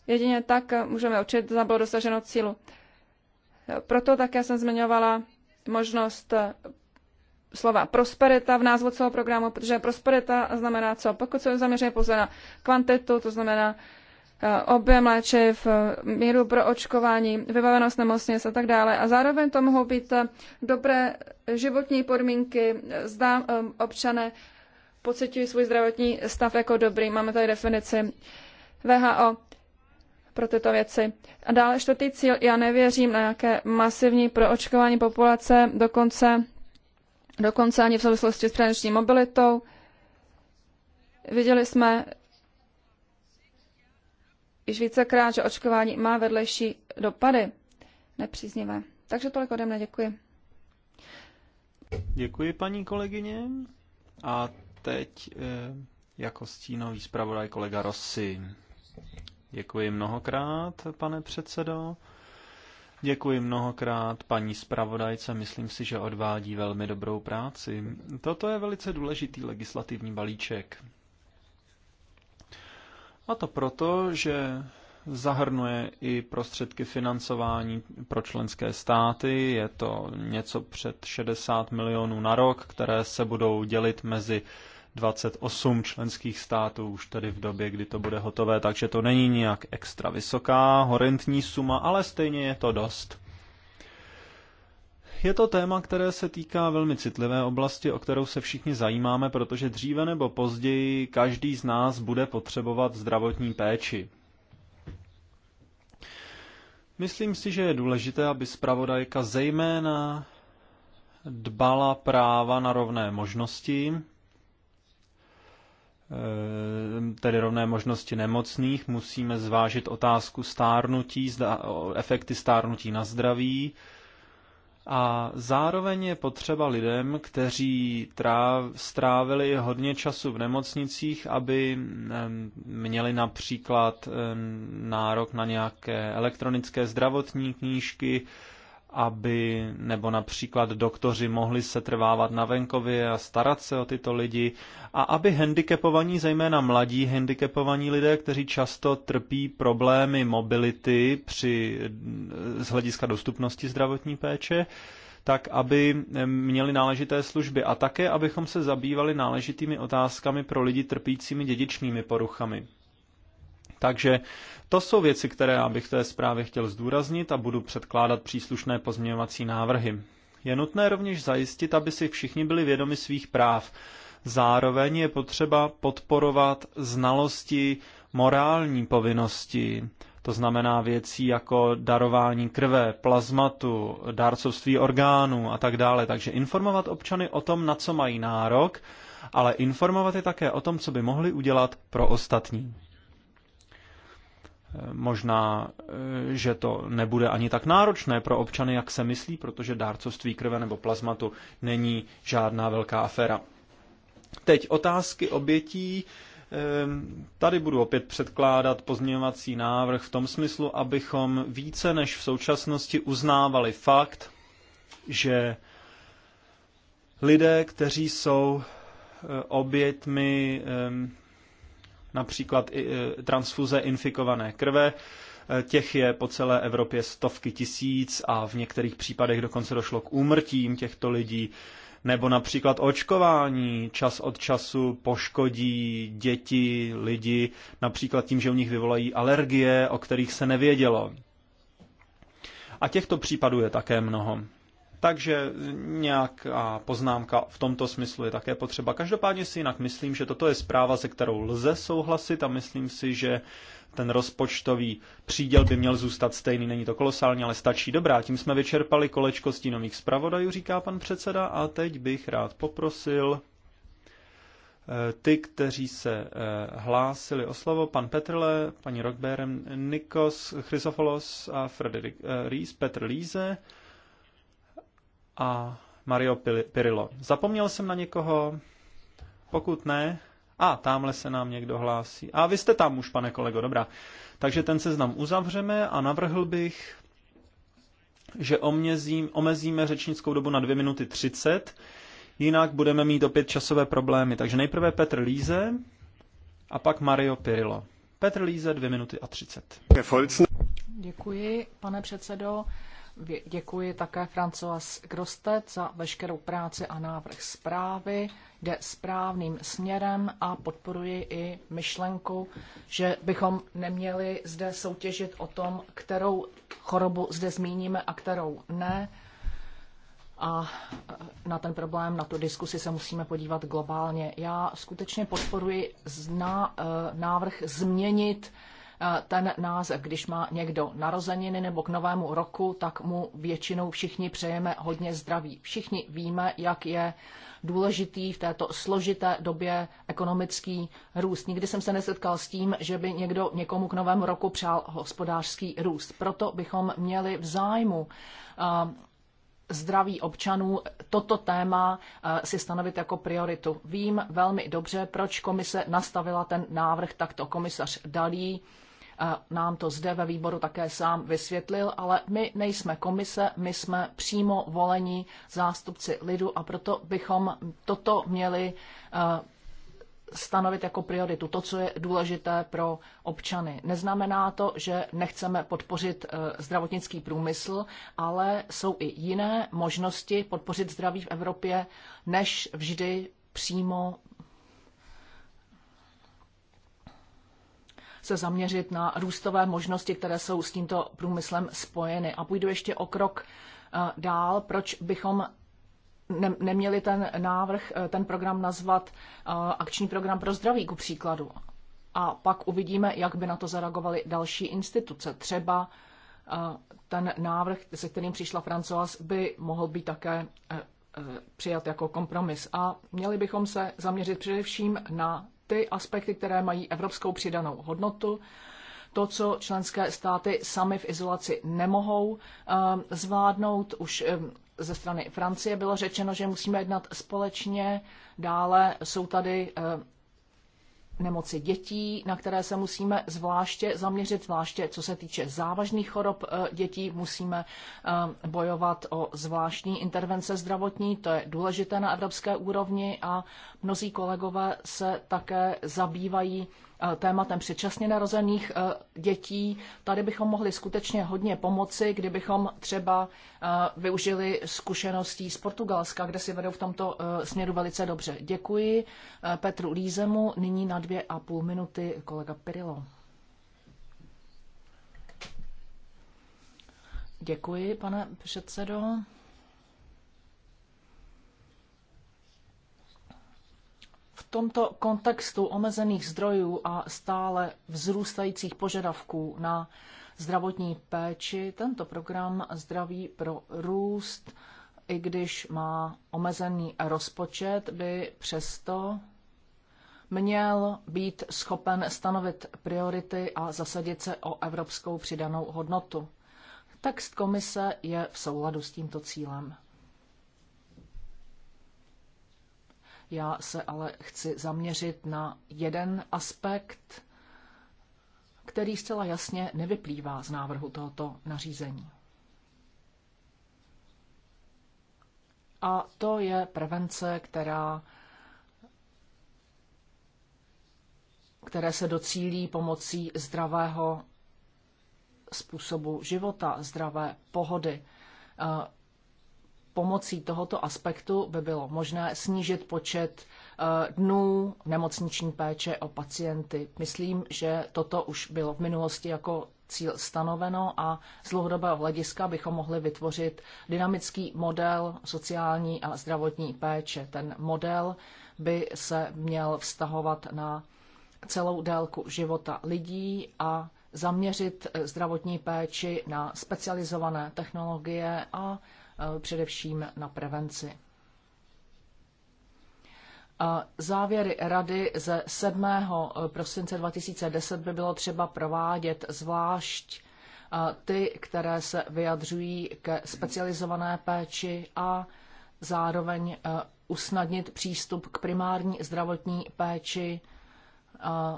Jedině tak můžeme určit, zda bylo dosaženo cílu. Proto také jsem zmiňovala možnost slova prosperita v názvu celého programu, protože prosperita znamená co? Pokud se zaměřuje pouze na kvantitu, to znamená Eh, objem léčiv, míru pro očkování, vybavenost nemocnic a tak dále. A zároveň to mohou být eh, dobré životní podmínky, zda eh, občané pocitují svůj zdravotní stav jako dobrý. Máme tady definici VHO pro tyto věci. A dále čtvrtý cíl, já nevěřím na nějaké masivní proočkování populace, dokonce, dokonce ani v souvislosti s přeneční mobilitou. Viděli jsme, již vícekrát, že očkování má vedlejší dopady nepříznivé. Takže tolik ode mne, děkuji. Děkuji, paní kolegyně. A teď eh, jako stínový zpravodaj kolega Rossi. Děkuji mnohokrát, pane předsedo. Děkuji mnohokrát paní zpravodajce, myslím si, že odvádí velmi dobrou práci. Toto je velice důležitý legislativní balíček. A to proto, že zahrnuje i prostředky financování pro členské státy. Je to něco před 60 milionů na rok, které se budou dělit mezi 28 členských států už tedy v době, kdy to bude hotové, takže to není nějak extra vysoká horentní suma, ale stejně je to dost. Je to téma, které se týká velmi citlivé oblasti, o kterou se všichni zajímáme, protože dříve nebo později každý z nás bude potřebovat zdravotní péči. Myslím si, že je důležité, aby zpravodajka zejména dbala práva na rovné možnosti, eh, tedy rovné možnosti nemocných. Musíme zvážit otázku stárnutí, efekty stárnutí na zdraví, a zároveň je potřeba lidem, kteří tráv, strávili hodně času v nemocnicích, aby měli například nárok na nějaké elektronické zdravotní knížky, aby nebo například doktoři mohli se trvávat na venkově a starat se o tyto lidi a aby handicapovaní, zejména mladí handicapovaní lidé, kteří často trpí problémy mobility při, z hlediska dostupnosti zdravotní péče, tak aby měli náležité služby a také, abychom se zabývali náležitými otázkami pro lidi trpícími dědičnými poruchami. Takže to jsou věci, které já bych té zprávě chtěl zdůraznit a budu předkládat příslušné pozměňovací návrhy. Je nutné rovněž zajistit, aby si všichni byli vědomi svých práv. Zároveň je potřeba podporovat znalosti morální povinnosti, to znamená věcí jako darování krve, plazmatu, dárcovství orgánů a tak dále. Takže informovat občany o tom, na co mají nárok, ale informovat je také o tom, co by mohli udělat pro ostatní. Možná, eh, že to nebude ani tak náročné pro občany, jak se myslí, protože dárcovství krve nebo plazmatu není žádná velká aféra. Teď otázky obětí. Ehm, tady budu opět předkládat pozměňovací návrh v tom smyslu, abychom více než v současnosti uznávali fakt, že lidé, kteří jsou eh, obětmi ehm, například e, transfuze infikované krve. E, těch je po celé Evropě stovky tisíc a v některých případech dokonce došlo k úmrtím těchto lidí. Nebo například očkování čas od času poškodí děti, lidi, například tím, že u nich vyvolají alergie, o kterých se nevědělo. A těchto případů je také mnoho. Takže nějaká poznámka v tomto smyslu je také potřeba. Každopádně si jinak myslím, že toto je zpráva, se kterou lze souhlasit a myslím si, že ten rozpočtový příděl by měl zůstat stejný. Není to kolosální, ale stačí. Dobrá, tím jsme vyčerpali kolečko stínových zpravodajů, říká pan předseda, a teď bych rád poprosil eh, ty, kteří se eh, hlásili o slovo, pan Petrle, paní Rockbérem, Nikos, Chrysofolos a Frederik eh, Ries, Petr Líze, a Mario Pirillo. Zapomněl jsem na někoho? Pokud ne, a tamhle se nám někdo hlásí. A vy jste tam už, pane kolego, dobrá. Takže ten seznam uzavřeme a navrhl bych, že omězím, omezíme řečnickou dobu na 2 minuty 30, jinak budeme mít opět časové problémy. Takže nejprve Petr Líze a pak Mario Pirillo. Petr Líze 2 minuty a 30. Děkuji, pane předsedo. Děkuji také Francois Grostet za veškerou práci a návrh zprávy. Jde správným směrem a podporuji i myšlenku, že bychom neměli zde soutěžit o tom, kterou chorobu zde zmíníme a kterou ne. A e, na ten problém, na tu diskusi se musíme podívat globálně. Já skutečně podporuji zna, e, návrh změnit ten název. Když má někdo narozeniny nebo k novému roku, tak mu většinou všichni přejeme hodně zdraví. Všichni víme, jak je důležitý v této složité době ekonomický růst. Nikdy jsem se nesetkal s tím, že by někdo někomu k novému roku přál hospodářský růst. Proto bychom měli v zájmu zdraví občanů toto téma si stanovit jako prioritu. Vím velmi dobře, proč komise nastavila ten návrh takto. Komisař Dalí nám to zde ve výboru také sám vysvětlil, ale my nejsme komise, my jsme přímo volení zástupci lidu a proto bychom toto měli eh, stanovit jako prioritu to, co je důležité pro občany. Neznamená to, že nechceme podpořit eh, zdravotnický průmysl, ale jsou i jiné možnosti podpořit zdraví v Evropě, než vždy přímo se zaměřit na růstové možnosti, které jsou s tímto průmyslem spojeny. A půjdu ještě o krok e, dál, proč bychom ne, neměli ten návrh, e, ten program nazvat e, akční program pro zdraví, ku příkladu. A pak uvidíme, jak by na to zareagovaly další instituce. Třeba ten návrh, se kterým přišla Francois, by mohl být také přijat jako kompromis. A měli bychom se zaměřit především na ty aspekty, které mají evropskou přidanou hodnotu, to, co členské státy sami v izolaci nemohou ehm, zvládnout, už ehm, ze strany Francie bylo řečeno, že musíme jednat společně. Dále jsou tady ehm, nemoci dětí, na které se musíme zvláště zaměřit, zvláště co se týče závažných chorob eh, dětí, musíme eh, bojovat o zvláštní intervence zdravotní, to je důležité na evropské úrovni a mnozí kolegové se také zabývají Eh, tématem předčasně narozených eh, dětí. Tady bychom mohli skutečně hodně pomoci, kdybychom třeba eh, využili zkušeností z Portugalska, kde si vedou v tomto směru velice dobře. Děkuji Petru Lízemu. Nyní na dvě a půl minuty kolega Pirilo. Děkuji, pane předsedo. tomto kontextu omezených zdrojů a stále vzrůstajících požadavků na zdravotní péči tento program Zdraví pro růst, i když má omezený rozpočet, by přesto měl být schopen stanovit priority a zasadit se o evropskou přidanou hodnotu. Text komise je v souladu s tímto cílem. Já se ale chci zaměřit na jeden aspekt, který zcela jasně nevyplývá z návrhu tohoto nařízení. A to je prevence, která které se docílí pomocí zdravého způsobu života, zdravé pohody. Eh, pomocí tohoto aspektu by bylo možné snížit počet eh, dnů nemocniční péče o pacienty. Myslím, že toto už bylo v minulosti jako cíl stanoveno a z dlouhodobého hlediska bychom mohli vytvořit dynamický model sociální a zdravotní péče. Ten model by se měl vztahovat na celou délku života lidí a zaměřit eh, zdravotní péči na specializované technologie a Eh, především na prevenci. Eh, závěry rady ze 7. Eh, prosince 2010 by bylo třeba provádět zvlášť ty, které se vyjadřují ke specializované péči a zároveň usnadnit přístup k primární zdravotní péči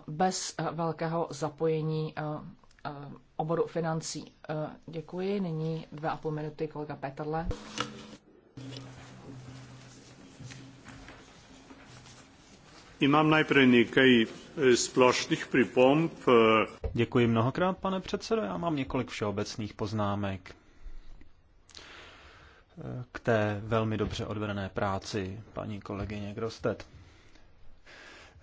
bez velkého zapojení Eh, oboru financí. Eh, děkuji. Nyní dvě a půl minuty kolega Petrle. Mám nejprve několik eh, splošných připomp. Děkuji mnohokrát, pane předsedo. Já mám několik všeobecných poznámek k té velmi dobře odvedené práci paní kolegyně Grostet.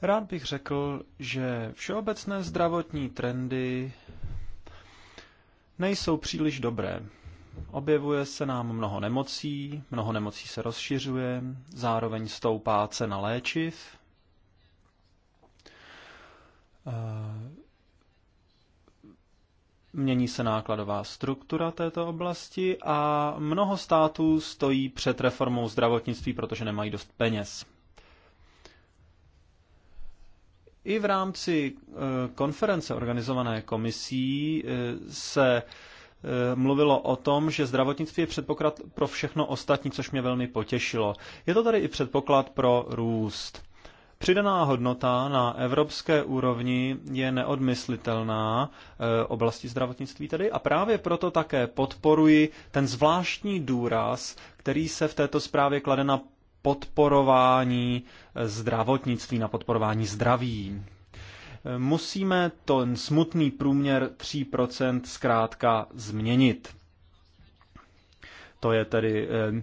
Rád bych řekl, že všeobecné zdravotní trendy nejsou příliš dobré. Objevuje se nám mnoho nemocí, mnoho nemocí se rozšiřuje, zároveň stoupá cena léčiv. Eh, mění se nákladová struktura této oblasti a mnoho států stojí před reformou zdravotnictví, protože nemají dost peněz. I v rámci eh, konference organizované komisí eh, se eh, mluvilo o tom, že zdravotnictví je předpoklad pro všechno ostatní, což mě velmi potěšilo. Je to tady i předpoklad pro růst. Přidaná hodnota na evropské úrovni je neodmyslitelná e, oblasti zdravotnictví tedy a právě proto také podporuji ten zvláštní důraz, který se v této zprávě klade na podporování zdravotnictví, na podporování zdraví. Musíme ten smutný průměr 3% zkrátka změnit. To je tedy eh,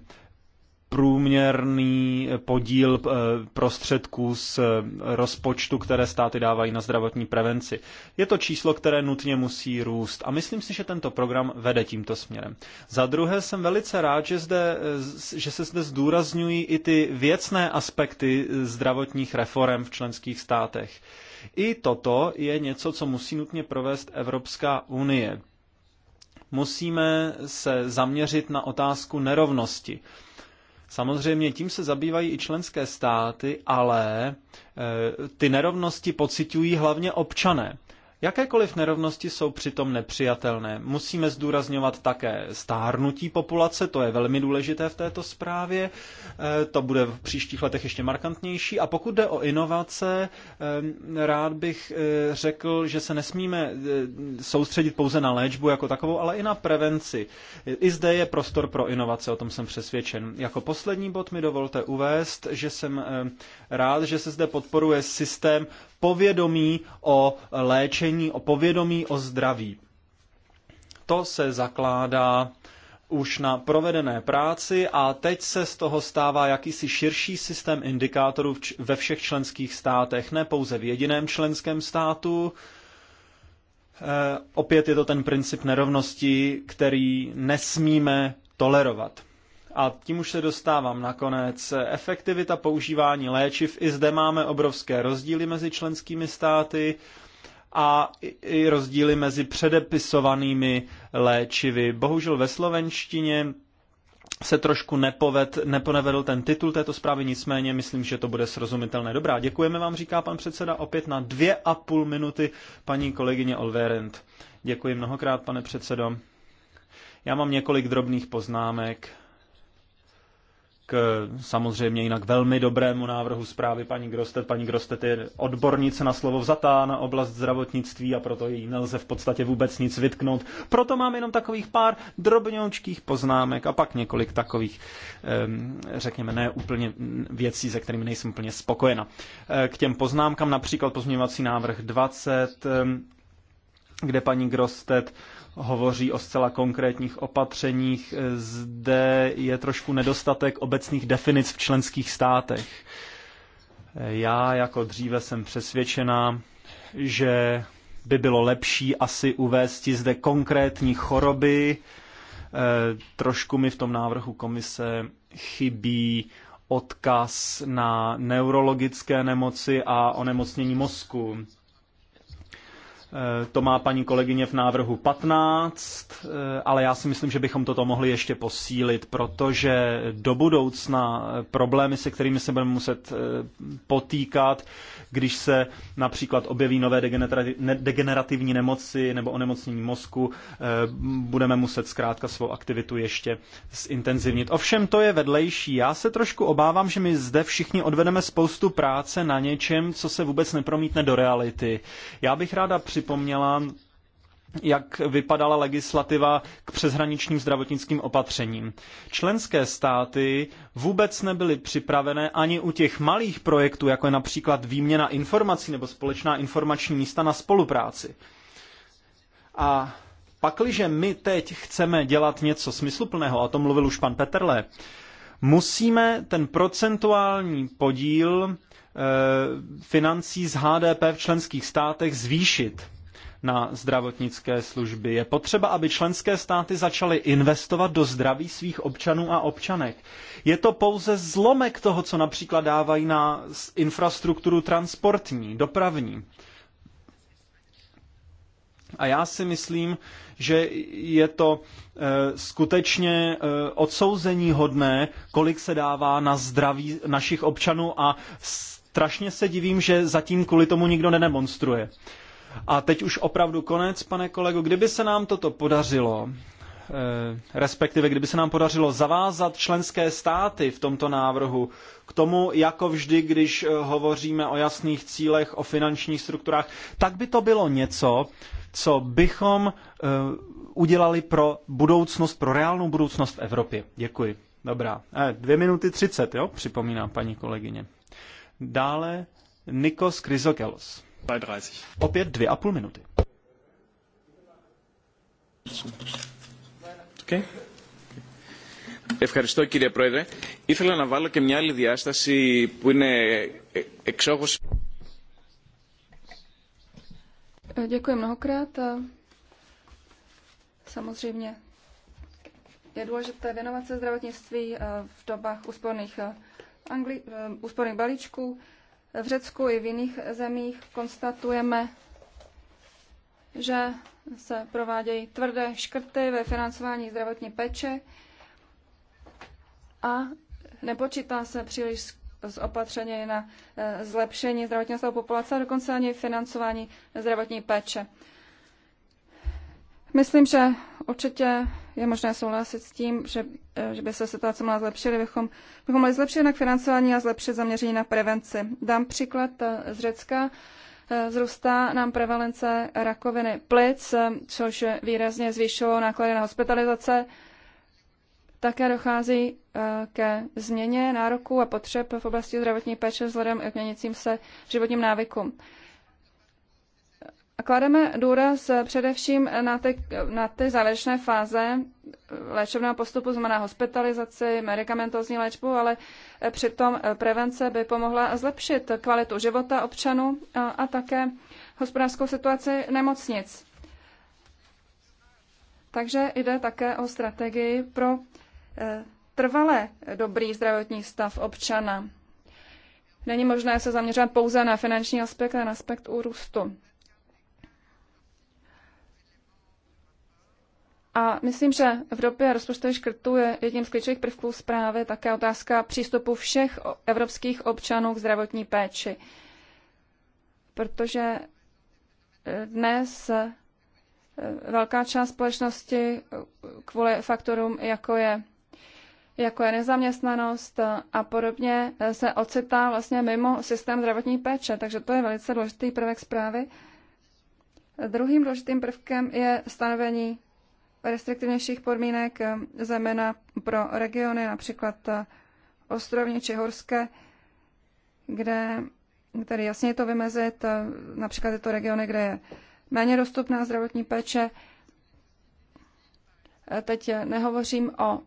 průměrný podíl eh, prostředků z eh, rozpočtu, které státy dávají na zdravotní prevenci. Je to číslo, které nutně musí růst a myslím si, že tento program vede tímto směrem. Za druhé jsem velice rád, že, zde, eh, že se zde zdůrazňují i ty věcné aspekty zdravotních reform v členských státech. I toto je něco, co musí nutně provést Evropská unie. Musíme se zaměřit na otázku nerovnosti. Samozřejmě tím se zabývají i členské státy, ale eh, ty nerovnosti pociťují hlavně občané. Jakékoliv nerovnosti jsou přitom nepřijatelné. Musíme zdůrazňovat také stárnutí populace, to je velmi důležité v této zprávě, e, to bude v příštích letech ještě markantnější. A pokud jde o inovace, e, rád bych e, řekl, že se nesmíme soustředit pouze na léčbu jako takovou, ale i na prevenci. I zde je prostor pro inovace, o tom jsem přesvědčen. Jako poslední bod mi dovolte uvést, že jsem rád, že se zde podporuje systém povědomí o léčení, o povědomí o zdraví. To se zakládá už na provedené práci a teď se z toho stává jakýsi širší systém indikátorů ve všech členských státech, ne pouze v jediném členském státu. E, opět je to ten princip nerovnosti, který nesmíme tolerovat. A tím už se dostávám nakonec. Efektivita používání léčiv. I zde máme obrovské rozdíly mezi členskými státy a i rozdíly mezi předepisovanými léčivy. Bohužel ve slovenštině se trošku nepoved, neponevedl ten titul této zprávy, nicméně myslím, že to bude srozumitelné. Dobrá, děkujeme vám, říká pan předseda, opět na dvě a půl minuty paní kolegyně Olverent. Děkuji mnohokrát, pane předsedo. Já mám několik drobných poznámek. Eh, samozřejmě jinak velmi dobrému návrhu zprávy paní Grostet. Paní Grostet je odbornice na slovo vzatá na oblast zdravotnictví a proto jí nelze v podstatě vůbec nic vytknout. Proto mám jenom takových pár drobňoučkých poznámek a pak několik takových, řekněme, ne úplně věcí, se kterými nejsem úplně spokojena. Eh, k těm poznámkám například pozměňovací návrh 20, kde paní Grostet hovoří o zcela konkrétních opatřeních. Zde je trošku nedostatek obecných definic v členských státech. Já jako dříve jsem přesvědčená, že by bylo lepší asi uvést zde konkrétní choroby. E, trošku mi v tom návrhu komise chybí odkaz na neurologické nemoci a onemocnění mozku. Eh, to má paní kolegyně v návrhu 15, eh, ale já si myslím, že bychom toto mohli ještě posílit, protože do budoucna eh, problémy, se kterými se budeme muset potýkat, když se například objeví nové degenerativní nemoci nebo onemocnění mozku, budeme muset zkrátka svou aktivitu ještě zintenzivnit. Ovšem to je vedlejší. Já se trošku obávám, že my zde všichni odvedeme spoustu práce na něčem, co se vůbec nepromítne do reality. Já bych ráda připomněl, připomněla, jak vypadala legislativa k přeshraničním zdravotnickým opatřením. Členské státy vůbec nebyly připravené ani u těch malých projektů, jako je například výměna informací nebo společná informační místa na spolupráci. A pakliže my teď chceme dělat něco smysluplného, o tom mluvil už pan Petrle, musíme ten procentuální podíl Eh, financí z HDP v členských státech zvýšit na zdravotnické služby. Je potřeba, aby členské státy začaly investovat do zdraví svých občanů a občanek. Je to pouze zlomek toho, co například dávají na infrastrukturu transportní, dopravní. A já si myslím, že je to e, skutečně e, eh, odsouzení hodné, kolik se dává na zdraví našich občanů a strašně se divím, že zatím kvůli tomu nikdo nedemonstruje. A teď už opravdu konec, pane kolego. Kdyby se nám toto podařilo, eh, respektive kdyby se nám podařilo zavázat členské státy v tomto návrhu k tomu, jako vždy, když eh, hovoříme o jasných cílech, o finančních strukturách, tak by to bylo něco, co bychom eh, udělali pro budoucnost, pro reálnou budoucnost v Evropě. Děkuji. Dobrá. Dvě minuty třicet, jo? Připomíná paní kolegyně. Dále Nikos Kryzokelos. Opět dvě a půl minuty. Okay. Ευχαριστώ κύριε Πρόεδρε. Ήθελα να βάλω και μια άλλη διάσταση που είναι εξόχως... Děkuji mnohokrát. Samozřejmě je důležité věnovat se zdravotnictví e, v dobách úsporných angli- eh, úsporných balíčků v Řecku i v jiných zemích konstatujeme, že se provádějí tvrdé škrty ve financování zdravotní péče a nepočítá se příliš z opatření na eh, zlepšení zdravotního stavu populace a dokonce ani financování zdravotní péče. Myslím, že určitě je možné souhlasit s tím, že, eh, že by se situace mohla zlepšit, bychom, bychom mohli zlepšit na financování a zlepšit zaměření na prevenci. Dám příklad eh, z Řecka. Eh, Zrůstá nám prevalence rakoviny plic, což výrazně zvýšilo náklady na hospitalizace. Také dochází ke změně nároků a potřeb v oblasti zdravotní péče vzhledem k měnícím se životním návykům. Klademe důraz eh, především na ty, na ty závěrečné fáze eh, léčebného postupu, znamená hospitalizaci, medicamentozní léčbu, ale eh, přitom prevence by pomohla zlepšit kvalitu života občanů a, a také hospodářskou situaci nemocnic. Takže jde také o strategii pro trvalé dobrý zdravotní stav občana. Není možné se zaměřovat pouze na finanční aspekt a na aspekt úrůstu. A myslím, že v době rozpočtových škrtů je jedním z klíčových prvků zprávy také otázka přístupu všech evropských občanů k zdravotní péči. Protože eh, dnes eh, velká část společnosti eh, kvůli faktorům, jako je, jako je nezaměstnanost a podobně, se ocitá vlastně mimo systém zdravotní péče. Takže to je velice důležitý prvek zprávy. Druhým důležitým prvkem je stanovení restriktivnějších podmínek, eh, zejména pro regiony, například eh, ostrovní či horské, kde tady jasně je to vymezit, eh, například tyto regiony, kde je méně dostupná zdravotní péče. Teď nehovořím o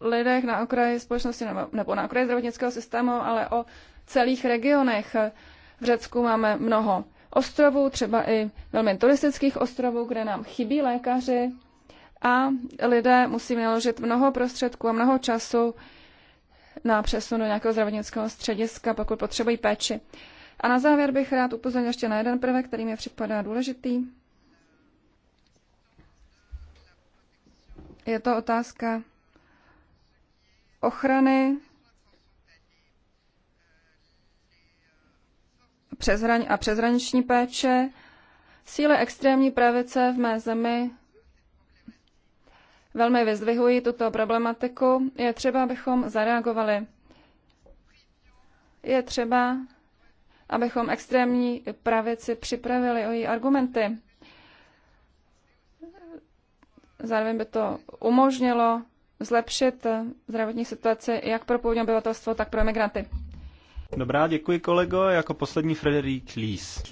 lidech na okraji společnosti nebo na okraji zdravotnického systému, ale o celých regionech. V Řecku máme mnoho ostrovů, třeba i velmi turistických ostrovů, kde nám chybí lékaři, a lidé musí vynaložit mnoho prostředků a mnoho času na přesun do nějakého zdravotnického střediska, pokud potřebují péči. A na závěr bych rád upozornil ještě na jeden prvek, který mi připadá důležitý. Je to otázka ochrany přezraň a přezraniční péče. Síly extrémní pravice v mé zemi velmi vyzdvihují tuto problematiku. Je třeba, abychom zareagovali. Je třeba, abychom extrémní pravici připravili o její argumenty. Zároveň by to umožnilo zlepšit zdravotní situaci jak pro původní obyvatelstvo, tak pro emigranty. Dobrá, děkuji kolego. Jako poslední Frederik Lies.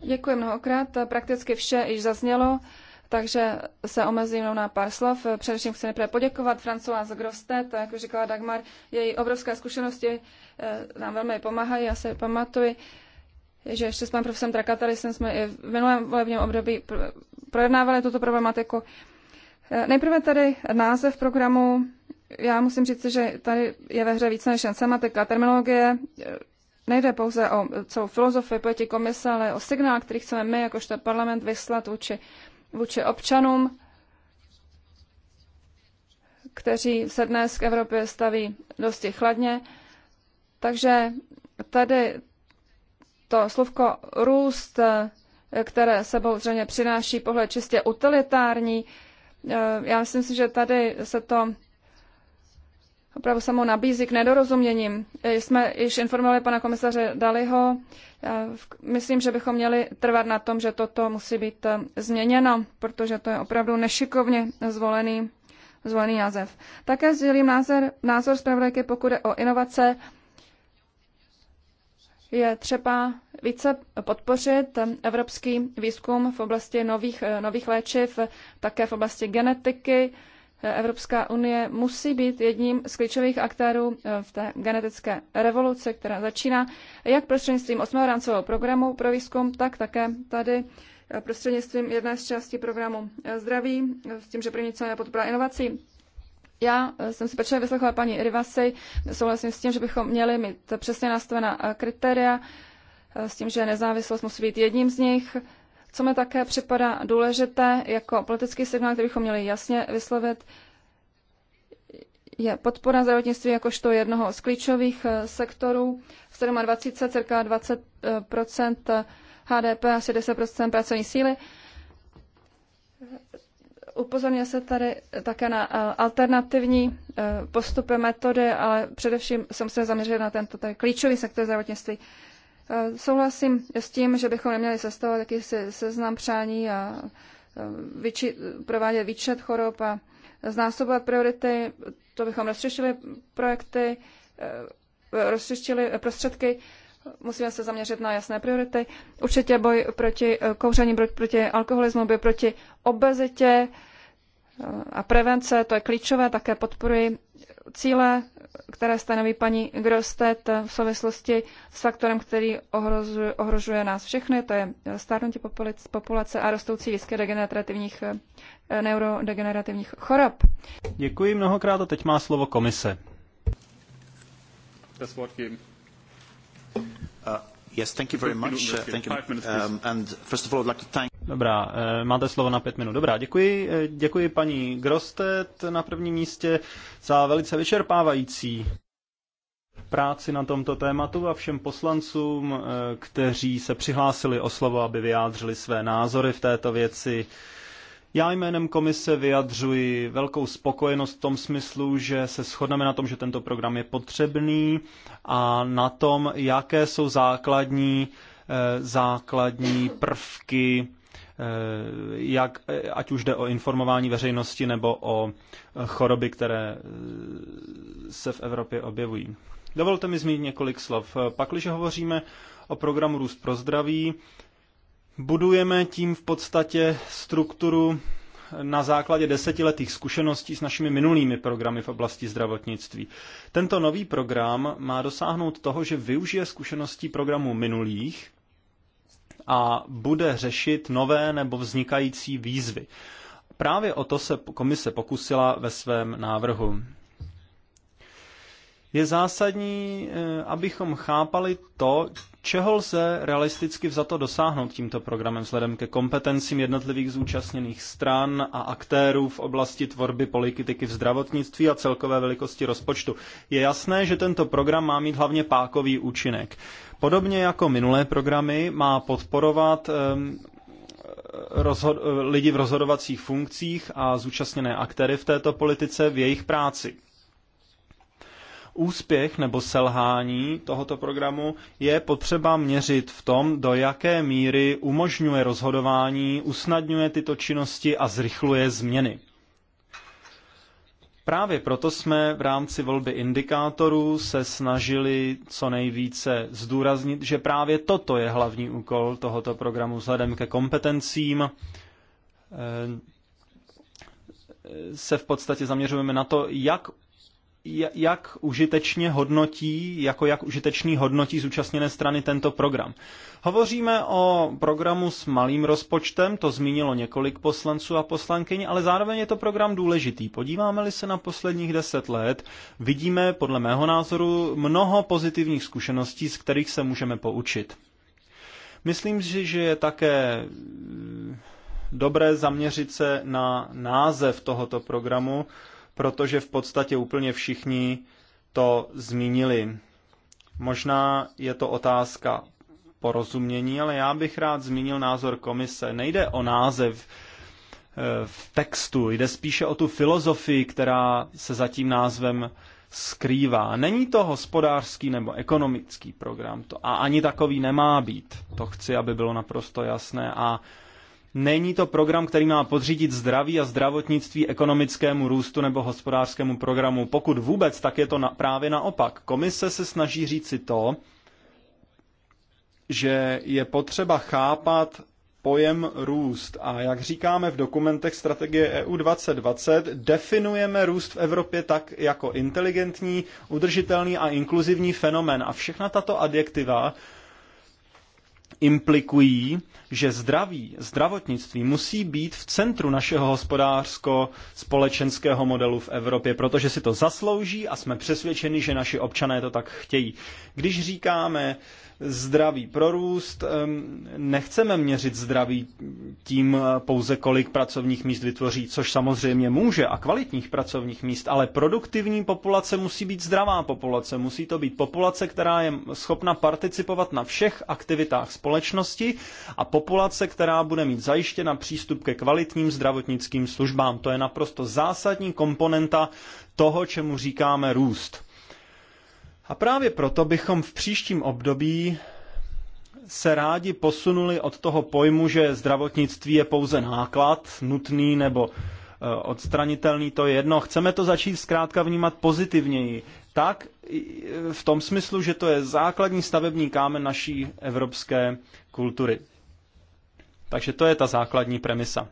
Děkuji mnohokrát. Prakticky vše již zaznělo takže se omezím jenom na pár slov. Především chci nejprve poděkovat Francoise Grostet, jak už říkala Dagmar, její obrovské zkušenosti eh, nám velmi pomáhají, já se pamatuju, že ještě s panem profesorem Trakatary jsme i v minulém volebním období projednávali tuto problematiku. Eh, nejprve tady název programu. Já musím říct, že tady je ve hře více než jen sematika. Terminologie eh, nejde pouze o celou filozofii pojetí komise, ale o signál, který chceme my, jakožto parlament, vyslat vůči vůči občanům, kteří se dnes k Evropě staví dosti chladně. Takže tady to slovko růst, které sebou zřejmě přináší pohled čistě utilitární, já myslím si, že tady se to opravdu samou nabízí k nedorozuměním. E, jsme již informovali pana komisaře Daliho. E, myslím, že bychom měli trvat na tom, že toto musí být e, změněno, protože to je opravdu nešikovně zvolený, zvolený název. Také sdělím názor, názor zpravodajky, pokud je o inovace. Je třeba více podpořit evropský výzkum v oblasti nových, nových léčiv, také v oblasti genetiky, Evropská unie musí být jedním z klíčových aktérů eh, v té genetické revoluci, která začíná jak prostřednictvím 8. rámcového programu pro výzkum, tak také tady eh, prostřednictvím jedné z částí programu eh, zdraví, s tím, že první cena je podpora inovací. Já jsem si pečlivě vyslechla paní Rivasej, souhlasím s tím, že bychom měli mít přesně nastavená kritéria, s tím, že nezávislost musí být jedním z nich, co mi také připadá důležité jako politický signál, který bychom měli jasně vyslovit, je podpora zdravotnictví jakožto jednoho z klíčových eh, sektorů. V 27 cirka 20 eh, eh, HDP, asi 10 pracovní síly. Upozorňuje se tady také na alternativní postupy, metody, ale především jsem se zaměřil na tento tady klíčový sektor zdravotnictví. Eh, souhlasím s tím, že bychom neměli sestavovat jakýsi seznam přání a vyči, provádět výčet chorob a znásobovat priority. To bychom rozstřešili projekty, eh, rozstřešili prostředky. Musíme se zaměřit na jasné priority. Určitě boj proti eh, kouření, boj proti alkoholismu, boj proti obezitě a prevence, to je klíčové. Také podporuji cíle, které stanoví paní Grostet v souvislosti s faktorem, který ohrozuje, ohrožuje nás všechny, to je stárnutí populace a rostoucí výskyt degenerativních, eh, neurodegenerativních chorob. Děkuji mnohokrát a teď má slovo komise. Das Wort geben. Uh. Dobrá, máte slovo na pět minut. Dobrá, děkuji. Eh, děkuji paní Grostet na prvním místě za velice vyčerpávající práci na tomto tématu a všem poslancům, eh, kteří se přihlásili o slovo, aby vyjádřili své názory v této věci. Já jménem komise vyjadřuji velkou spokojenost v tom smyslu, že se shodneme na tom, že tento program je potřebný a na tom, jaké jsou základní, eh, základní prvky, eh, jak, eh, ať už jde o informování veřejnosti nebo o choroby, které se v Evropě objevují. Dovolte mi zmínit několik slov. Pakliže hovoříme o programu Růst pro zdraví, Budujeme tím v podstatě strukturu na základě desetiletých zkušeností s našimi minulými programy v oblasti zdravotnictví. Tento nový program má dosáhnout toho, že využije zkušeností programů minulých a bude řešit nové nebo vznikající výzvy. Právě o to se komise pokusila ve svém návrhu. Je zásadní, eh, abychom chápali to, Čeho lze realisticky vzato dosáhnout tímto programem vzhledem ke kompetencím jednotlivých zúčastněných stran a aktérů v oblasti tvorby politiky v zdravotnictví a celkové velikosti rozpočtu? Je jasné, že tento program má mít hlavně pákový účinek. Podobně jako minulé programy má podporovat um, lidi v rozhodovacích funkcích a zúčastněné aktéry v této politice v jejich práci úspěch nebo selhání tohoto programu je potřeba měřit v tom, do jaké míry umožňuje rozhodování, usnadňuje tyto činnosti a zrychluje změny. Právě proto jsme v rámci volby indikátorů se snažili co nejvíce zdůraznit, že právě toto je hlavní úkol tohoto programu vzhledem ke kompetencím. Eh, se v podstatě zaměřujeme na to, jak jak užitečně hodnotí, jako jak užitečný hodnotí zúčastněné strany tento program. Hovoříme o programu s malým rozpočtem, to zmínilo několik poslanců a poslankyň, ale zároveň je to program důležitý. Podíváme-li se na posledních deset let, vidíme podle mého názoru mnoho pozitivních zkušeností, z kterých se můžeme poučit. Myslím si, že je také mm, dobré zaměřit se na název tohoto programu, protože v podstatě úplně všichni to zmínili. Možná je to otázka porozumění, ale já bych rád zmínil názor komise. Nejde o název eh, v textu, jde spíše o tu filozofii, která se za tím názvem skrývá. Není to hospodářský nebo ekonomický program to, a ani takový nemá být. To chci, aby bylo naprosto jasné. A Není to program, který má podřídit zdraví a zdravotnictví ekonomickému růstu nebo hospodářskému programu. Pokud vůbec, tak je to na, právě naopak. Komise se snaží říci to, že je potřeba chápat pojem růst. A jak říkáme v dokumentech strategie EU 2020, definujeme růst v Evropě tak jako inteligentní, udržitelný a inkluzivní fenomén. A všechna tato adjektiva implikují, že zdraví, zdravotnictví musí být v centru našeho hospodářsko-společenského modelu v Evropě, protože si to zaslouží a jsme přesvědčeni, že naši občané to tak chtějí. Když říkáme, zdraví prorůst. Nechceme měřit zdraví tím eh, pouze, kolik pracovních míst vytvoří, což samozřejmě může a kvalitních pracovních míst, ale produktivní populace musí být zdravá populace. Musí to být populace, která je schopna participovat na všech aktivitách společnosti a populace, která bude mít zajištěna přístup ke kvalitním zdravotnickým službám. To je naprosto zásadní komponenta toho, čemu říkáme růst. A právě proto bychom v příštím období se rádi posunuli od toho pojmu, že zdravotnictví je pouze náklad, nutný nebo e, odstranitelný, to je jedno. Chceme to začít zkrátka vnímat pozitivněji. Tak v tom smyslu, že to je základní stavební kámen naší evropské kultury. Takže to je ta základní premisa.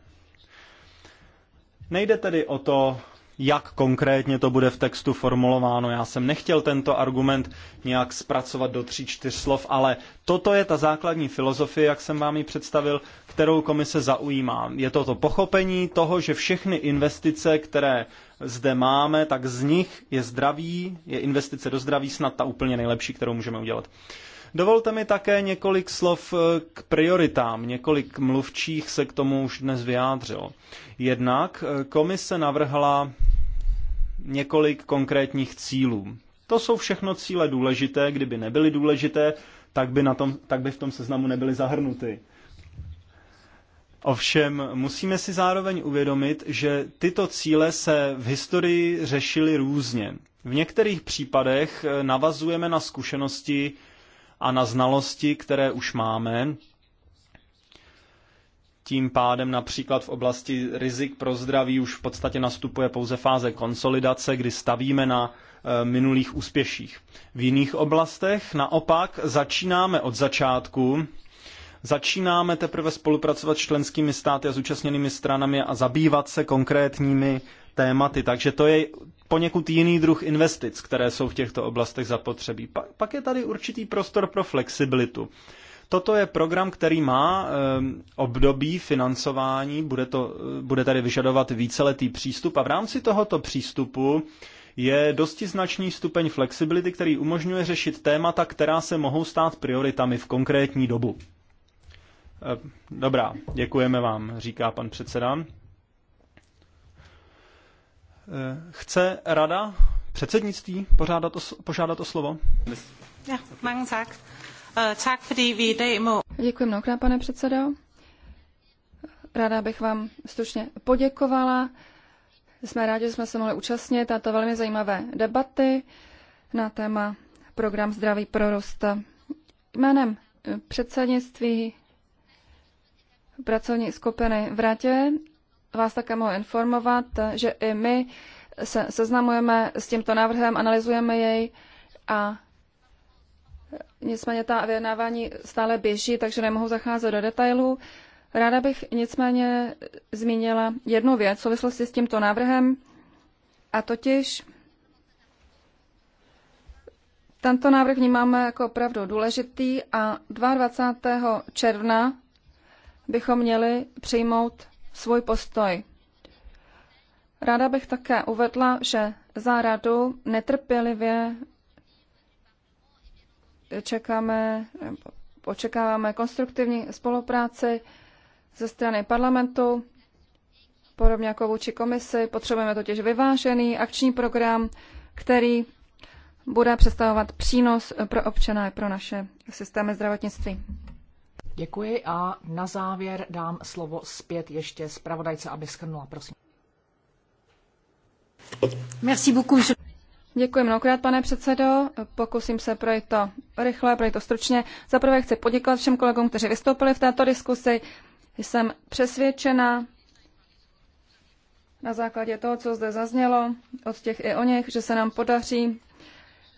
Nejde tedy o to jak konkrétně to bude v textu formulováno. Já jsem nechtěl tento argument nějak zpracovat do tří, čtyř slov, ale toto je ta základní filozofie, jak jsem vám ji představil, kterou komise zaujímá. Je to to pochopení toho, že všechny investice, které zde máme, tak z nich je zdraví, je investice do zdraví snad ta úplně nejlepší, kterou můžeme udělat. Dovolte mi také několik slov eh, k prioritám. Několik mluvčích se k tomu už dnes vyjádřilo. Jednak eh, komise navrhla několik konkrétních cílů. To jsou všechno cíle důležité, kdyby nebyly důležité, tak by, na tom, tak by v tom seznamu nebyly zahrnuty. Ovšem, musíme si zároveň uvědomit, že tyto cíle se v historii řešily různě. V některých případech eh, navazujeme na zkušenosti a na znalosti, které už máme. Tím pádem například v oblasti rizik pro zdraví už v podstatě nastupuje pouze fáze konsolidace, kdy stavíme na e, minulých úspěších. V jiných oblastech naopak začínáme od začátku, začínáme teprve spolupracovat s členskými státy a zúčastněnými stranami a zabývat se konkrétními tématy. Takže to je poněkud jiný druh investic, které jsou v těchto oblastech zapotřebí. Pa, pak je tady určitý prostor pro flexibilitu. Toto je program, který má e, období financování, bude, to, eh, bude tady vyžadovat víceletý přístup a v rámci tohoto přístupu je dosti značný stupeň flexibility, který umožňuje řešit témata, která se mohou stát prioritami v konkrétní dobu. Ehm, dobrá, děkujeme vám, říká pan předseda. Eh, chce rada předsednictví pořádat o, požádat o slovo? tak. Eh, Děkuji mnohokrát, pane předsedo. Ráda bych vám stručně poděkovala. Jsme rádi, že jsme se mohli účastnit této velmi zajímavé debaty na téma program Zdraví pro rost. Jménem eh, předsednictví pracovní skupiny v Radě vás také mohu informovat, že i my se seznamujeme s tímto návrhem, analyzujeme jej a nicméně ta vyjednávání stále běží, takže nemohu zacházet do detailů. Ráda bych nicméně zmínila jednu věc v souvislosti s tímto návrhem, a totiž tento návrh vnímáme jako opravdu důležitý a 22. června bychom měli přijmout svůj postoj. Ráda bych také uvedla, že za radu netrpělivě čekáme, očekáváme konstruktivní spolupráci ze strany parlamentu, podobně jako vůči komisi. Potřebujeme totiž vyvážený akční program, který bude představovat přínos pro občana i pro naše systémy zdravotnictví. Děkuji a na závěr dám slovo zpět ještě zpravodajce, aby schrnula, prosím. Merci beaucoup, Děkuji mnohokrát, pane předsedo. Pokusím se projít to rychle, projít to stručně. Za prvé chci poděkovat všem kolegům, kteří vystoupili v této diskusi. Jsem přesvědčena na základě toho, co zde zaznělo od těch i o nich, že se nám podaří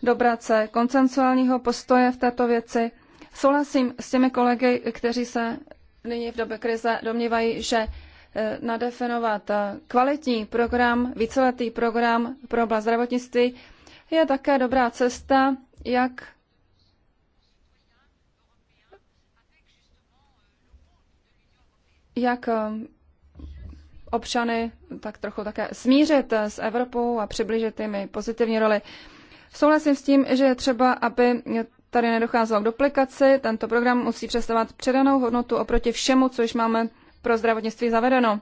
dobrat se koncensuálního postoje v této věci Souhlasím s těmi kolegy, kteří se nyní v době krize domnívají, že eh, nadefinovat eh, kvalitní program, víceletý program pro oblast zdravotnictví je také dobrá cesta, jak jak eh, občany tak trochu také smířit s Evropou a přiblížit jim pozitivní roli. Souhlasím s tím, že je třeba, aby tady nedocházelo k duplikaci. Tento program musí představovat předanou hodnotu oproti všemu, co již máme pro zdravotnictví zavedeno.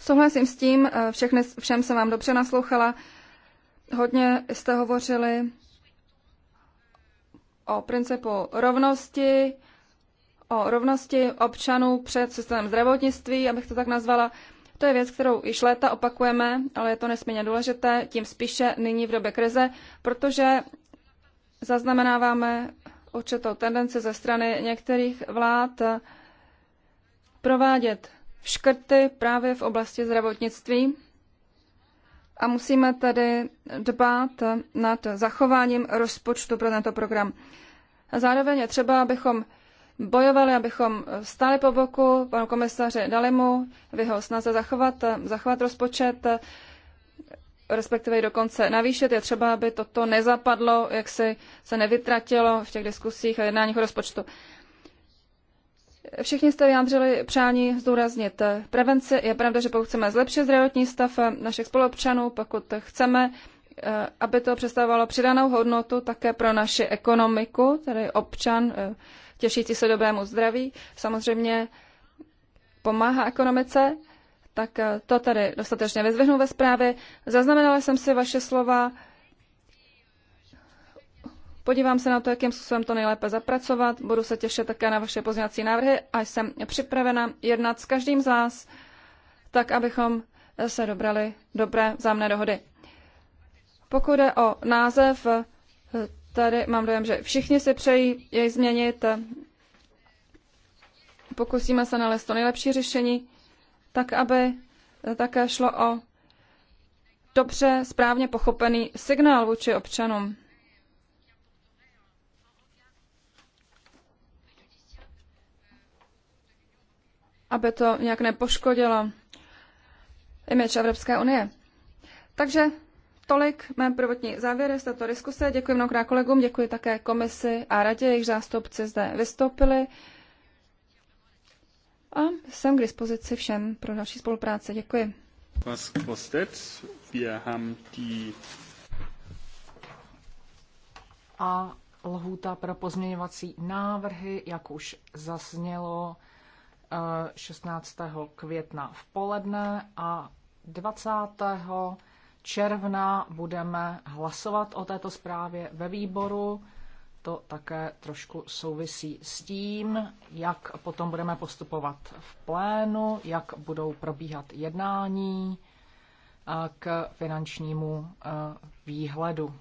Souhlasím s tím, eh, všechny, všem jsem vám dobře naslouchala. Hodně jste hovořili o principu rovnosti, o rovnosti občanů před systémem zdravotnictví, abych to tak nazvala. To je věc, kterou již léta opakujeme, ale je to nesmírně důležité, tím spíše nyní v době krize, protože zaznamenáváme určitou tendenci ze strany některých vlád provádět škrty právě v oblasti zdravotnictví a musíme tedy dbát nad zachováním rozpočtu pro tento program. Zároveň je třeba, abychom bojovali, abychom stáli po boku panu komisaři Dalimu v jeho snaze zachovat, zachovat rozpočet respektive dokonce navýšit. Je třeba, aby toto nezapadlo, jak si se nevytratilo v těch diskusích a jednáních o rozpočtu. Všichni jste vyjádřili přání zdůraznit prevenci. Je pravda, že pokud chceme zlepšit zdravotní stav našich spoluobčanů, pokud chceme, eh, aby to představovalo přidanou hodnotu také pro naši ekonomiku, tedy občan eh, těšící se dobrému zdraví, samozřejmě pomáhá ekonomice, tak eh, to tady dostatečně vyzvihnu ve zprávě. Zaznamenala jsem si vaše slova. Podívám se na to, jakým způsobem to nejlépe zapracovat. Budu se těšit také na vaše pozměňovací návrhy a jsem připravena jednat s každým z vás, tak abychom se dobrali dobré vzájemné dohody. Pokud jde o název, tady mám dojem, že všichni si přejí jej změnit. Pokusíme se nalézt to nejlepší řešení tak aby eh, také šlo o dobře, správně pochopený signál vůči občanům. Aby to nějak nepoškodilo imič Evropské unie. Takže tolik mé prvotní závěry z této diskuse. Děkuji mnohokrát kolegům, děkuji také komisi a radě, jejich zástupci zde vystoupili. A jsem k dispozici všem pro další spolupráci. Děkuji. A lhůta pro pozměňovací návrhy, jak už zaznělo, eh, 16. května v poledne a 20. června budeme hlasovat o této zprávě ve výboru to také trošku souvisí s tím, jak potom budeme postupovat v plénu, jak budou probíhat jednání k finančnímu výhledu.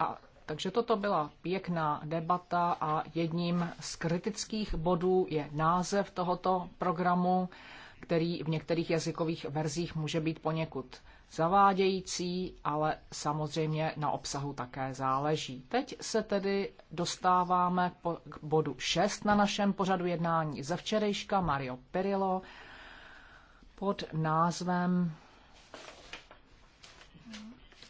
A, takže toto byla pěkná debata a jedním z kritických bodů je název tohoto programu, který v některých jazykových verzích může být poněkud zavádějící, ale samozřejmě na obsahu také záleží. Teď se tedy dostáváme k bodu 6 na našem pořadu jednání ze včerejška Mario Perillo pod názvem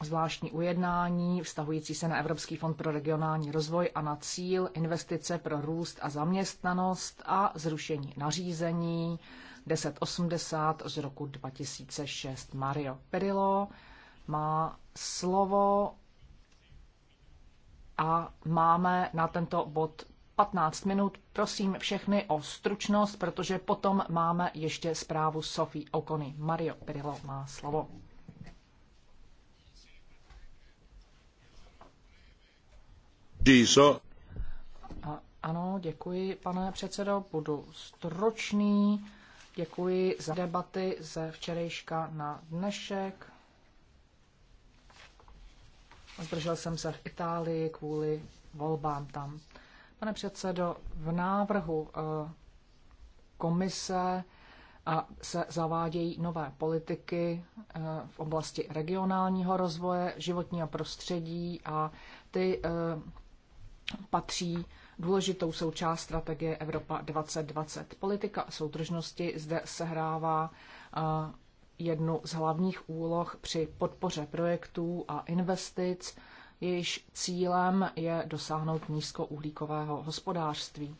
zvláštní ujednání vztahující se na Evropský fond pro regionální rozvoj a na cíl investice pro růst a zaměstnanost a zrušení nařízení 1080 z roku 2006. Mario Perillo má slovo a máme na tento bod 15 minut. Prosím všechny o stručnost, protože potom máme ještě zprávu Sofie Okony. Mario Perillo má slovo. A, ano, děkuji, pane předsedo. Budu stručný. Děkuji za debaty ze včerejška na dnešek. Zdržel jsem se v Itálii kvůli volbám tam. Pane předsedo, v návrhu eh, komise eh, se zavádějí nové politiky eh, v oblasti regionálního rozvoje, životního prostředí a ty patří důležitou součást strategie Evropa 2020. Politika soudržnosti zde sehrává eh, jednu z hlavních úloh při podpoře projektů a investic, jejíž cílem je dosáhnout nízkouhlíkového hospodářství.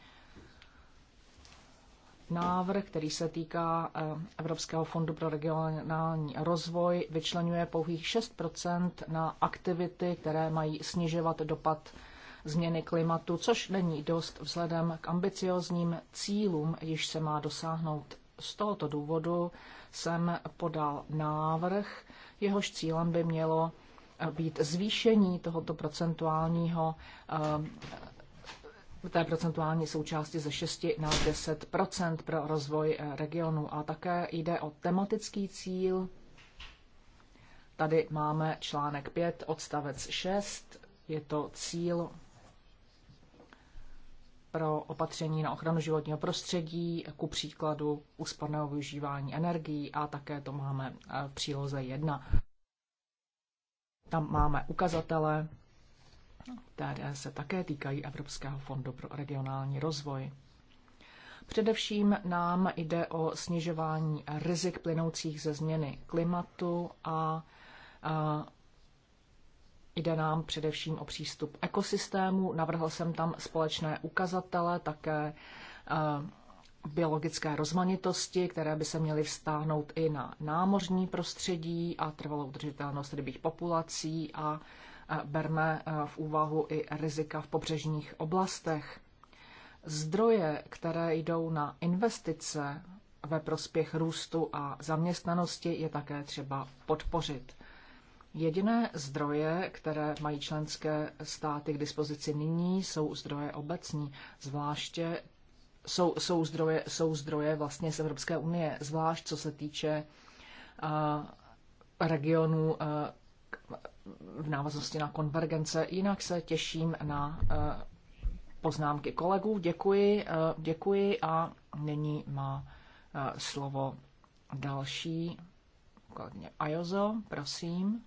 Návrh, který se týká eh, Evropského fondu pro regionální rozvoj, vyčlenuje pouhých 6 na aktivity, které mají snižovat dopad změny klimatu, což není dost vzhledem k ambiciozním cílům, již se má dosáhnout. Z tohoto důvodu jsem podal návrh, jehož cílem by mělo být zvýšení tohoto procentuálního eh, té procentuální součásti ze 6 na 10 pro rozvoj eh, regionu. A také jde o tematický cíl. Tady máme článek 5, odstavec 6. Je to cíl pro opatření na ochranu životního prostředí, ku příkladu úsporného využívání energií a také to máme eh, v příloze 1. Tam máme ukazatele, které se také týkají Evropského fondu pro regionální rozvoj. Především nám jde o snižování rizik plynoucích ze změny klimatu a eh, Jde nám především o přístup ekosystému. Navrhl jsem tam společné ukazatele, také eh, biologické rozmanitosti, které by se měly vztáhnout i na námořní prostředí a trvalou udržitelnost rybích populací a eh, berme eh, v úvahu i rizika v pobřežních oblastech. Zdroje, které jdou na investice ve prospěch růstu a zaměstnanosti, je také třeba podpořit. Jediné zdroje, které mají členské státy k dispozici nyní, jsou zdroje obecní, zvláště jsou, jsou, zdroje, jsou zdroje vlastně z Evropské unie, zvlášť co se týče uh, regionů uh, v návaznosti na konvergence. Jinak se těším na uh, poznámky kolegů. Děkuji, uh, děkuji a nyní má uh, slovo další kolegyně Ajozo, prosím.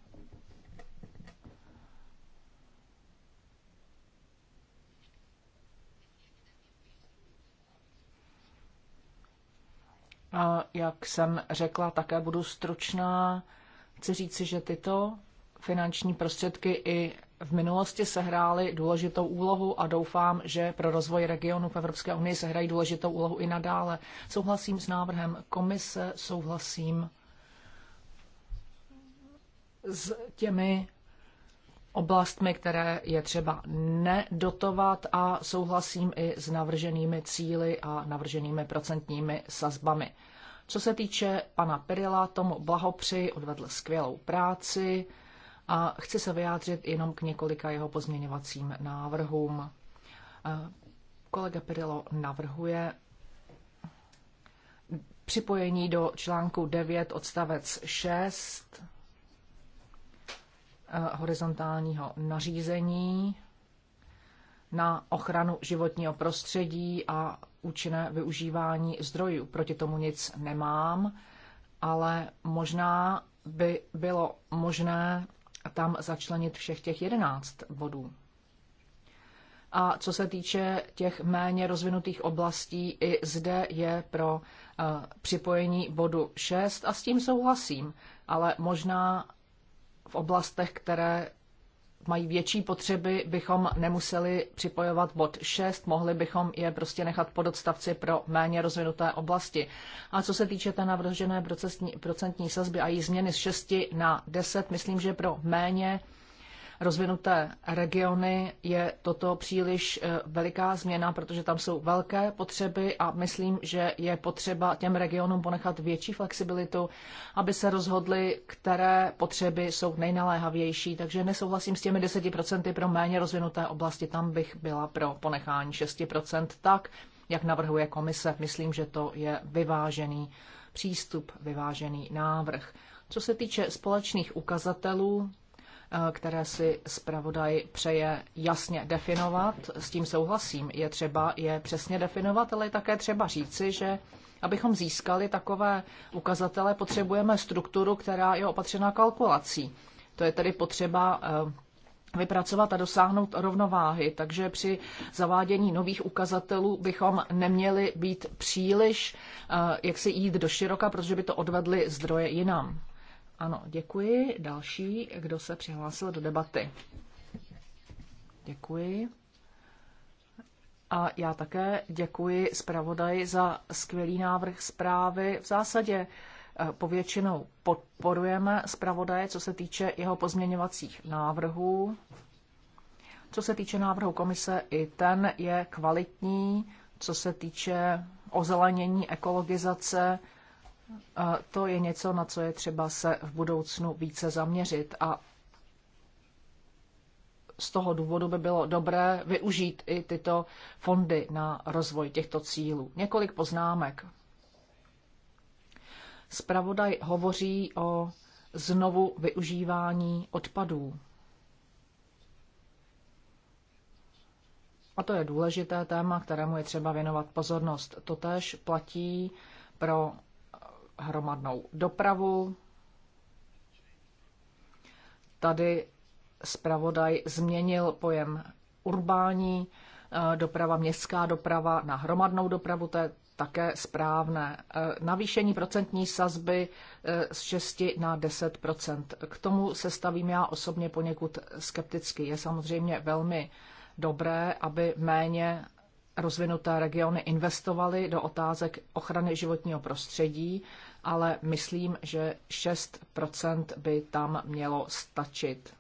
A jak jsem řekla, také budu stručná. Chci říci, že tyto finanční prostředky i v minulosti sehrály důležitou úlohu a doufám, že pro rozvoj regionu v Evropské unii sehrají důležitou úlohu i nadále. Souhlasím s návrhem komise, souhlasím s těmi oblastmi, které je třeba nedotovat a souhlasím i s navrženými cíly a navrženými procentními sazbami. Co se týče pana Perila, tomu blahopřeji, odvedl skvělou práci a chci se vyjádřit jenom k několika jeho pozměňovacím návrhům. E, kolega Perilo navrhuje připojení do článku 9 odstavec 6 Eh, horizontálního nařízení na ochranu životního prostředí a účinné využívání zdrojů. Proti tomu nic nemám, ale možná by bylo možné tam začlenit všech těch 11 bodů. A co se týče těch méně rozvinutých oblastí, i zde je pro eh, připojení bodu 6 a s tím souhlasím, ale možná v oblastech, které mají větší potřeby, bychom nemuseli připojovat bod 6, mohli bychom je prostě nechat pod odstavci pro méně rozvinuté oblasti. A co se týče té navržené procentní, sazby a její změny z 6 na 10, myslím, že pro méně rozvinuté regiony je toto příliš eh, veliká změna, protože tam jsou velké potřeby a myslím, že je potřeba těm regionům ponechat větší flexibilitu, aby se rozhodli, které potřeby jsou nejnaléhavější. Takže nesouhlasím s těmi 10% pro méně rozvinuté oblasti, tam bych byla pro ponechání 6% tak, jak navrhuje komise. Myslím, že to je vyvážený přístup, vyvážený návrh. Co se týče společných ukazatelů, Eh, které si zpravodaj přeje jasně definovat. S tím souhlasím. Je třeba je přesně definovat, ale je také třeba říci, že abychom získali takové ukazatele, potřebujeme strukturu, která je opatřená kalkulací. To je tedy potřeba eh, vypracovat a dosáhnout rovnováhy. Takže při zavádění nových ukazatelů bychom neměli být příliš, eh, jak si jít do široka, protože by to odvedly zdroje jinam. Ano, děkuji. Další, kdo se přihlásil do debaty? Děkuji. A já také děkuji zpravodaji za skvělý návrh zprávy. V zásadě eh, povětšinou podporujeme zpravodaje, co se týče jeho pozměňovacích návrhů. Co se týče návrhu komise, i ten je kvalitní, co se týče ozelenění, ekologizace, to je něco, na co je třeba se v budoucnu více zaměřit a z toho důvodu by bylo dobré využít i tyto fondy na rozvoj těchto cílů. Několik poznámek. Spravodaj hovoří o znovu využívání odpadů. A to je důležité téma, kterému je třeba věnovat pozornost. Totež platí pro hromadnou dopravu. Tady zpravodaj změnil pojem urbání eh, doprava, městská doprava na hromadnou dopravu, to je také správné. Eh, navýšení procentní sazby eh, z 6 na 10 K tomu se stavím já osobně poněkud skepticky. Je samozřejmě velmi dobré, aby méně rozvinuté regiony investovaly do otázek ochrany životního prostředí, ale myslím, že 6 by tam mělo stačit.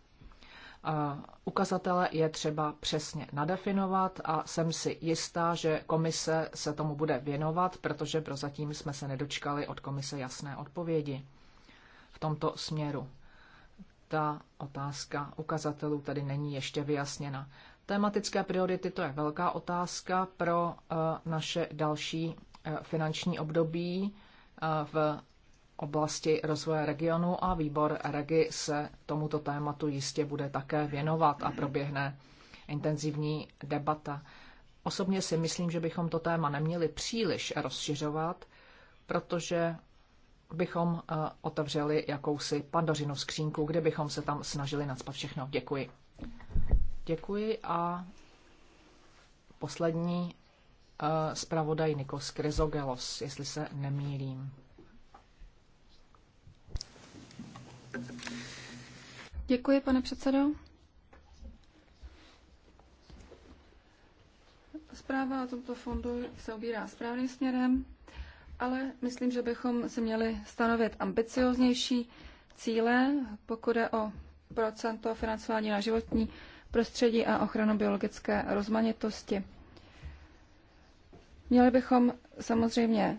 Ukazatele je třeba přesně nadefinovat a jsem si jistá, že komise se tomu bude věnovat, protože prozatím jsme se nedočkali od komise jasné odpovědi v tomto směru. Ta otázka ukazatelů tedy není ještě vyjasněna. Tematické priority to je velká otázka pro eh, naše další eh, finanční období eh, v oblasti rozvoje regionu a výbor REGI se tomuto tématu jistě bude také věnovat a proběhne intenzivní debata. Osobně si myslím, že bychom to téma neměli příliš rozšiřovat, protože bychom otevřeli jakousi pandořinu skřínku, kde bychom se tam snažili nadspat všechno. Děkuji. Děkuji a poslední eh, zpravodaj Nikos Kryzogelos, jestli se nemýlím. Děkuji, pane předsedo. Zpráva o tomto fondu se ubírá správným směrem, ale myslím, že bychom si měli stanovit ambicioznější cíle, pokud je o procento financování na životní prostředí a ochranu biologické rozmanitosti. Měli bychom samozřejmě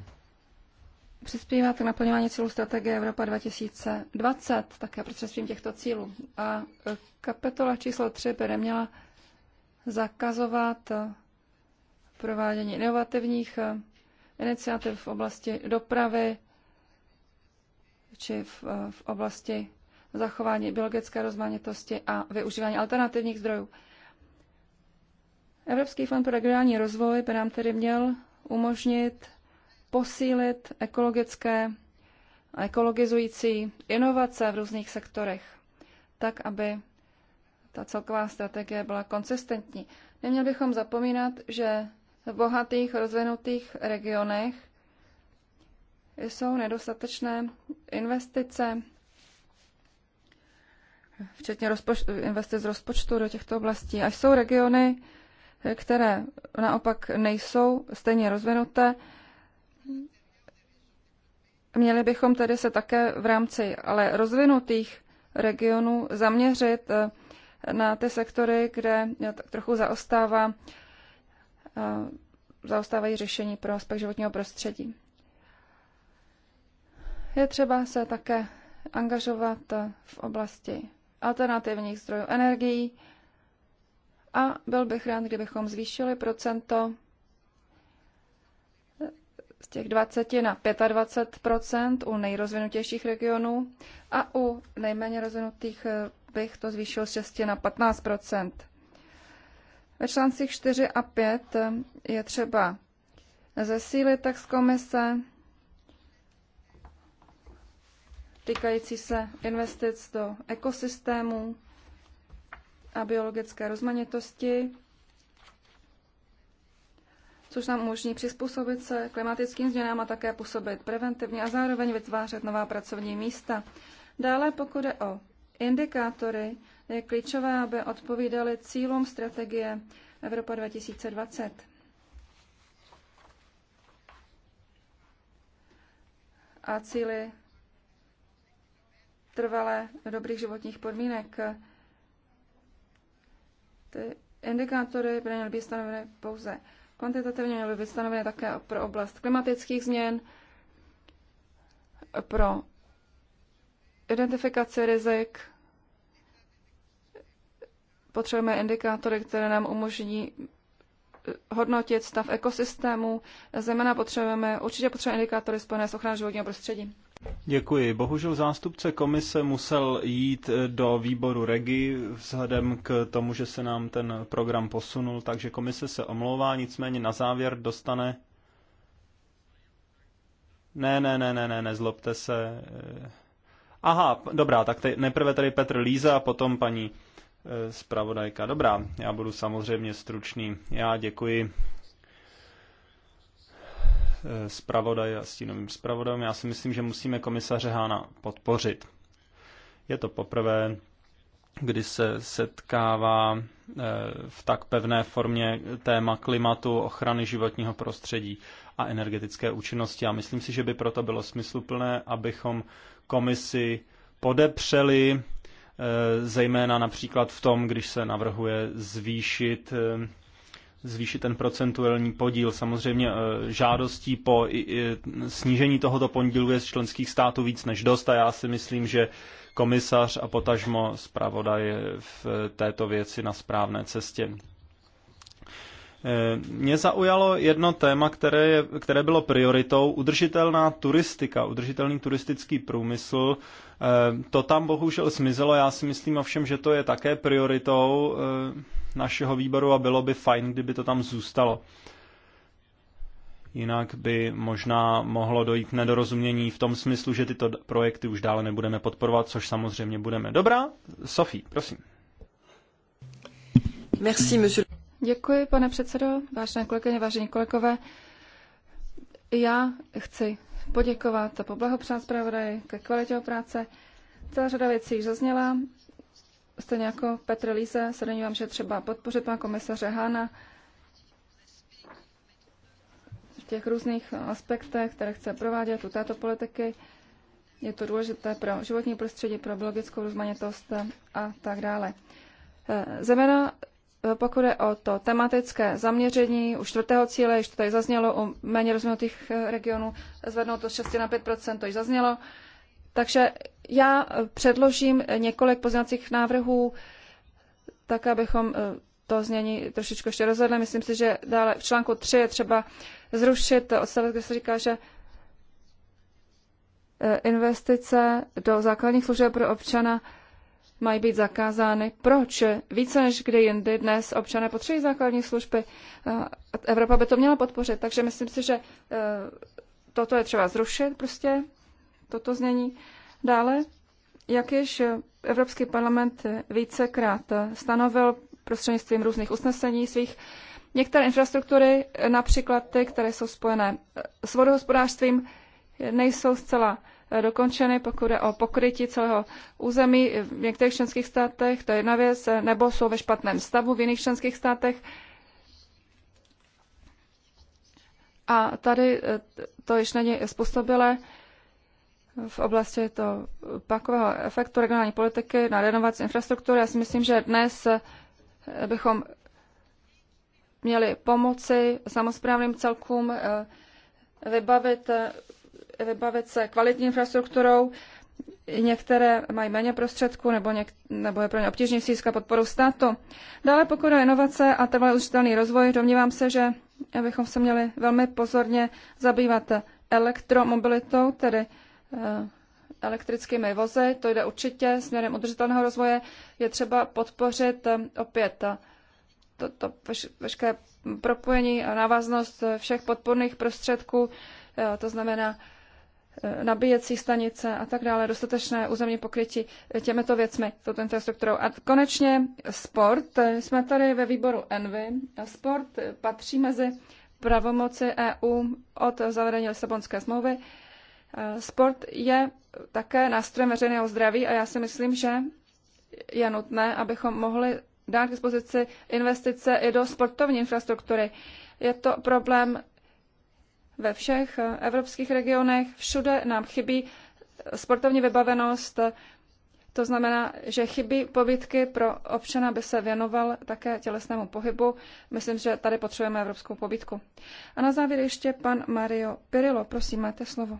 přispívat k naplňování cílů strategie Evropa 2020, také prostřednictvím těchto cílů. A kapitola číslo 3 by neměla zakazovat provádění inovativních iniciativ v oblasti dopravy či v, v oblasti zachování biologické rozmanitosti a využívání alternativních zdrojů. Evropský fond pro regionální rozvoj by nám tedy měl umožnit posílit ekologické a ekologizující inovace v různých sektorech, tak aby ta celková strategie byla konsistentní. Neměl bychom zapomínat, že v bohatých rozvinutých regionech jsou nedostatečné investice včetně rozpoč- investic z rozpočtu do těchto oblastí. A jsou regiony, které naopak nejsou stejně rozvinuté. Měli bychom tedy se také v rámci ale rozvinutých regionů zaměřit eh, na ty sektory, kde trochu zaostává, eh, zaostávají řešení pro aspekt životního prostředí. Je třeba se také angažovat v oblasti alternativních zdrojů energií a byl bych rád, kdybychom zvýšili procento z těch 20 na 25 u nejrozvinutějších regionů a u nejméně rozvinutých bych to zvýšil z 6 na 15 Ve článcích 4 a 5 je třeba zesílit z komise týkající se investic do ekosystémů a biologické rozmanitosti, což nám umožní přizpůsobit se klimatickým změnám a také působit preventivně a zároveň vytvářet nová pracovní místa. Dále, pokud je o indikátory, je klíčové, aby odpovídaly cílům strategie Evropa 2020. a cíly trvale dobrých životních podmínek. Ty indikátory by měly být stanoveny pouze kvantitativně, měly být stanoveny také pro oblast klimatických změn, pro identifikaci rizik, potřebujeme indikátory, které nám umožní hodnotit stav ekosystému, zejména potřebujeme, určitě potřebujeme indikátory spojené s ochranou životního prostředí. Děkuji. Bohužel zástupce komise musel jít do výboru REGI vzhledem k tomu, že se nám ten program posunul, takže komise se omlouvá, nicméně na závěr dostane... Ne, ne, ne, ne, ne, nezlobte se. Aha, dobrá, tak te, nejprve tady Petr Líza a potom paní eh, zpravodajka. Dobrá, já budu samozřejmě stručný. Já děkuji Eh, zpravodaj a stínovým zpravodajem. Já si myslím, že musíme komisaře Hána podpořit. Je to poprvé, kdy se setkává eh, v tak pevné formě téma klimatu, ochrany životního prostředí a energetické účinnosti. A myslím si, že by proto bylo smysluplné, abychom komisi podepřeli, eh, zejména například v tom, když se navrhuje zvýšit zvýšit ten procentuální podíl. Samozřejmě eh, žádostí po snížení tohoto podílu je z členských států víc než dost a já si myslím, že komisař a potažmo zpravodaj v této věci na správné cestě. Eh, mě zaujalo jedno téma, které, je, které bylo prioritou, udržitelná turistika, udržitelný turistický průmysl. Eh, to tam bohužel zmizelo, já si myslím ovšem, že to je také prioritou eh, našeho výboru a bylo by fajn, kdyby to tam zůstalo. Jinak by možná mohlo dojít k nedorozumění v tom smyslu, že tyto projekty už dále nebudeme podporovat, což samozřejmě budeme. Dobrá, Sofie, prosím. Merci, monsieur. Děkuji, pane předsedo, vážené kolegyně, vážení kolegové. Já chci poděkovat a poblahopřát zpravodaji ke kvalitě práce. Celá řada věcí již zazněla. Stejně jako Petr Líze se domnívám, že třeba podpořit pana komisaře Hána v těch různých aspektech, které chce provádět u této politiky. Je to důležité pro životní prostředí, pro biologickou rozmanitost a tak dále. Zemena Eh, pokud je o to tematické zaměření, u čtvrtého cíle, již to tady zaznělo, u méně rozvinutých eh, regionů zvednout to z 6 na 5 to již zaznělo. Takže já eh, předložím několik poznacích návrhů, tak abychom to znění trošičku ještě rozhodli. Myslím si, že dále v článku 3 je třeba zrušit odstavec, kde se říká, že investice do základních služeb pro občana mají být zakázány. Proč? Více než kdy jindy dnes občané potřebují základní služby. Evropa by to měla podpořit, takže myslím si, že eh, toto je třeba zrušit prostě, toto znění. Dále, jak již Evropský parlament vícekrát stanovil prostřednictvím různých usnesení svých, některé infrastruktury, například ty, které jsou spojené s vodohospodářstvím, nejsou zcela dokončeny, pokud je o pokrytí celého území v některých členských státech, to je jedna věc, nebo jsou ve špatném stavu v jiných členských státech. A tady eh, to již není způsobilé v oblasti to pakového efektu regionální politiky na renovaci infrastruktury. Já si myslím, že dnes eh, bychom měli pomoci samozprávným celkům eh, vybavit vybavit se kvalitní infrastrukturou, některé mají méně prostředků nebo, něk, nebo je pro ně obtížně získat podporu státu. Dále pokud o inovace a trvalý užitelný rozvoj, domnívám se, že bychom se měli velmi pozorně zabývat elektromobilitou, tedy eh, elektrickými vozy. To jde určitě směrem udržitelného rozvoje. Je třeba podpořit eh, opět eh, to, to veš, veškeré propojení a návaznost všech podporných prostředků, to znamená Eh, nabíjecí stanice a tak dále, dostatečné územní pokrytí eh, těmito věcmi, toto infrastrukturou. A konečně sport. Jsme tady ve výboru Envy. Sport eh, patří mezi pravomoci EU od zavedení Lisabonské smlouvy. Sport je také nástrojem veřejného zdraví a já si myslím, že je nutné, abychom mohli dát k dispozici investice i do sportovní infrastruktury. Je to problém ve všech eh, evropských regionech. Všude nám chybí eh, sportovní vybavenost, to znamená, že chybí pobytky pro občana, aby se věnoval také tělesnému pohybu. Myslím, že tady potřebujeme evropskou pobytku. A na závěr ještě pan Mario Pirillo. Prosím, máte slovo.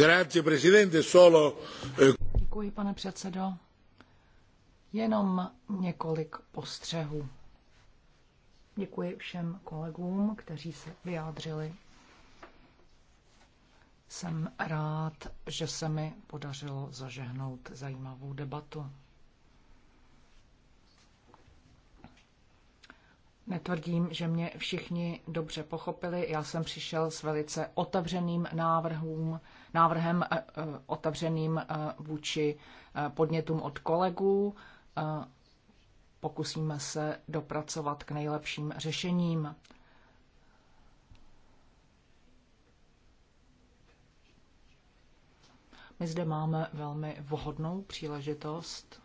Grazie, presidente, solo... Eh, Děkuji, pane předsedo. Jenom několik postřehů. Děkuji všem kolegům, kteří se vyjádřili. Jsem rád, že se mi podařilo zažehnout zajímavou debatu. Netvrdím, že mě všichni dobře pochopili. Já jsem přišel s velice otevřeným návrhům, návrhem eh, eh, otevřeným eh, vůči podnětům od kolegů pokusíme se dopracovat k nejlepším řešením. My zde máme velmi vhodnou příležitost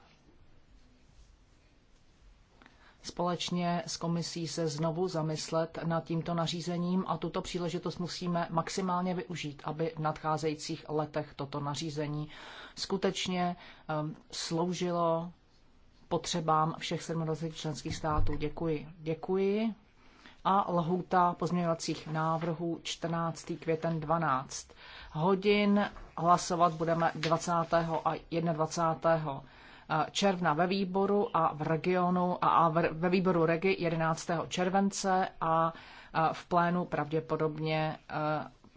společně s komisí se znovu zamyslet nad tímto nařízením a tuto příležitost musíme maximálně využít, aby v nadcházejících letech toto nařízení skutečně um, sloužilo potřebám všech 27 členských států. Děkuji. Děkuji. A lhůta pozměňovacích návrhů 14. květen 12 hodin. Hlasovat budeme 20. a 21. Eh, června ve výboru a v regionu a ve výboru Regi 11. července a eh, v plénu pravděpodobně eh,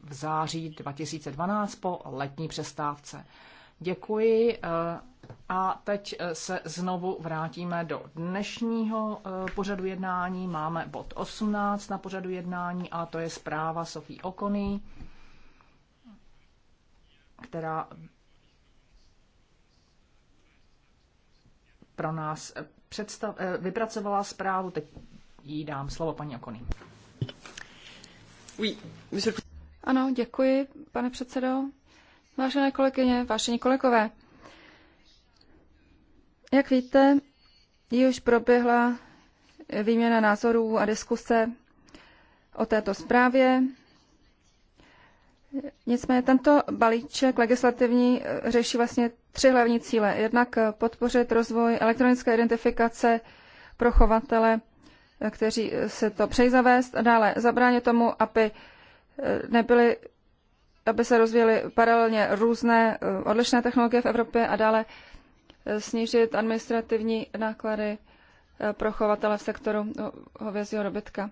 v září 2012 po letní přestávce. Děkuji. A teď eh, se znovu vrátíme do dnešního eh, pořadu jednání. Máme bod 18 na pořadu jednání a to je zpráva Sofí Okony, která pro nás eh, představ, vypracovala zprávu. Teď jí dám slovo paní Okony. Ano, děkuji, pane předsedo. Vážené kolegyně, vážení kolegové, jak víte, již proběhla výměna názorů a diskuse o této zprávě. Nicméně tento balíček legislativní řeší vlastně tři hlavní cíle. Jednak podpořit rozvoj elektronické identifikace pro chovatele, kteří se to přejí zavést a dále zabránit tomu, aby eh, nebyly aby se rozvíjely paralelně různé eh, odlišné technologie v Evropě a dále snížit administrativní náklady eh, pro chovatele v sektoru eh, hovězího dobytka.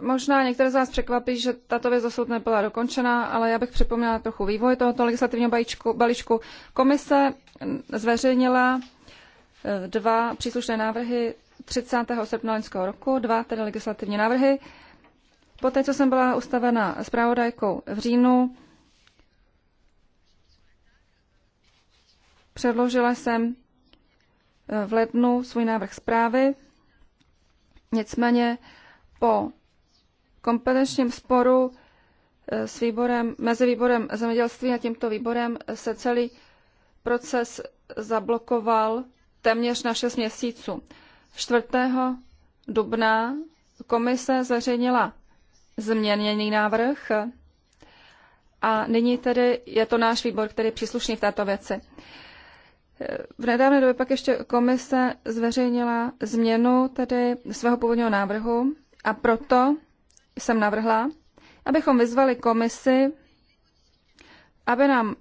Možná některé z vás překvapí, že tato věc dosud nebyla dokončena, ale já bych připomněla trochu vývoj tohoto legislativního balíčku. balíčku. Komise zveřejnila eh, dva příslušné návrhy 30. srpna loňského roku, dva tedy legislativní návrhy. Poté, co jsem byla ustavena zpravodajkou v říjnu, Předložila jsem eh, v lednu svůj návrh zprávy, nicméně po kompetenčním sporu eh, s výborem, mezi výborem zemědělství a tímto výborem se celý proces zablokoval téměř na 6 měsíců. 4. dubna komise zveřejnila změněný návrh a nyní tedy je to náš výbor, který je příslušný v této věci. V nedávné době pak ještě komise zveřejnila změnu tedy svého původního návrhu a proto jsem navrhla, abychom vyzvali komisi, aby nám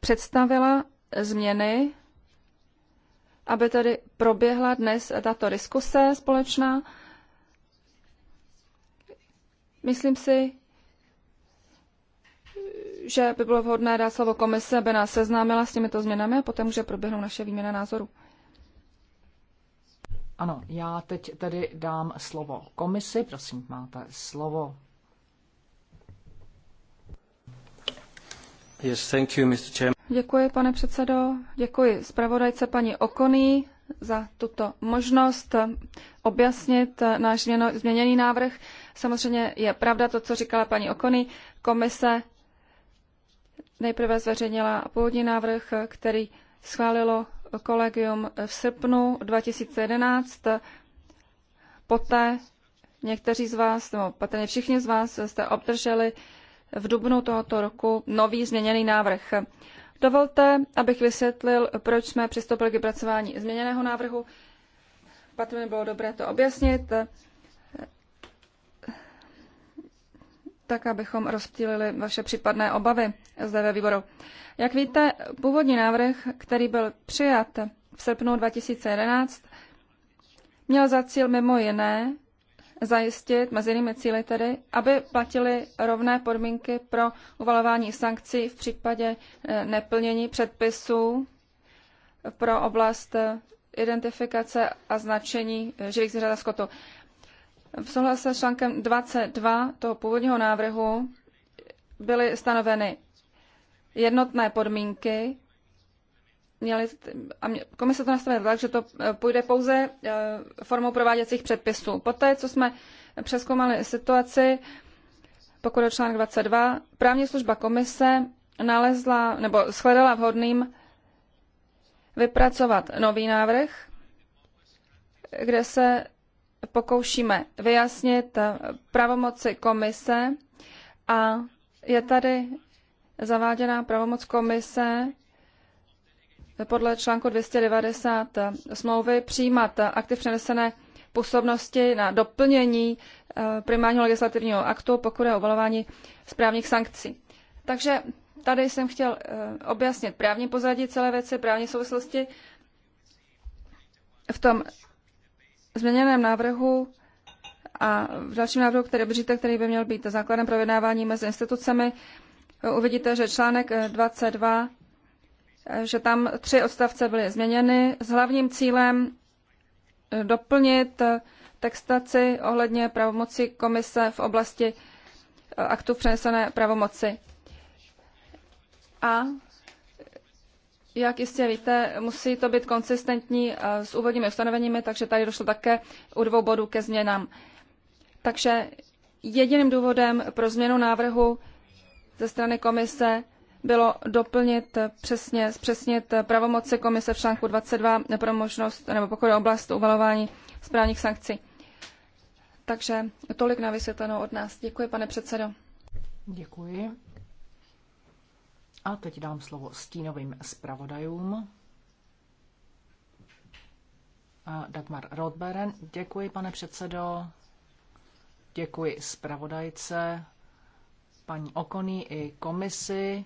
představila změny, aby tedy proběhla dnes tato diskuse společná. Myslím si, že by bylo vhodné dát slovo komise, aby nás seznámila s těmito změnami a poté může proběhnout naše výměna názoru. Ano, já teď tedy dám slovo komisi. Prosím, máte slovo. Yes, thank you, Mr. Chairman. Děkuji, pane předsedo. Děkuji zpravodajce paní Okony za tuto možnost objasnit náš změněný návrh. Samozřejmě je pravda to, co říkala paní Okony. Komise Nejprve zveřejnila původní návrh, který schválilo kolegium v srpnu 2011. Poté někteří z vás, nebo patrně všichni z vás, jste obdrželi v dubnu tohoto roku nový změněný návrh. Dovolte, abych vysvětlil, proč jsme přistoupili k vypracování změněného návrhu. Patrně bylo dobré to objasnit, tak abychom rozptýlili vaše případné obavy zde ve výboru. Jak víte, původní návrh, který byl přijat v srpnu 2011, měl za cíl mimo jiné zajistit, mezi jinými cíly tedy, aby platily rovné podmínky pro uvalování sankcí v případě eh, neplnění předpisů pro oblast eh, identifikace a značení eh, živých zvířat a skotu. V souhlasu s článkem 22 toho původního návrhu byly stanoveny jednotné podmínky. Měli, a mě, komise to nastavila tak, že to eh, půjde pouze eh, formou prováděcích předpisů. Poté, co jsme přeskoumali situaci, pokud je článek 22, právní služba komise nalezla nebo shledala vhodným vypracovat nový návrh, kde se pokoušíme vyjasnit eh, pravomoci komise a je tady zaváděná pravomoc komise podle článku 290 smlouvy přijímat aktiv přenesené působnosti na doplnění eh, primárního legislativního aktu, pokud je o uvalování správních sankcí. Takže tady jsem chtěl eh, objasnit právní pozadí celé věci, právní souvislosti. V tom změněném návrhu a v dalším návrhu, který obříte, který by měl být základem pro vyjednávání mezi institucemi, uvidíte, že článek 22, eh, eh, že tam tři odstavce byly změněny s hlavním cílem eh, doplnit textaci ohledně pravomoci komise v oblasti aktu přenesené pravomoci. A jak jistě víte, musí to být konsistentní s úvodními ustanoveními, takže tady došlo také u dvou bodů ke změnám. Takže jediným důvodem pro změnu návrhu ze strany komise bylo doplnit přesně, zpřesnit pravomoci komise v článku 22 pro možnost nebo pokud oblast uvalování správních sankcí. Takže tolik na vysvětlenou od nás. Děkuji, pane předsedo. Děkuji. A teď dám slovo stínovým zpravodajům. Dagmar Rodberen, děkuji, pane předsedo. Děkuji zpravodajce paní Okony i komisi.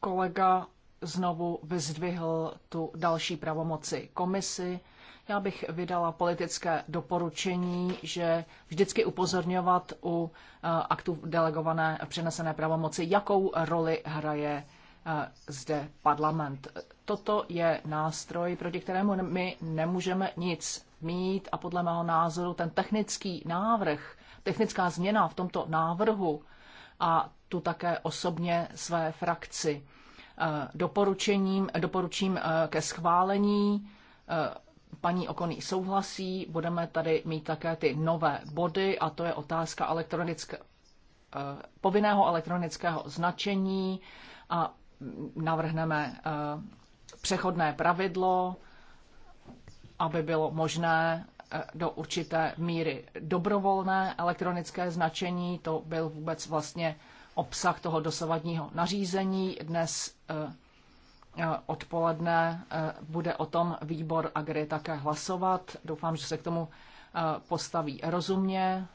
Kolega znovu vyzdvihl tu další pravomoci komisi. Já bych vydala politické doporučení, že vždycky upozorňovat u eh, aktů delegované přenesené pravomoci, jakou roli hraje eh, zde parlament. Toto je nástroj, proti kterému my nemůžeme nic mít a podle mého názoru ten technický návrh technická změna v tomto návrhu a tu také osobně své frakci e, doporučením, doporučím e, ke schválení. E, paní Okoný souhlasí, budeme tady mít také ty nové body a to je otázka elektronické, povinného elektronického značení a navrhneme přechodné pravidlo, aby bylo možné Eh, do určité míry dobrovolné elektronické značení. To byl vůbec vlastně obsah toho dosavadního nařízení. Dnes eh, eh, odpoledne bude o tom výbor Agri také hlasovat. Doufám, že se k tomu postaví rozumně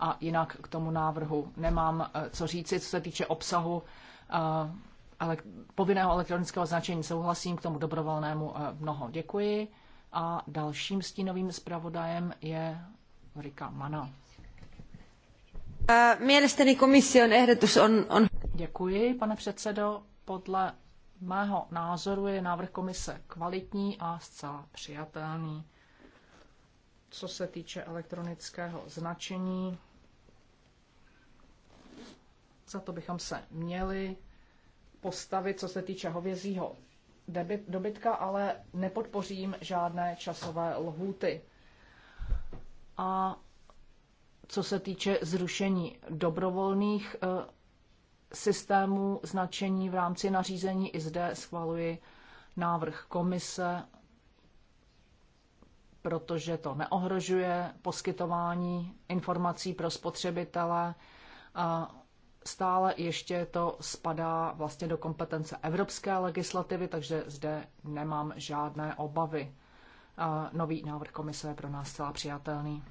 a jinak k tomu návrhu nemám co říci. Co se týče obsahu ale povinného elektronického značení souhlasím, k tomu dobrovolnému mnoho děkuji. A dalším stínovým zpravodajem je Rika Mana. Eh, Děkuji, pane předsedo. Podle mého názoru je návrh komise kvalitní a zcela přijatelný. Co se týče elektronického značení, za to bychom se měli postavit, co se týče hovězího dobytka, ale nepodpořím žádné časové lhůty. A co se týče zrušení dobrovolných eh, systémů značení v rámci nařízení, i zde schvaluji návrh komise, protože to neohrožuje poskytování informací pro spotřebitele. A stále ještě to spadá vlastně do kompetence evropské legislativy, takže zde nemám žádné obavy. Nový návrh komise je pro nás celá přijatelný.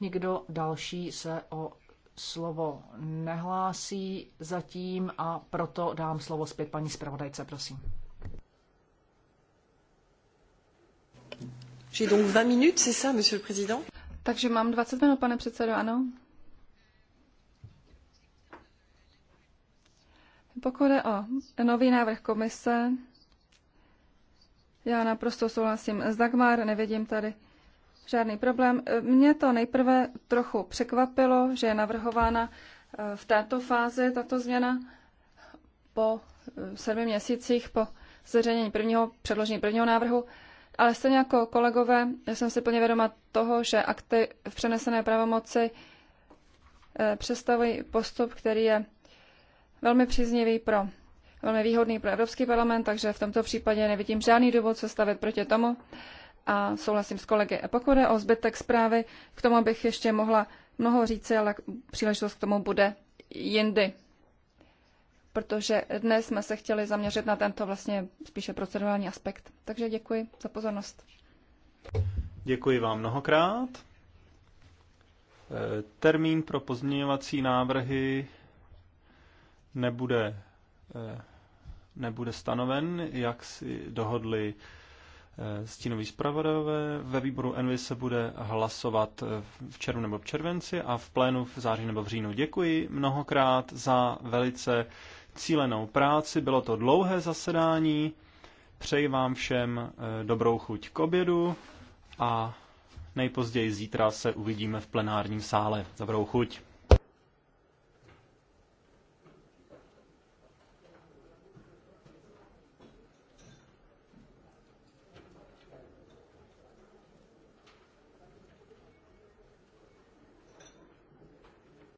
Nikdo další se o slovo nehlásí zatím a proto dám slovo zpět paní zpravodajce, prosím. J'ai donc 20 minutes, c'est ça, monsieur le président? Takže mám 20 minut, pane předsedo, ano. Pokud jde o nový návrh komise, já naprosto souhlasím s Dagmar, nevidím tady žádný problém. Mě to nejprve trochu překvapilo, že je navrhována eh, v této fázi tato změna po eh, sedmi měsících po zveřejnění prvního, předložení prvního návrhu. Ale stejně jako kolegové, já jsem si plně vědoma toho, že akty v přenesené pravomoci eh, představují postup, který je velmi příznivý pro velmi výhodný pro Evropský parlament, takže v tomto případě nevidím žádný důvod se stavit proti tomu a souhlasím s kolegy. A pokud je o zbytek zprávy, k tomu bych ještě mohla mnoho říci, ale příležitost k tomu bude jindy. Protože dnes jsme se chtěli zaměřit na tento vlastně spíše procedurální aspekt. Takže děkuji za pozornost. Děkuji vám mnohokrát. E, termín pro pozměňovací návrhy nebude, eh, nebude stanoven, jak si dohodli eh, stínoví zpravodajové. Ve výboru Envy se bude hlasovat eh, v červnu nebo v červenci a v plénu v září nebo v říjnu. Děkuji mnohokrát za velice cílenou práci. Bylo to dlouhé zasedání. Přeji vám všem dobrou chuť k obědu a nejpozději zítra se uvidíme v plenárním sále. Dobrou chuť.